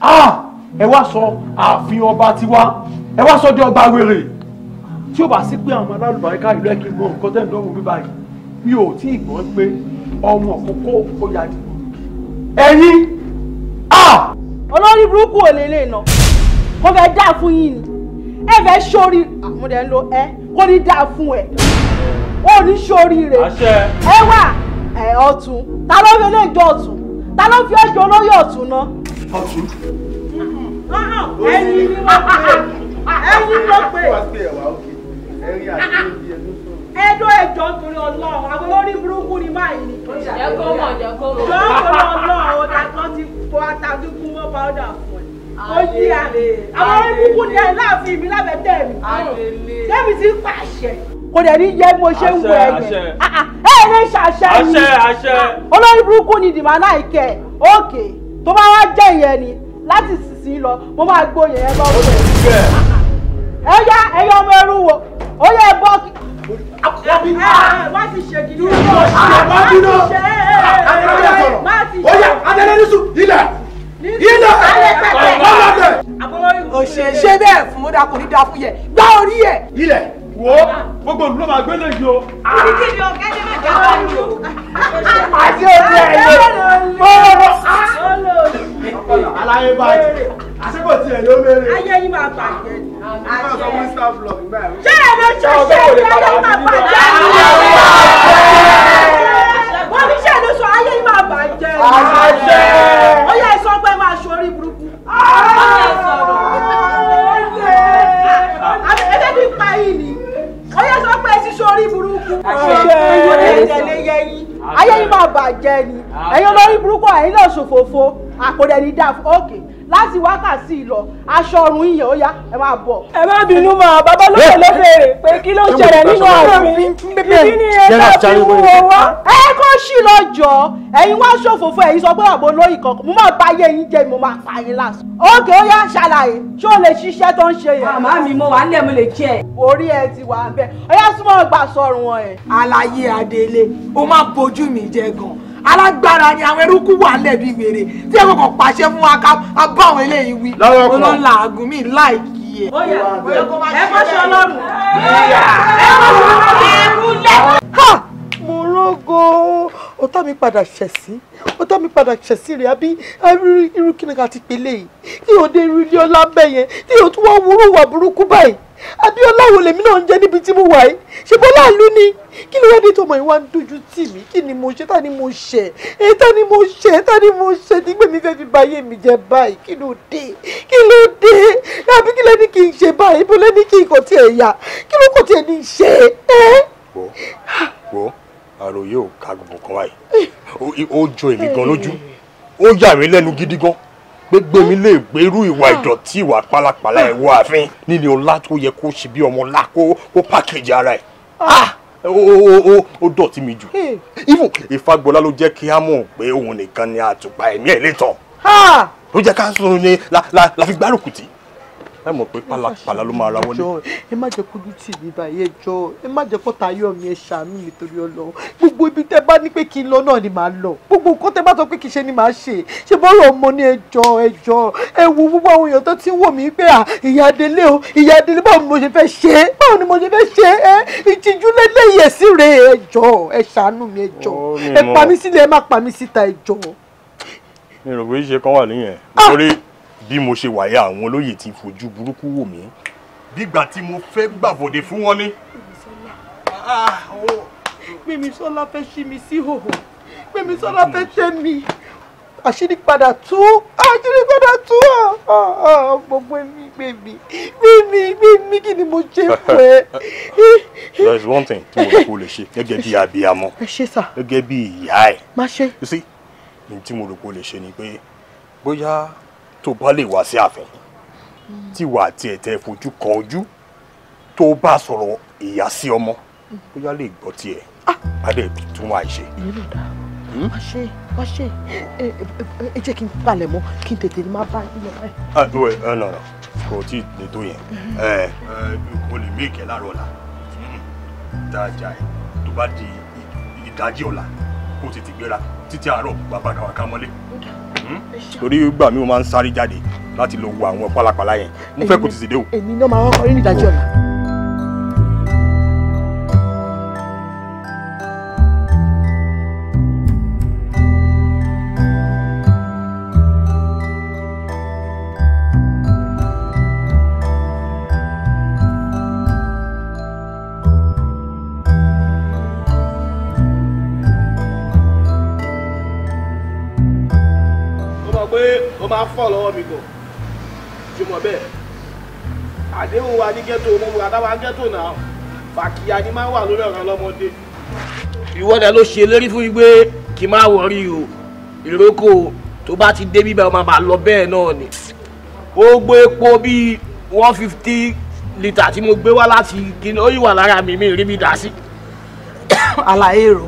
ah ẹ wá sọ ààfin ọba tiwa ẹ wá sọ di ọba wèrè tí ó bá sí pé àwọn alálùbáríkà ìlú ẹ̀kí mọ nǹkan tẹ́ ń dánwò mi báyìí mi ò tí ì gbọ́n pé ọmọ òkókó ó yá di ẹ̀yin a. olórí burúkú ò lè lè nà mo fẹ́ dáa fún yín ni ẹ fẹ́ sórí àmúdẹ̀ ń lo ẹ kó ní dáa fún ẹ ó ní sórí rẹ ẹ wà ẹ ọ̀tún ta ló fi olóòjọ ọ̀tún ta ló fi ọjọ́ olóyè ọ̀tún náà. ọ̀tún ẹ̀yin ni mo pè ẹ̀yin ni mo pè ẹjọ́ ẹjọ́ torí ọlọ́run àwọn olórí burúkú ni báyìí ni. jẹ́ kó mọ̀ jẹ́ kó mọ̀. jọ́ torí ọlọ́run ọ̀dà kan ti fọ àtàkùn kún mọ́ pàdà fún ẹ ó yí àlè àwọn oníkúkú kò dẹ̀ ní yẹ mo ṣe ń wọ ẹ̀yẹ ẹ ẹ ní ṣàṣẹ yìí olórí burúkú ni dìmọ̀ náà kẹ òkè tó bá wá jẹ́ ìyẹn ni láti sísìn lọ mo máa gbó yẹn lọ. ó ti ti bẹ́ẹ̀. ẹ yá ẹ yọ ọmọ ẹrú wo ó yẹ bọ́. wá ti ṣe kìlú. àbá bínú adẹ́rẹ́ sọ̀rọ̀ ó yẹ adẹ́rẹ́ nísù ilẹ̀ ilẹ̀ ọlọ́dẹ. ṣe bẹ́ẹ̀ fún ó dà kò ní da fún yẹ gbá orí yẹ. ilẹ̀ wo gbogbo olùdó máa gbélé yìí o. kíkì ni ọ̀gá ẹni máa jábọ̀ ní o. àti òbí ẹ̀yẹ bọ́ọ̀lù aláyé báyìí àṣẹ́kọ̀ tí ẹ̀ ló mẹ́rin. ayé yín máa bàjẹ́ ni. ṣé ẹ lọ ṣe ṣe ìyá ló máa bàjẹ́ ni. wọ́n fi ṣe ìlú sọ ayé yín máa bàjẹ́ ni. àṣẹ. ó yẹ ìsọgbẹ́ máa ṣorí burúkú. ó yẹ ìsọgbẹ́. ọyọ sọ pé ti sori burúkú ayé yín máa bàjẹ́ ni ẹ̀yin olórí burúkú ẹ̀yin náà ṣòfófó àkòdẹ́ni dáf ókè láti wákàtí ìlọ aṣọ ọrùn ìyẹn ó yá ẹ máa bọ̀. ẹ má bínú mà bàbá lóye ló béèrè pé kí ló ń ṣẹlẹ̀ nínú ààfin ìdí ni ẹ bá fi wú owó. ẹ kó sí lọ́jọ́ ẹ̀yin wá ṣòfófó ẹ̀yin sọ pé àbò lóyìn kankan mo máa bá yé yín jẹ́ mo máa pa yín lásán. ókè ó yá ṣàlàyé ṣé o lè ṣiṣẹ́ tó ń ṣe yẹn. màmá mi mo wà nílẹ̀ mo lè jẹ́ ẹ̀. orí ẹ ti wà bẹ́ẹ̀ ọyá súnmọ́ gbà sọ̀rùn wọn ẹ̀. àlàyé adele ó máa bójú mi jẹ gan-an alágbára ni àwọn eruku wà lẹ́bi wèrè tí ẹ̀kọ́ kan pàṣẹ fún wa ká bá àwọn eléyìí wí. lọ́wọ́ kan olóńlá àgùn mi láìkí ẹ̀. ẹ bọ́ ṣe ọlọ́run. ẹ bọ́ ṣe ọlọ́run. ha mo rógo ọ̀tá mi padà ṣẹ̀ sí ọ̀tá mi padà ṣẹ̀ sí rẹ̀ àbí irú kí ni ká ti pèlè yìí kí òde irú ilé ọlá bẹ́ẹ̀ yẹn kí òtún wọ́n wúrú wà burúkú báyìí. Abíọ́lá wo lèmi náà ń jẹ́ níbi tí mo wà yìí ṣe bọ́lá ìlú ni kí ló wá dé tọmọ yìí wá ń dojú tì mí kí ni mo ṣe ta ni mo ṣe ẹ ta ni mo ṣe ta ni mo ṣe nígbà mi fẹ́ fi ba ayé mi jẹ́ báyìí kí ló dé kí ló dé àbí kí lẹ́ni kì í ṣe báyìí ibo lẹ́ni kì í kò tiẹ̀ yá kí ló kò tiẹ̀ ní í ṣe ẹ́. wo àròyé ò ka gbogbo kan wáyé ó jọ èmi gan lójú ó yà mí lẹ́nu gidi gan gbégbé mi lè gbèrú ìwà hmm. ìdọ̀tí ìwà pálapàla ẹ̀wọ̀ hmm. àfin nílé ọlá tó yẹ kó ṣe bí ọmọ ọlá kó kó pákéjì ara ẹ̀ ah. Ah! ó dọ̀tí mi jù hmm. even ìfagbọ́lá ló jẹ́ kí á mọ̀ pé òun nìkan ni àtùpà ẹ̀mí ẹ̀ lè tàn ló jẹ́ ká sùn ni la fi gbárùkù tì í ẹ mọ̀ pé pálapàla ló máa ra wọlé. ẹjọ ẹ má jẹ kójú tì mí báyìí ẹjọ ẹ má jẹ kọta ayọ mi ẹ ṣàánú mi torí ọlọ gbogbo ibi tẹ bá ní pé kí n lọ náà ni màá lọ gbogbo nǹkan tẹ bá sọ pé kì í ṣe ni màá ṣe ṣe bọ́rọ̀ ọmọ ní ẹjọ ẹjọ ẹ wo gbogbo àwọn èèyàn tó ti ń wò mí pé à ìyá délé o ìyá délé báwo ni mo ṣe fẹ́ ṣe é báwo ni mo ṣe fẹ́ ṣe é ìtìjú lélẹ́yẹ̀ rè ẹjọ ẹjọ ẹ bí mo ṣe wàyà àwọn olóyè ti fojú burúkú wò mí bígbà tí mo fẹ́ gbàbọ̀dé fún wọn ni. Gbémisọ́lá fẹ́ ṣí mi sí hòhò Gbémisọ́lá fẹ́ tẹ́ mi àṣírí padà tú àṣírí padà tú gbogbo mi gbé mi gbé mi gbé mi kí ni mo ṣe fún ẹ. there is one thing tí mo rò pé o lè ṣe gẹ́gẹ́ bí abiyamọ gẹ́gẹ́ bí ìyá ẹ̀ you see ní tí mo rò pé o lè ṣe ni pé bóyá tó bá lè wá sí ààfin tí wàá tiẹ̀ tẹ fojú kan ojú tó bá sọ̀rọ̀ ìyá sí ọmọ bóyá lè gbọ́ tiẹ̀ pàdé ibi tó ṣe. wá hmm? ṣe wá ṣe ẹ jẹ́ kí n palẹ̀ mọ́ kí n tètè má bá ilẹ̀ rẹ̀. ẹ ẹ kò tí ì lè tó yẹn mm-hmm. eh, eh, ẹ ẹ o lè mí ìkẹ́ láàárọ̀ ọ̀la hmm. dájà ẹ tó bá di ìdájí ọ̀la kó tètè gbéra títí àárọ̀ bàbá kàwákà mọ́lé torí gbà mí mo máa ń sáré jáde láti lọ wo àwọn pálapàla yẹn mo fẹ́ kó ti sì dé o. èmi náà máa wọ́n kọ́ yín nídàájọ́ Follow me, go. fọ́ lọ́wọ́ mi to jùmọ̀ bẹ́ẹ̀ àdéhùn wa ní ghetto mo to táwa ghetto náà fàkìyà I máa wà lórí ọ̀rọ̀ ọlọ́mọdé. ìwọ́dà ló ṣe You want to know she í for you? o ìrókò tó you. ti dé bíbẹ̀ ọmọ bá lọ bẹ́ẹ̀ náà ni. ó gbé epo bíi one fifty litre tí mo gbé wá I kíni ó yìí wà lára mi mi rí mi dá sí. àlàyé you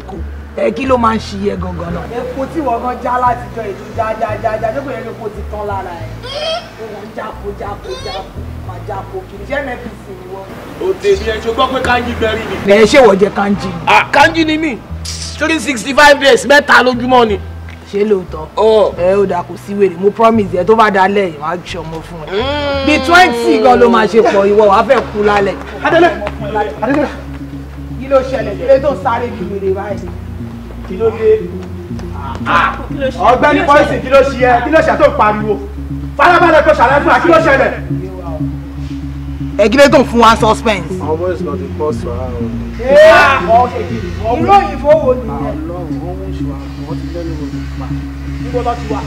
ẹ kí ló máa ń ṣiyẹ gangan náà. epo tí wọn gan já láti jọ ètò jájájájá tó bẹ̀rẹ̀ epo ti tán lára ẹ̀ wọn ń jáko jáko jáko máa jáko kiri ṣé nfc ni wọn. òde ni ẹ ṣe pé kanji bẹ́rí ni. ẹ ṣé wọ́n jẹ kanji. ah kanji ni mí three sixty five days mẹ́ta lójúmọ́ ni ṣe lóòótọ́ oh. ẹ ó dà kó sí wèrè mo promise ẹ tó bá dalẹ̀ ìwà action mo fún ẹ mm. bí twenty gan ló máa ṣe pọ̀ ìwọ wàá fẹ́ kú lálẹ́. adele adele kí ló ṣẹlẹ̀ kí ló tó sáré bí wèrè báyìí kí ló dé ah, ah, ọ̀gbẹ́ni pọ́ìsì kí ló ṣe ẹ kí ló ṣe tó pariwo farabalẹ̀ kó ṣàlàyé fún wa kí ló ṣẹlẹ̀. ẹ kí ló tó ń fún wa suspense. ọmọ ìsìn ọdún pọ̀ sọ ara rẹ. ìlú òyìnbó wo ni ẹ. Ah, ọlọ́run ó ń ṣùwà wọ́n ti lẹ́nu òyìnbó pa. níbo lọ ti wà.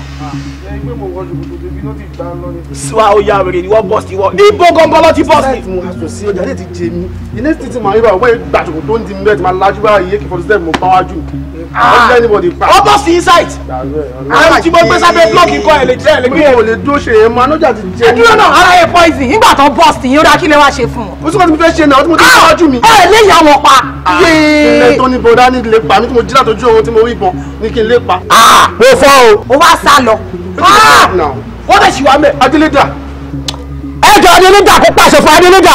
ẹ gbé mo wọ ṣòkòtò débi ló ti gbà ń lọ ní. sùwà oyà wèrè ni wọ́n bọ̀ sí wọ́n. níbo gangan ló ti bọ̀ sí. sẹ́ẹ̀tì mo aṣọ sí ọjà ilé ti jẹ mí. ilé ti ti mọ̀ nígbà wọ́n gbàjọ̀kọ̀ tó ń di mi bẹ́ẹ̀ ti máa lajú báyìí ó bọ́ sí insight àwọn tí mo gbé sábẹ́ blọọkì kọ ẹ̀ lè jẹ́ ẹ̀ lè gbé. mi ò lè dúró ṣe yẹn mọ anọ́jà ti jẹ́. ẹdúró náà ara yẹ poison nígbà tó bọ́ sí yín ó dá kí lè wá ṣe fún un. o sọ́kọ́ tí mo fẹ́ ṣe náà tí mo ti sọ́wọ́ jù mí. ẹ lè yà wọ́n pa. Ah! ilé tó ní bọ́dá ní ilé pa mi tí mo jí látọjú ohun tí mo rí bọ̀ ní kí n lè pa. Ah! mo fọ́ o. o wá sá lọ. Ah! wọ́n bẹ̀ ṣì wá mẹ́. adélédà. ẹ jọ adélédà kó pàṣẹ fún adélédà.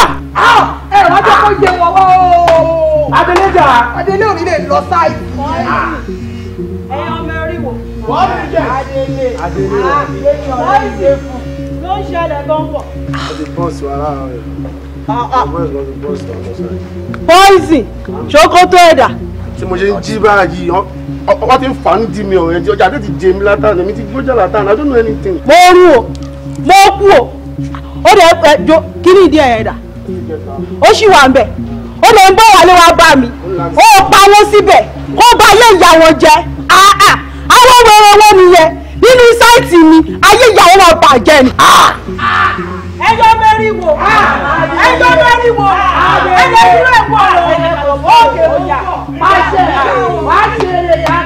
ẹ wọ́n jẹ́ kó Adélé dà. Adélé ò ní lè lọ sáì. Ẹyin ọmọ orí wo. Wọ́n mi jẹ́. Adélé. Adélé wọ̀ ní. Wọ́n mi jẹ́ fún. Ló ń ṣẹlẹ̀ gánbọ̀. Ó ti bọ́ọ̀sì ara rẹ̀. Bọ́ìsì, ṣòkòtò ẹ̀dà. Tí mo ṣe ń jí báyìí, ọkọ ti ń fà ń di mi ọ̀rẹ́ tí ọjà tètè jẹ mi látàn èmi ti gbójà látàn I don't know anything. Mo rú o, mo kú o, ó dẹ̀ ẹ jọ kí ni ìdí ẹ̀yà ẹ̀dà, ó ṣì wà ń bẹ̀ ó lè ń bọ̀ wálé wá bá mi ó pa wọn síbẹ̀ kó bá ayé ìyá wọn jẹ àà àwọn wẹrẹ wọn nìyẹn nínú sáìtì mi ayé ìyá wọn bàjẹ́ ni. ẹjọ́ mẹ́rin wò ẹjọ́ mẹ́rin wò ẹjọ́ ìlú ẹ̀kọ́ rẹ̀ òkè òyà máa ṣe máa ṣe eré yàrá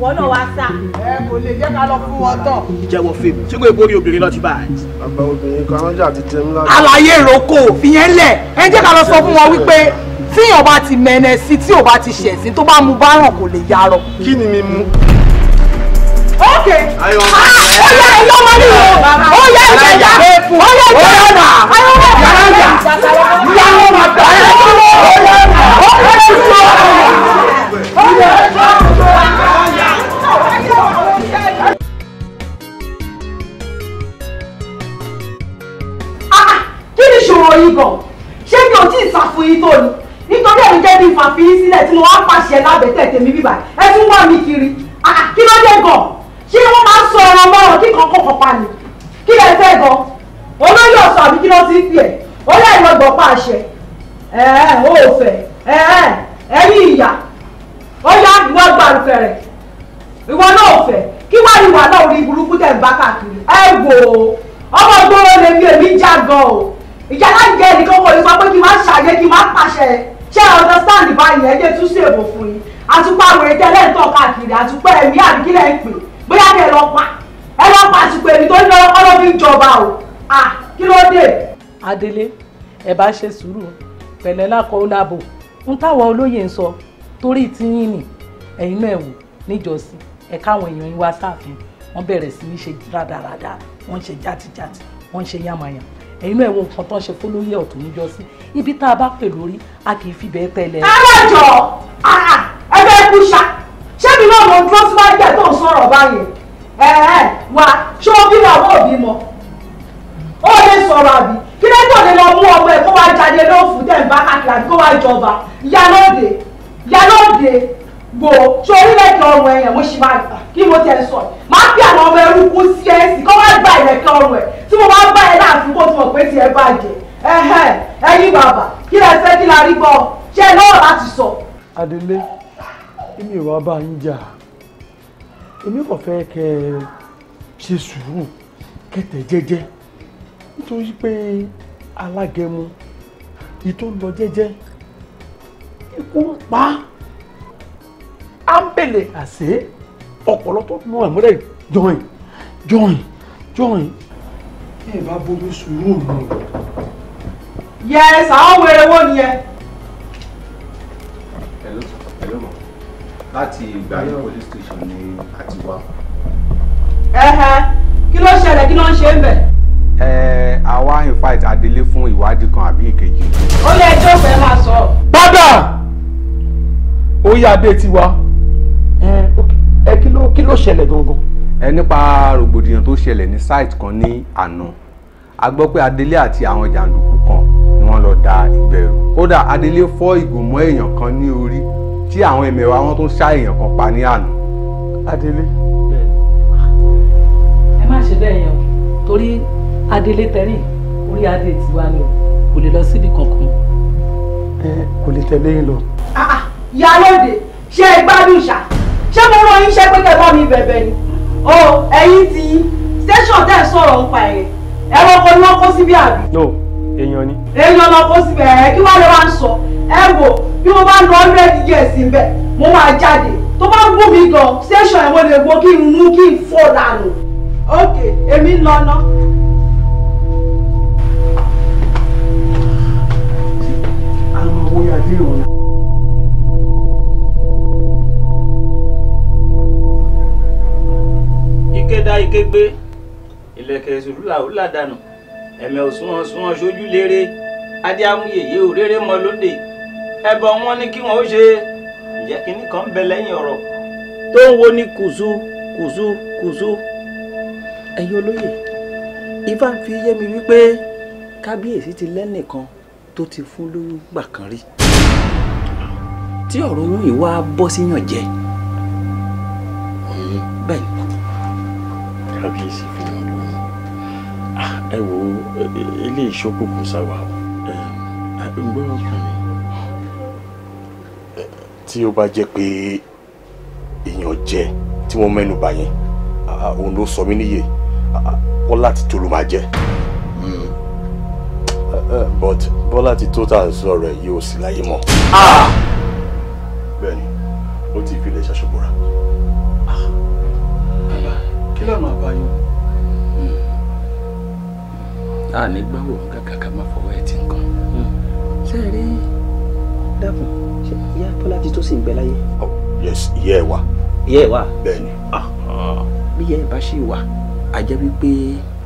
wọn náà wá sá. ẹ kò lè jẹ́ ká lọ fún wọn tọ̀. jẹ́wọ́ fèmí ṣé kò ìborí obìnrin lọ́ọ́ ti bá a. àgbà obìnrin kan ọjà ti tẹ mí lára. àlàyé roko fìyẹn lẹ̀ ẹ jẹ́ ká lọ sọ fún wọn wípé tíyàn bá ti mẹ́nẹ sí tí ò bá ti ṣẹ̀sìn tó bá mu báràn kò lè yarọ. kí ni mi mú. ok ah, ó yá ẹ lọ́mọ ní o ó yá ìjẹ̀dá ó yá ìjẹ̀dá ayọ̀ wà lára yà ìyàwó mà gbà ẹ̀ lọ́wọ́ ó yá ìjẹ̀dá ó yá ìjẹ̀dá ó yá ìjẹ̀dá. sùúrù ìbọn ṣé mi ò tí ì sàfún yín tó ni nítorí ẹ̀mí jẹ́ bí fàfin sílẹ̀ tí mo wá pàṣẹ lábẹ́tẹ̀ tèmi bíbà ẹ tún wá mi kiri ah, kí ló dé gan ṣé wọ́n máa ń sọ ọ̀rọ̀ mọ́rọ̀ kí kankan kan pa ni kí lẹ fẹ́ gan olóyè ọ̀sán àbí kí ló ti ń pè ẹ́ ó yà ìlọgbọ̀n pàṣẹ ẹ̀ẹ́ ó fẹ́ ẹ̀ẹ́ ẹ̀yìn ìyá ó yà ìwọ gbàrúfẹ̀rẹ̀ ìwọ náà fẹ́ kí wàá ìwà náà rí burúkú tẹ̀ ń bá káàkiri ẹ wò ó ọmọ gbọ́rọ̀ lèmi èmi já gan o ìjà láì jẹ́ ẹnìkan wọlé sọ pé kí n má ṣàyẹ kí n má pàṣẹ ṣé understand báyìí ẹ jẹ́ tún ṣèbò fún yín àtúpà wèrè tẹ́lẹ̀ ń tàn káàkiri àtúpà ẹ̀mí àbíkílẹ̀ ń pè bóyá ní ẹlọ́pàá ẹlọ́pàá àtúpà èmi tó ní ọlọ́pàá ló fi ń jọba o à kí ló dé. Adélé ẹ bá ṣe sùúrù pẹ̀lẹ́ lákọ̀ọ́ láàbò ń táwọn olóyè ń sọ torí tiyín nì ẹ̀yin náà wò níjọ́sí ẹ káwọn èèyàn yín wá sáàfin wọ́n bẹ̀rẹ̀ sí ní ṣe rádaràda wọ́n ṣe játijáti wọ́n ṣe yàmàyàn ẹ̀yin náà ẹ̀wọ̀n nǹkan tó ń ṣe fólóyè ọ̀tún níjọ sí ibi tá a bá pè lórí a kì í fi bẹ́ẹ̀ tẹ́lẹ̀. alájọ ah, ah, ẹgbẹ́ ikú ṣá ṣé mi náà mo dúró síwájú ẹ̀ tó ń sọ̀rọ̀ báyìí ẹ̀ ẹ̀ wá ṣé o bímọ àwọn òbí mọ ó lè sọ̀rọ̀ àbí kí ló tó lè lọ mú ọmọ ẹ̀ kó wá jáde lóòfù dẹ̀ ń bá kàkiri àbí kó wá jọba ìyá lóde ìyá lóde wo sórí lẹ́kẹ̀ ọrùn ẹ̀yàn mo ṣì máa gbà kí mo tẹ̀ sọ máa bí àwọn ọmọ ẹrú kú sí ẹ kọ́ wá gba ìlẹ̀kẹ̀ ọrùn ẹ̀ tí mo bá gbà ẹ láàfin kó tún ọ̀pẹ tiẹ̀ bàjẹ́ ẹ̀hẹ́ ẹ̀yin kí lẹ fẹ́ kí la rí gbọ́ ṣé ẹ lọ́wọ́ láti sọ. adelé èmi ò wá bá yín jà èmi kò fẹ́ kẹ́ ẹ ṣe sùúrù kẹtẹ jẹ́jẹ́ nítorí pé alágẹmú ìtò lọ jẹ́jẹ́ ikú pa á ámbẹ̀lẹ̀ àṣẹ ọ̀pọ̀lọ́ tó mú àmúrẹ̀ join join join. kí ẹ bá bomi sùúrù mi. yẹ ẹ sàá wẹrẹ wọ nìyẹn. hello hello ma láti ìgbà yẹn police station ni a ti wá. ẹ̀hẹ̀ kí ló ṣẹlẹ̀ kí ló ń ṣe ń bẹ̀ ẹ àwa in fact adélé fún ìwádìí kan àbí ìkejì. ó lè ẹjọ́ fẹ́ máa sọ. padà ó yá adé tiwa ẹ kí ló kí ló ṣẹlẹ̀ gangan. ẹ nípa rògbòdìyàn tó ṣẹlẹ̀ ní site kan ní àná a gbọ́ pé adelé àti àwọn jàǹdùkú kan ni wọ́n lọ da ìbẹ̀rù kódà adelé fọ́ ìgò mọ́ èèyàn kan ní orí tí àwọn ẹ̀mẹ̀wà wọn tó ń ṣá èèyàn kan pa ní àná. adelé. ẹ má ṣe bẹ́ẹ̀ yẹn o torí adelé tẹ́rìn orí adé tiwa ni o kò lè lọ síbi kankan. ẹ kò lè tẹ̀lé yín lọ. Ah, ah, yálòdì ṣé ẹ gbádùn ṣá ṣé mo rán yín ṣẹ́ pé kẹ́ bá mi bẹ̀bẹ̀ ni o ẹ̀yin ti tẹ́sán tẹ̀ sọ̀rọ̀ ń pa ẹ̀yẹ ẹ̀rọ ọkọ ni wọ́n kó síbí àbí. no èèyàn ni. èèyàn lọ kó síbẹ̀ ẹ̀ kí wọ́n lè wá ń sọ ẹ wò bí mo bá lọ hundred years ń bẹ̀ mo máa jáde tó bá wù mí gan tẹ́sán ẹ̀ mo gbó kí n mú kí n fò lànà. ok èmi ń lọ náà. ike dá ike gbé ìlẹ̀kẹ̀ èso lùlàwùlà dànù ẹ̀mẹ̀ òsùnwọ̀n òsùnwọ̀n sójú lére adé amúyèyé òréré mọ lóde ẹbọ wọn ní kí wọn ó ṣe ǹjẹ́ kínní kan ń bẹ lẹ́yìn ọ̀rọ̀ tó ń wo ní kùsù kùsù kùsù ẹ̀yin olóyè ifá fi yé mi wípé kábíyèsí ti lẹ́nìkan tó ti fún lóyún gbà kan rí tí ọ̀rọ̀ ohun ìwà bọ́ síyàn bẹ́ẹ̀ ni kábíyèsí fún wọn ah, ẹ wo ilé ìṣókùnkùn sáwà o ń gbọ́ ọkàn mi. tí ó bá jẹ́ pé èèyàn jẹ tí wọ́n mẹ́nu bà yẹn ah, òun ló sọ mí níyè ah, bọ́lá ti tó ló máa jẹ. Hmm. Eh, eh, but bọ́lá ti tó tà ń sọ rẹ̀ yìí ò sí láyé mọ́. bẹ́ẹ̀ ni ó ti fi ilé ṣàṣọ́bọ̀ra. àbáyọ a ní gbáwò kàkà ká má fọwọ́ ẹ̀ tí nǹkan. ṣé ẹ rí dákun ṣe ìyá bọ́lá ti tó sì ń gbẹ láyé. Oh, ìyá ẹ wà. ìyá ẹ wà. bẹ́ẹ̀ni. bí ìyá ẹ bá ṣì wà á jẹ́ wípé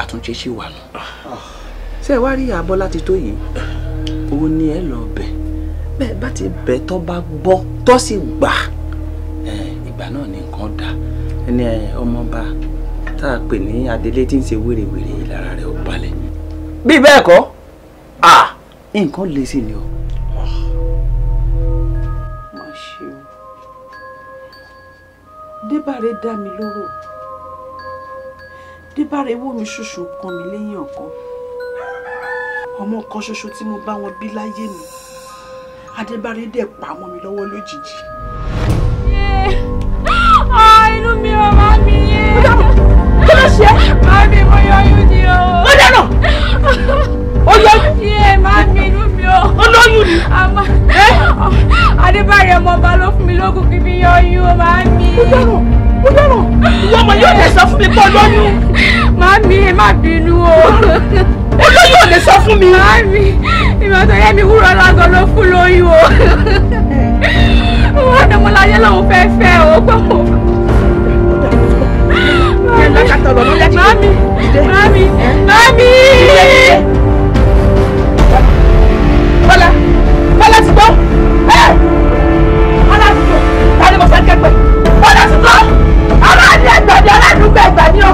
àtúnṣe ṣì wà nù. ṣé ẹ wá rí ìyá bọ́lá ti tó yìí ni ẹ lọ bẹ̀ bẹ́ẹ̀ bá ti bẹ̀ ba. bá gbọ́ tó sì gbà ìgbà náà ni nǹkan dà ẹni ọmọọba tá a pè ní adelé tí ń ṣe wèrèwèrè lára rẹ̀ ó balẹ̀ bí bẹ́ẹ̀ kọ́ à nǹkan lè sí ni o. má ṣe o débàrè dá mi lóró débàrè wò mí ṣoṣo kan mi lẹ́yìn ọ̀kan ọmọ kan ṣoṣo tí mo bá wọn bí láyé mi adébáré dẹ̀ pa mọ́ mi lọ́wọ́ lójijì. Ah! inú mi ò máa mi Mami, mo yọyún ni o. Ó dáná. Ó yọyún. Yé mami inú mi o. Ó lóyún ni. Àmọ́ Adébáyọ̀ ọmọ ọba ló fún mi lógún kí mi yọyún o, mami. Ó dáná. Ó dáná. Ìwọ ọmọ yóò lè sọ fún mi pé ó lóyún. Mami, ẹ má bínú o. Ó lóyún ò lè sọ fún mi. Mami, ìmọ̀ tó yẹ mi wúrọ̀ lágọ̀ ló fún lóyún o. Wọ́n á dánmọ́láyé lòun fẹ́ fẹ́ o, gbọ́n mo lákàtà ọ̀rọ̀ mami mami mami. bọ́lá bọ́lá ti gbọ́ bọ́lá ti gbọ́ tani mo fẹ́ kẹ́gbẹ́ bọ́lá ti gbọ́ ọ̀rọ̀ àti ẹgbẹ̀ni aládùúgbò ẹgbẹ̀ni o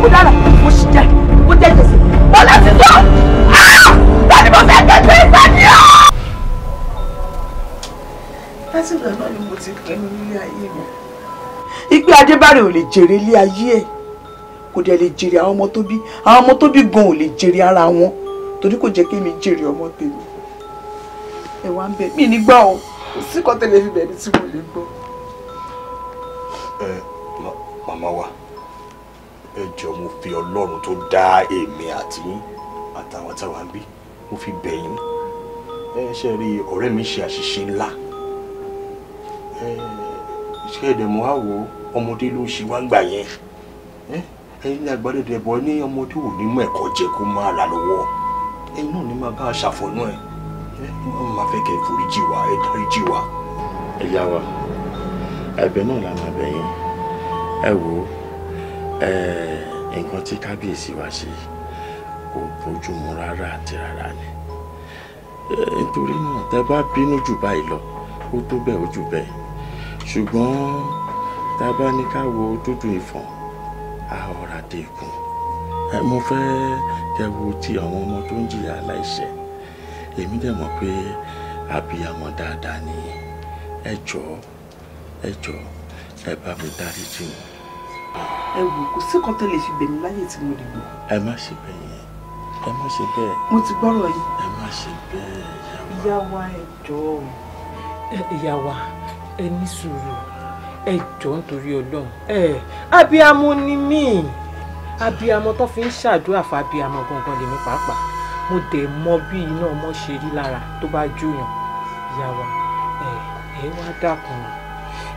mo dára mo sì jẹ mo jẹ jẹsẹ bọ́lá ti gbọ́ tani mo fẹ́ kẹ́gbẹ́ ẹgbẹ̀ni o. láti ìgbà náà ni mo ti pinnu ìgbé adébárè ò lè jèrè ilé ayé ẹ̀ kò dẹ̀ lè jèrè àwọn ọmọ tó bí àwọn ọmọ tó bí gan ò lè jèrè ara wọn torí kò jẹ́ kémi jèrè ọmọ tèmi ẹ wá ń bẹ mí nígbà o kò sí kan tẹ́lẹ̀ fi bẹ̀rẹ̀ tí mo lè gbọ́. ẹ màmá wa ẹ jọ mo fi ọlọ́run tó dá èmi àti àtàwọn táwa ń bí mo fi bẹ̀ yín ẹ ṣe rí ọ̀rẹ́ mi ṣe àṣìṣe ńlá ẹ ṣe ẹ̀dẹ̀ mo á wò ó ọmọdé ló ń ṣe wá ń gbà yẹn ẹ̀yin àgbàlódé ẹbọ ní ọmọdé ò ní mú ẹ̀kọ́ jẹ kó máa là lọ́wọ́ ẹ̀yin náà ní máa bá a ṣàfọ̀nú ẹ wọn máa fẹ́ kẹ́ foríjì wá ẹ dáríjì wá. ẹ yá wa ẹ̀bẹ̀ náà la máa bẹ̀ yín ẹ wo nǹkan tí kábíyèsí wa ṣe kò bójúmu rárá àti rárá ni nítorí náà tẹ bá bínú jù báyìí lọ ó tó bẹ́ẹ̀ ó jù bẹ́ẹ̀ tá a bá ní ká wo dúdú ìfọ̀n a ọ̀rà dé ikùn mo fẹ́ kẹ́ wo ti àwọn ọmọ tó ń jìyà aláìṣẹ̀ èmi dẹ̀ mọ̀ pé àbíyamọ dáadáa ni ẹ jọ̀ọ́ ẹ jọ̀ọ́ ẹ bá mi dáríjì mi. ẹ wò kò sí kan tó lè fi bẹ̀mí láyè tí mo lè gbọ́. ẹ má ṣe bẹ́ẹ̀ yẹn ẹ má ṣe bẹ́ẹ̀. mo ti gbọ́rọ̀ yìí. ẹ má ṣe bẹ́ẹ̀ yàwá. ìyá wa ẹ jọ̀ọ́. ìyá wa ẹ ní sùúrù ẹ jọ̀ọ́ nítorí Ọlọ́run ẹ abiyamọ ni mí abiyamọ tó fi ń ṣàdúrà fún abiyamọ gangan lèmi pàápàá mo dẹ̀ mọ bí iná ọmọ ṣe rí lára tó bá jóyàn ìyá wa ẹ ẹ wá dákun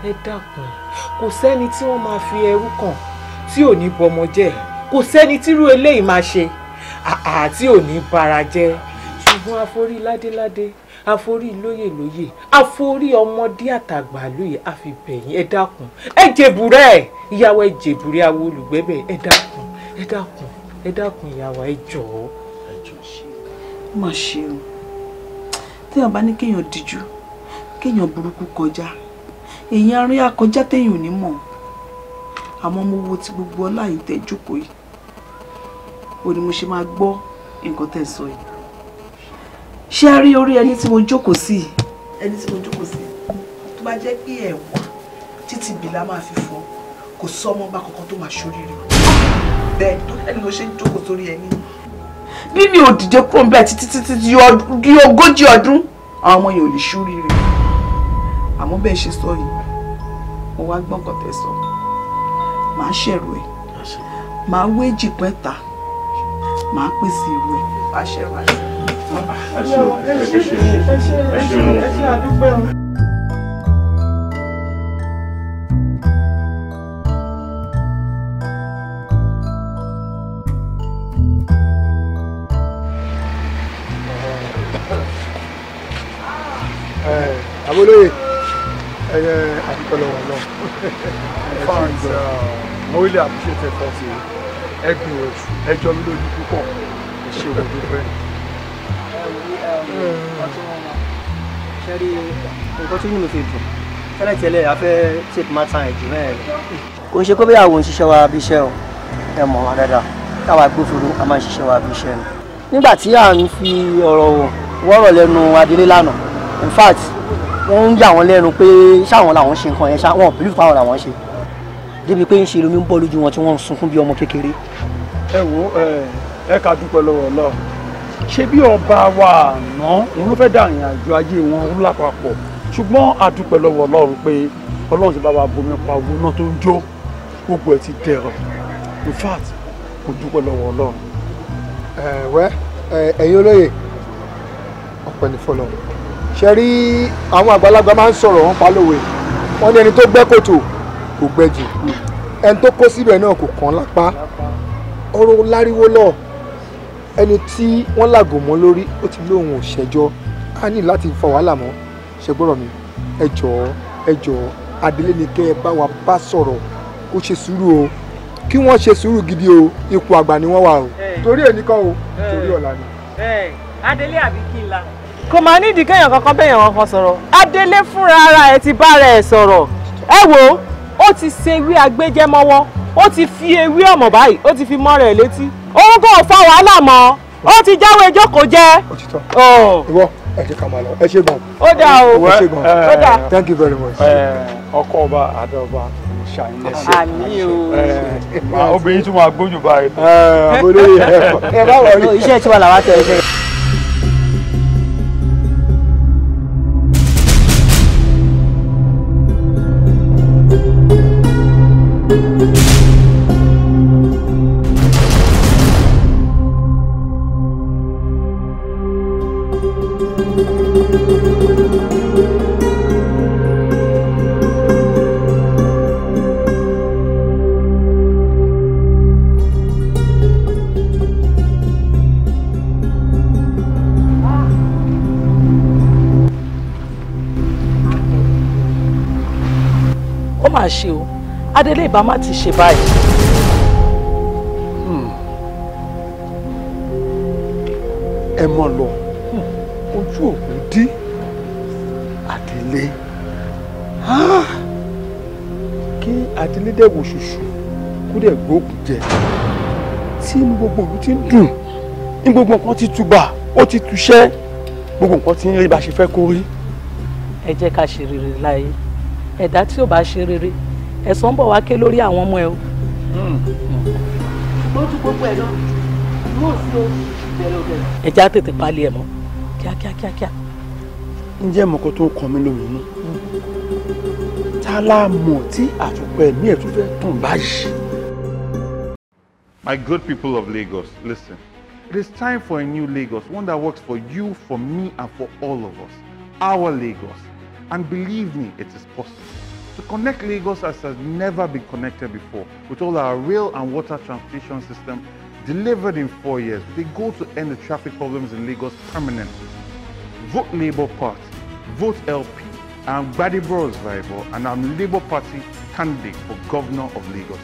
ẹ dákun kò sẹ́ni tí wọ́n máa fi ẹrú kàn tí ò ní bọmọ jẹ́ kò sẹ́ni tírú eléyìí máa ṣe àà tí ò ní bara jẹ́ ṣùgbọ́n àforí ládéládé àforí lóyè lóyè àforí ọmọdé àtàgbà lóyè àfibẹ̀yìn ẹ dákun ẹ jèbùrẹ́ ìyàwó ẹ jèbùrẹ́ àwọn olùgbẹ́bẹ̀ ẹ dákun ẹ dákun ẹ dákun ìyàwó ẹ jọ̀ọ́. má ṣe o téèyàn bá ní kéèyàn díjú kéèyàn burúkú kọjá èèyàn arín akọjá téèyàn ò ní mọ̀ àmọ́ mo wo ti gbogbo ọlá yìí tẹ́ jókòó yìí ó ní mo ṣe máa gbọ́ nǹkan tẹ́ sọ yìí ṣé a rí orí ẹni tí mo jókòó sí ẹni tí mo jókòó sí tó bá jẹ́ pé ẹ̀wà títí bìlà máa fi fọ́ kò sọ ọmọ ọba kankan tó máa ṣoríire bẹ́ẹ̀ tó ẹni mo ṣe ń jókòó sórí ẹni. bí mi ò dìde kúrò ń bẹ títí títí di ogójì ọdún àwọn ọmọ yẹn ò lè ṣoríire àmọ́ bẹ́ẹ̀ ṣe sọ yìí mo wá gbọ́n kan tẹ̀ sọ màá ṣẹ̀rù ẹ̀ màá wéjì pẹ́ta màá pèsè ìrù ẹ̀ ẹ ẹ ṣe ẹ ṣe lọ. mo really appreciate ẹ fọ́ sí ẹgbìn ẹjọ́ mi lójú púpọ̀ ẹ ṣe òwò dúpẹ́ ṣẹ́rí nǹkan kò ṣe kó bẹ́ẹ̀ àwọn òṣìṣẹ́ wa bí iṣẹ́ o ẹ mọ̀ wọn dáadáa táwa agbófinró a máa ń ṣiṣẹ́ wa bí iṣẹ́ ni. nígbà tí à ń fi ọ̀rọ̀ wọ́rọ̀ lẹ́nu adélé lánàá in fact wọ́n ń yà wọ́n lẹ́nu pé ṣáwọn làwọn ṣe nǹkan yẹn ṣáwọn bìlú fáwọn làwọn ṣe débi pé ń ṣe lómi ń bọ́ lójú wọn tí wọ́n ń sunkún bí ọmọ kékeré. ẹ wo ẹ ẹ ká dúpẹ́ lọ́wọ́ Ọlọ́run ṣé bí ọba wa àná òun ló fẹ́ dá ìrìn àjò ajé wọn rú lápapọ̀ ṣùgbọ́n àdúpẹ́ lọ́wọ́ ọlọ́run pé ọlọ́run ti bá wa bomi pa owó náà tó ń jó gbogbo ẹ̀ ti dẹ̀rọ̀ in fact kò dúpẹ́ lọ́wọ́ ọlọ́run. ẹ̀wẹ́ ẹ̀yin olóye ọ̀pẹ ní fọlọ́ ṣe rí àwọn àgbàlagbà máa ń sọ̀rọ̀ wọn pa lówe wọn ní ẹni tó gbẹ́ kòtò kò gbẹ́ jù ẹni tó kó síbẹ̀ náà kò kàn lápá ọ̀rọ̀ láriwo lọ́ọ̀ ẹni tí wọ́n làgò mọ́ lórí ó ti lóun ò á ní láti fa wàhálà mọ́ ṣẹgbọ́rọ̀ mi ẹ jọ̀ọ́ ẹ jọ̀ọ́ adelé ni kẹ́ ẹ bá wa bá sọ̀rọ̀ kó ṣe sùúrù o kí wọ́n ṣe sùúrù gidi o ipò àgbà ni wọ́n wà o torí èyí kan o torí ọ̀la ni. adelé àbí kí n la. kò máa ní ìdíkẹ́ èèyàn kankan bẹ́ẹ̀ èèyàn kankan sọ̀rọ̀ adelé fúnra ara ẹ̀ ti bára ẹ̀ sọ̀rọ̀ ẹ wo ó ti ṣe ewé agbẹ́jẹ́ mọ́wọ́ ó ti fi ewé ọ̀mọ̀ báyìí ó ti fi mọ́ra ẹ̀ létí òun kò fa wàhálà mọ́ ó ti jáwé jókòó jẹ́. òtítọ́ ìwọ ẹ jẹ́ ká máa lọ ẹ ṣe gan. ó dà o ẹ ṣe gan ó dà. thank you very much. ọkọ ọba àdọba ṣàyẹnẹsẹ. àmì o. obìnrin tún máa gbójú báyìí. ẹ bá wọlé. iṣẹ́ tiwa làwọn àti ẹ̀ṣẹ̀. bá má ti ṣe báyìí. Hmm. ẹ mọ̀ lọ hmm. ojú òkú dí àdílé ah! kí àdílé dẹ̀ wò ṣùṣù kó dẹ̀ gbóògùn jẹ tí gbogbo òru ti ń dùn ní gbogbo nǹkan ti túbà ó ti túṣẹ́ gbogbo nǹkan ti ń rí bá ṣe fẹ́ kó rí. ẹ jẹ́ ká ṣe rere láyé ẹ̀dá tí ò bá ṣe rere ẹ̀sán bọ̀ wá ké lórí àwọn ọmọ ẹ o. mo hmm. gbogbo ẹ lọ mo sì o bẹ̀rẹ̀ bẹ̀rẹ̀. ẹ tètè pálí ẹ mọ kíákíá kíákíá. ǹjẹ́ mọ̀kọ́ tó kàn mí lómi inú ta la mọ̀ tí àtúpẹ́ mi ẹ̀ tún fẹ́ tàn báyìí. My good people of Lagos, listen. It is time for a new Lagos, one that works for you, for me, and for all of us. Our Lagos. And believe me, it is possible. to connect Lagos as has never been connected before with all our rail and water transportation system delivered in four years with a goal to end the traffic problems in Lagos permanently. Vote Labour Party, vote LP. I'm Buddy Bros rival, and I'm Labour Party candidate for Governor of Lagos.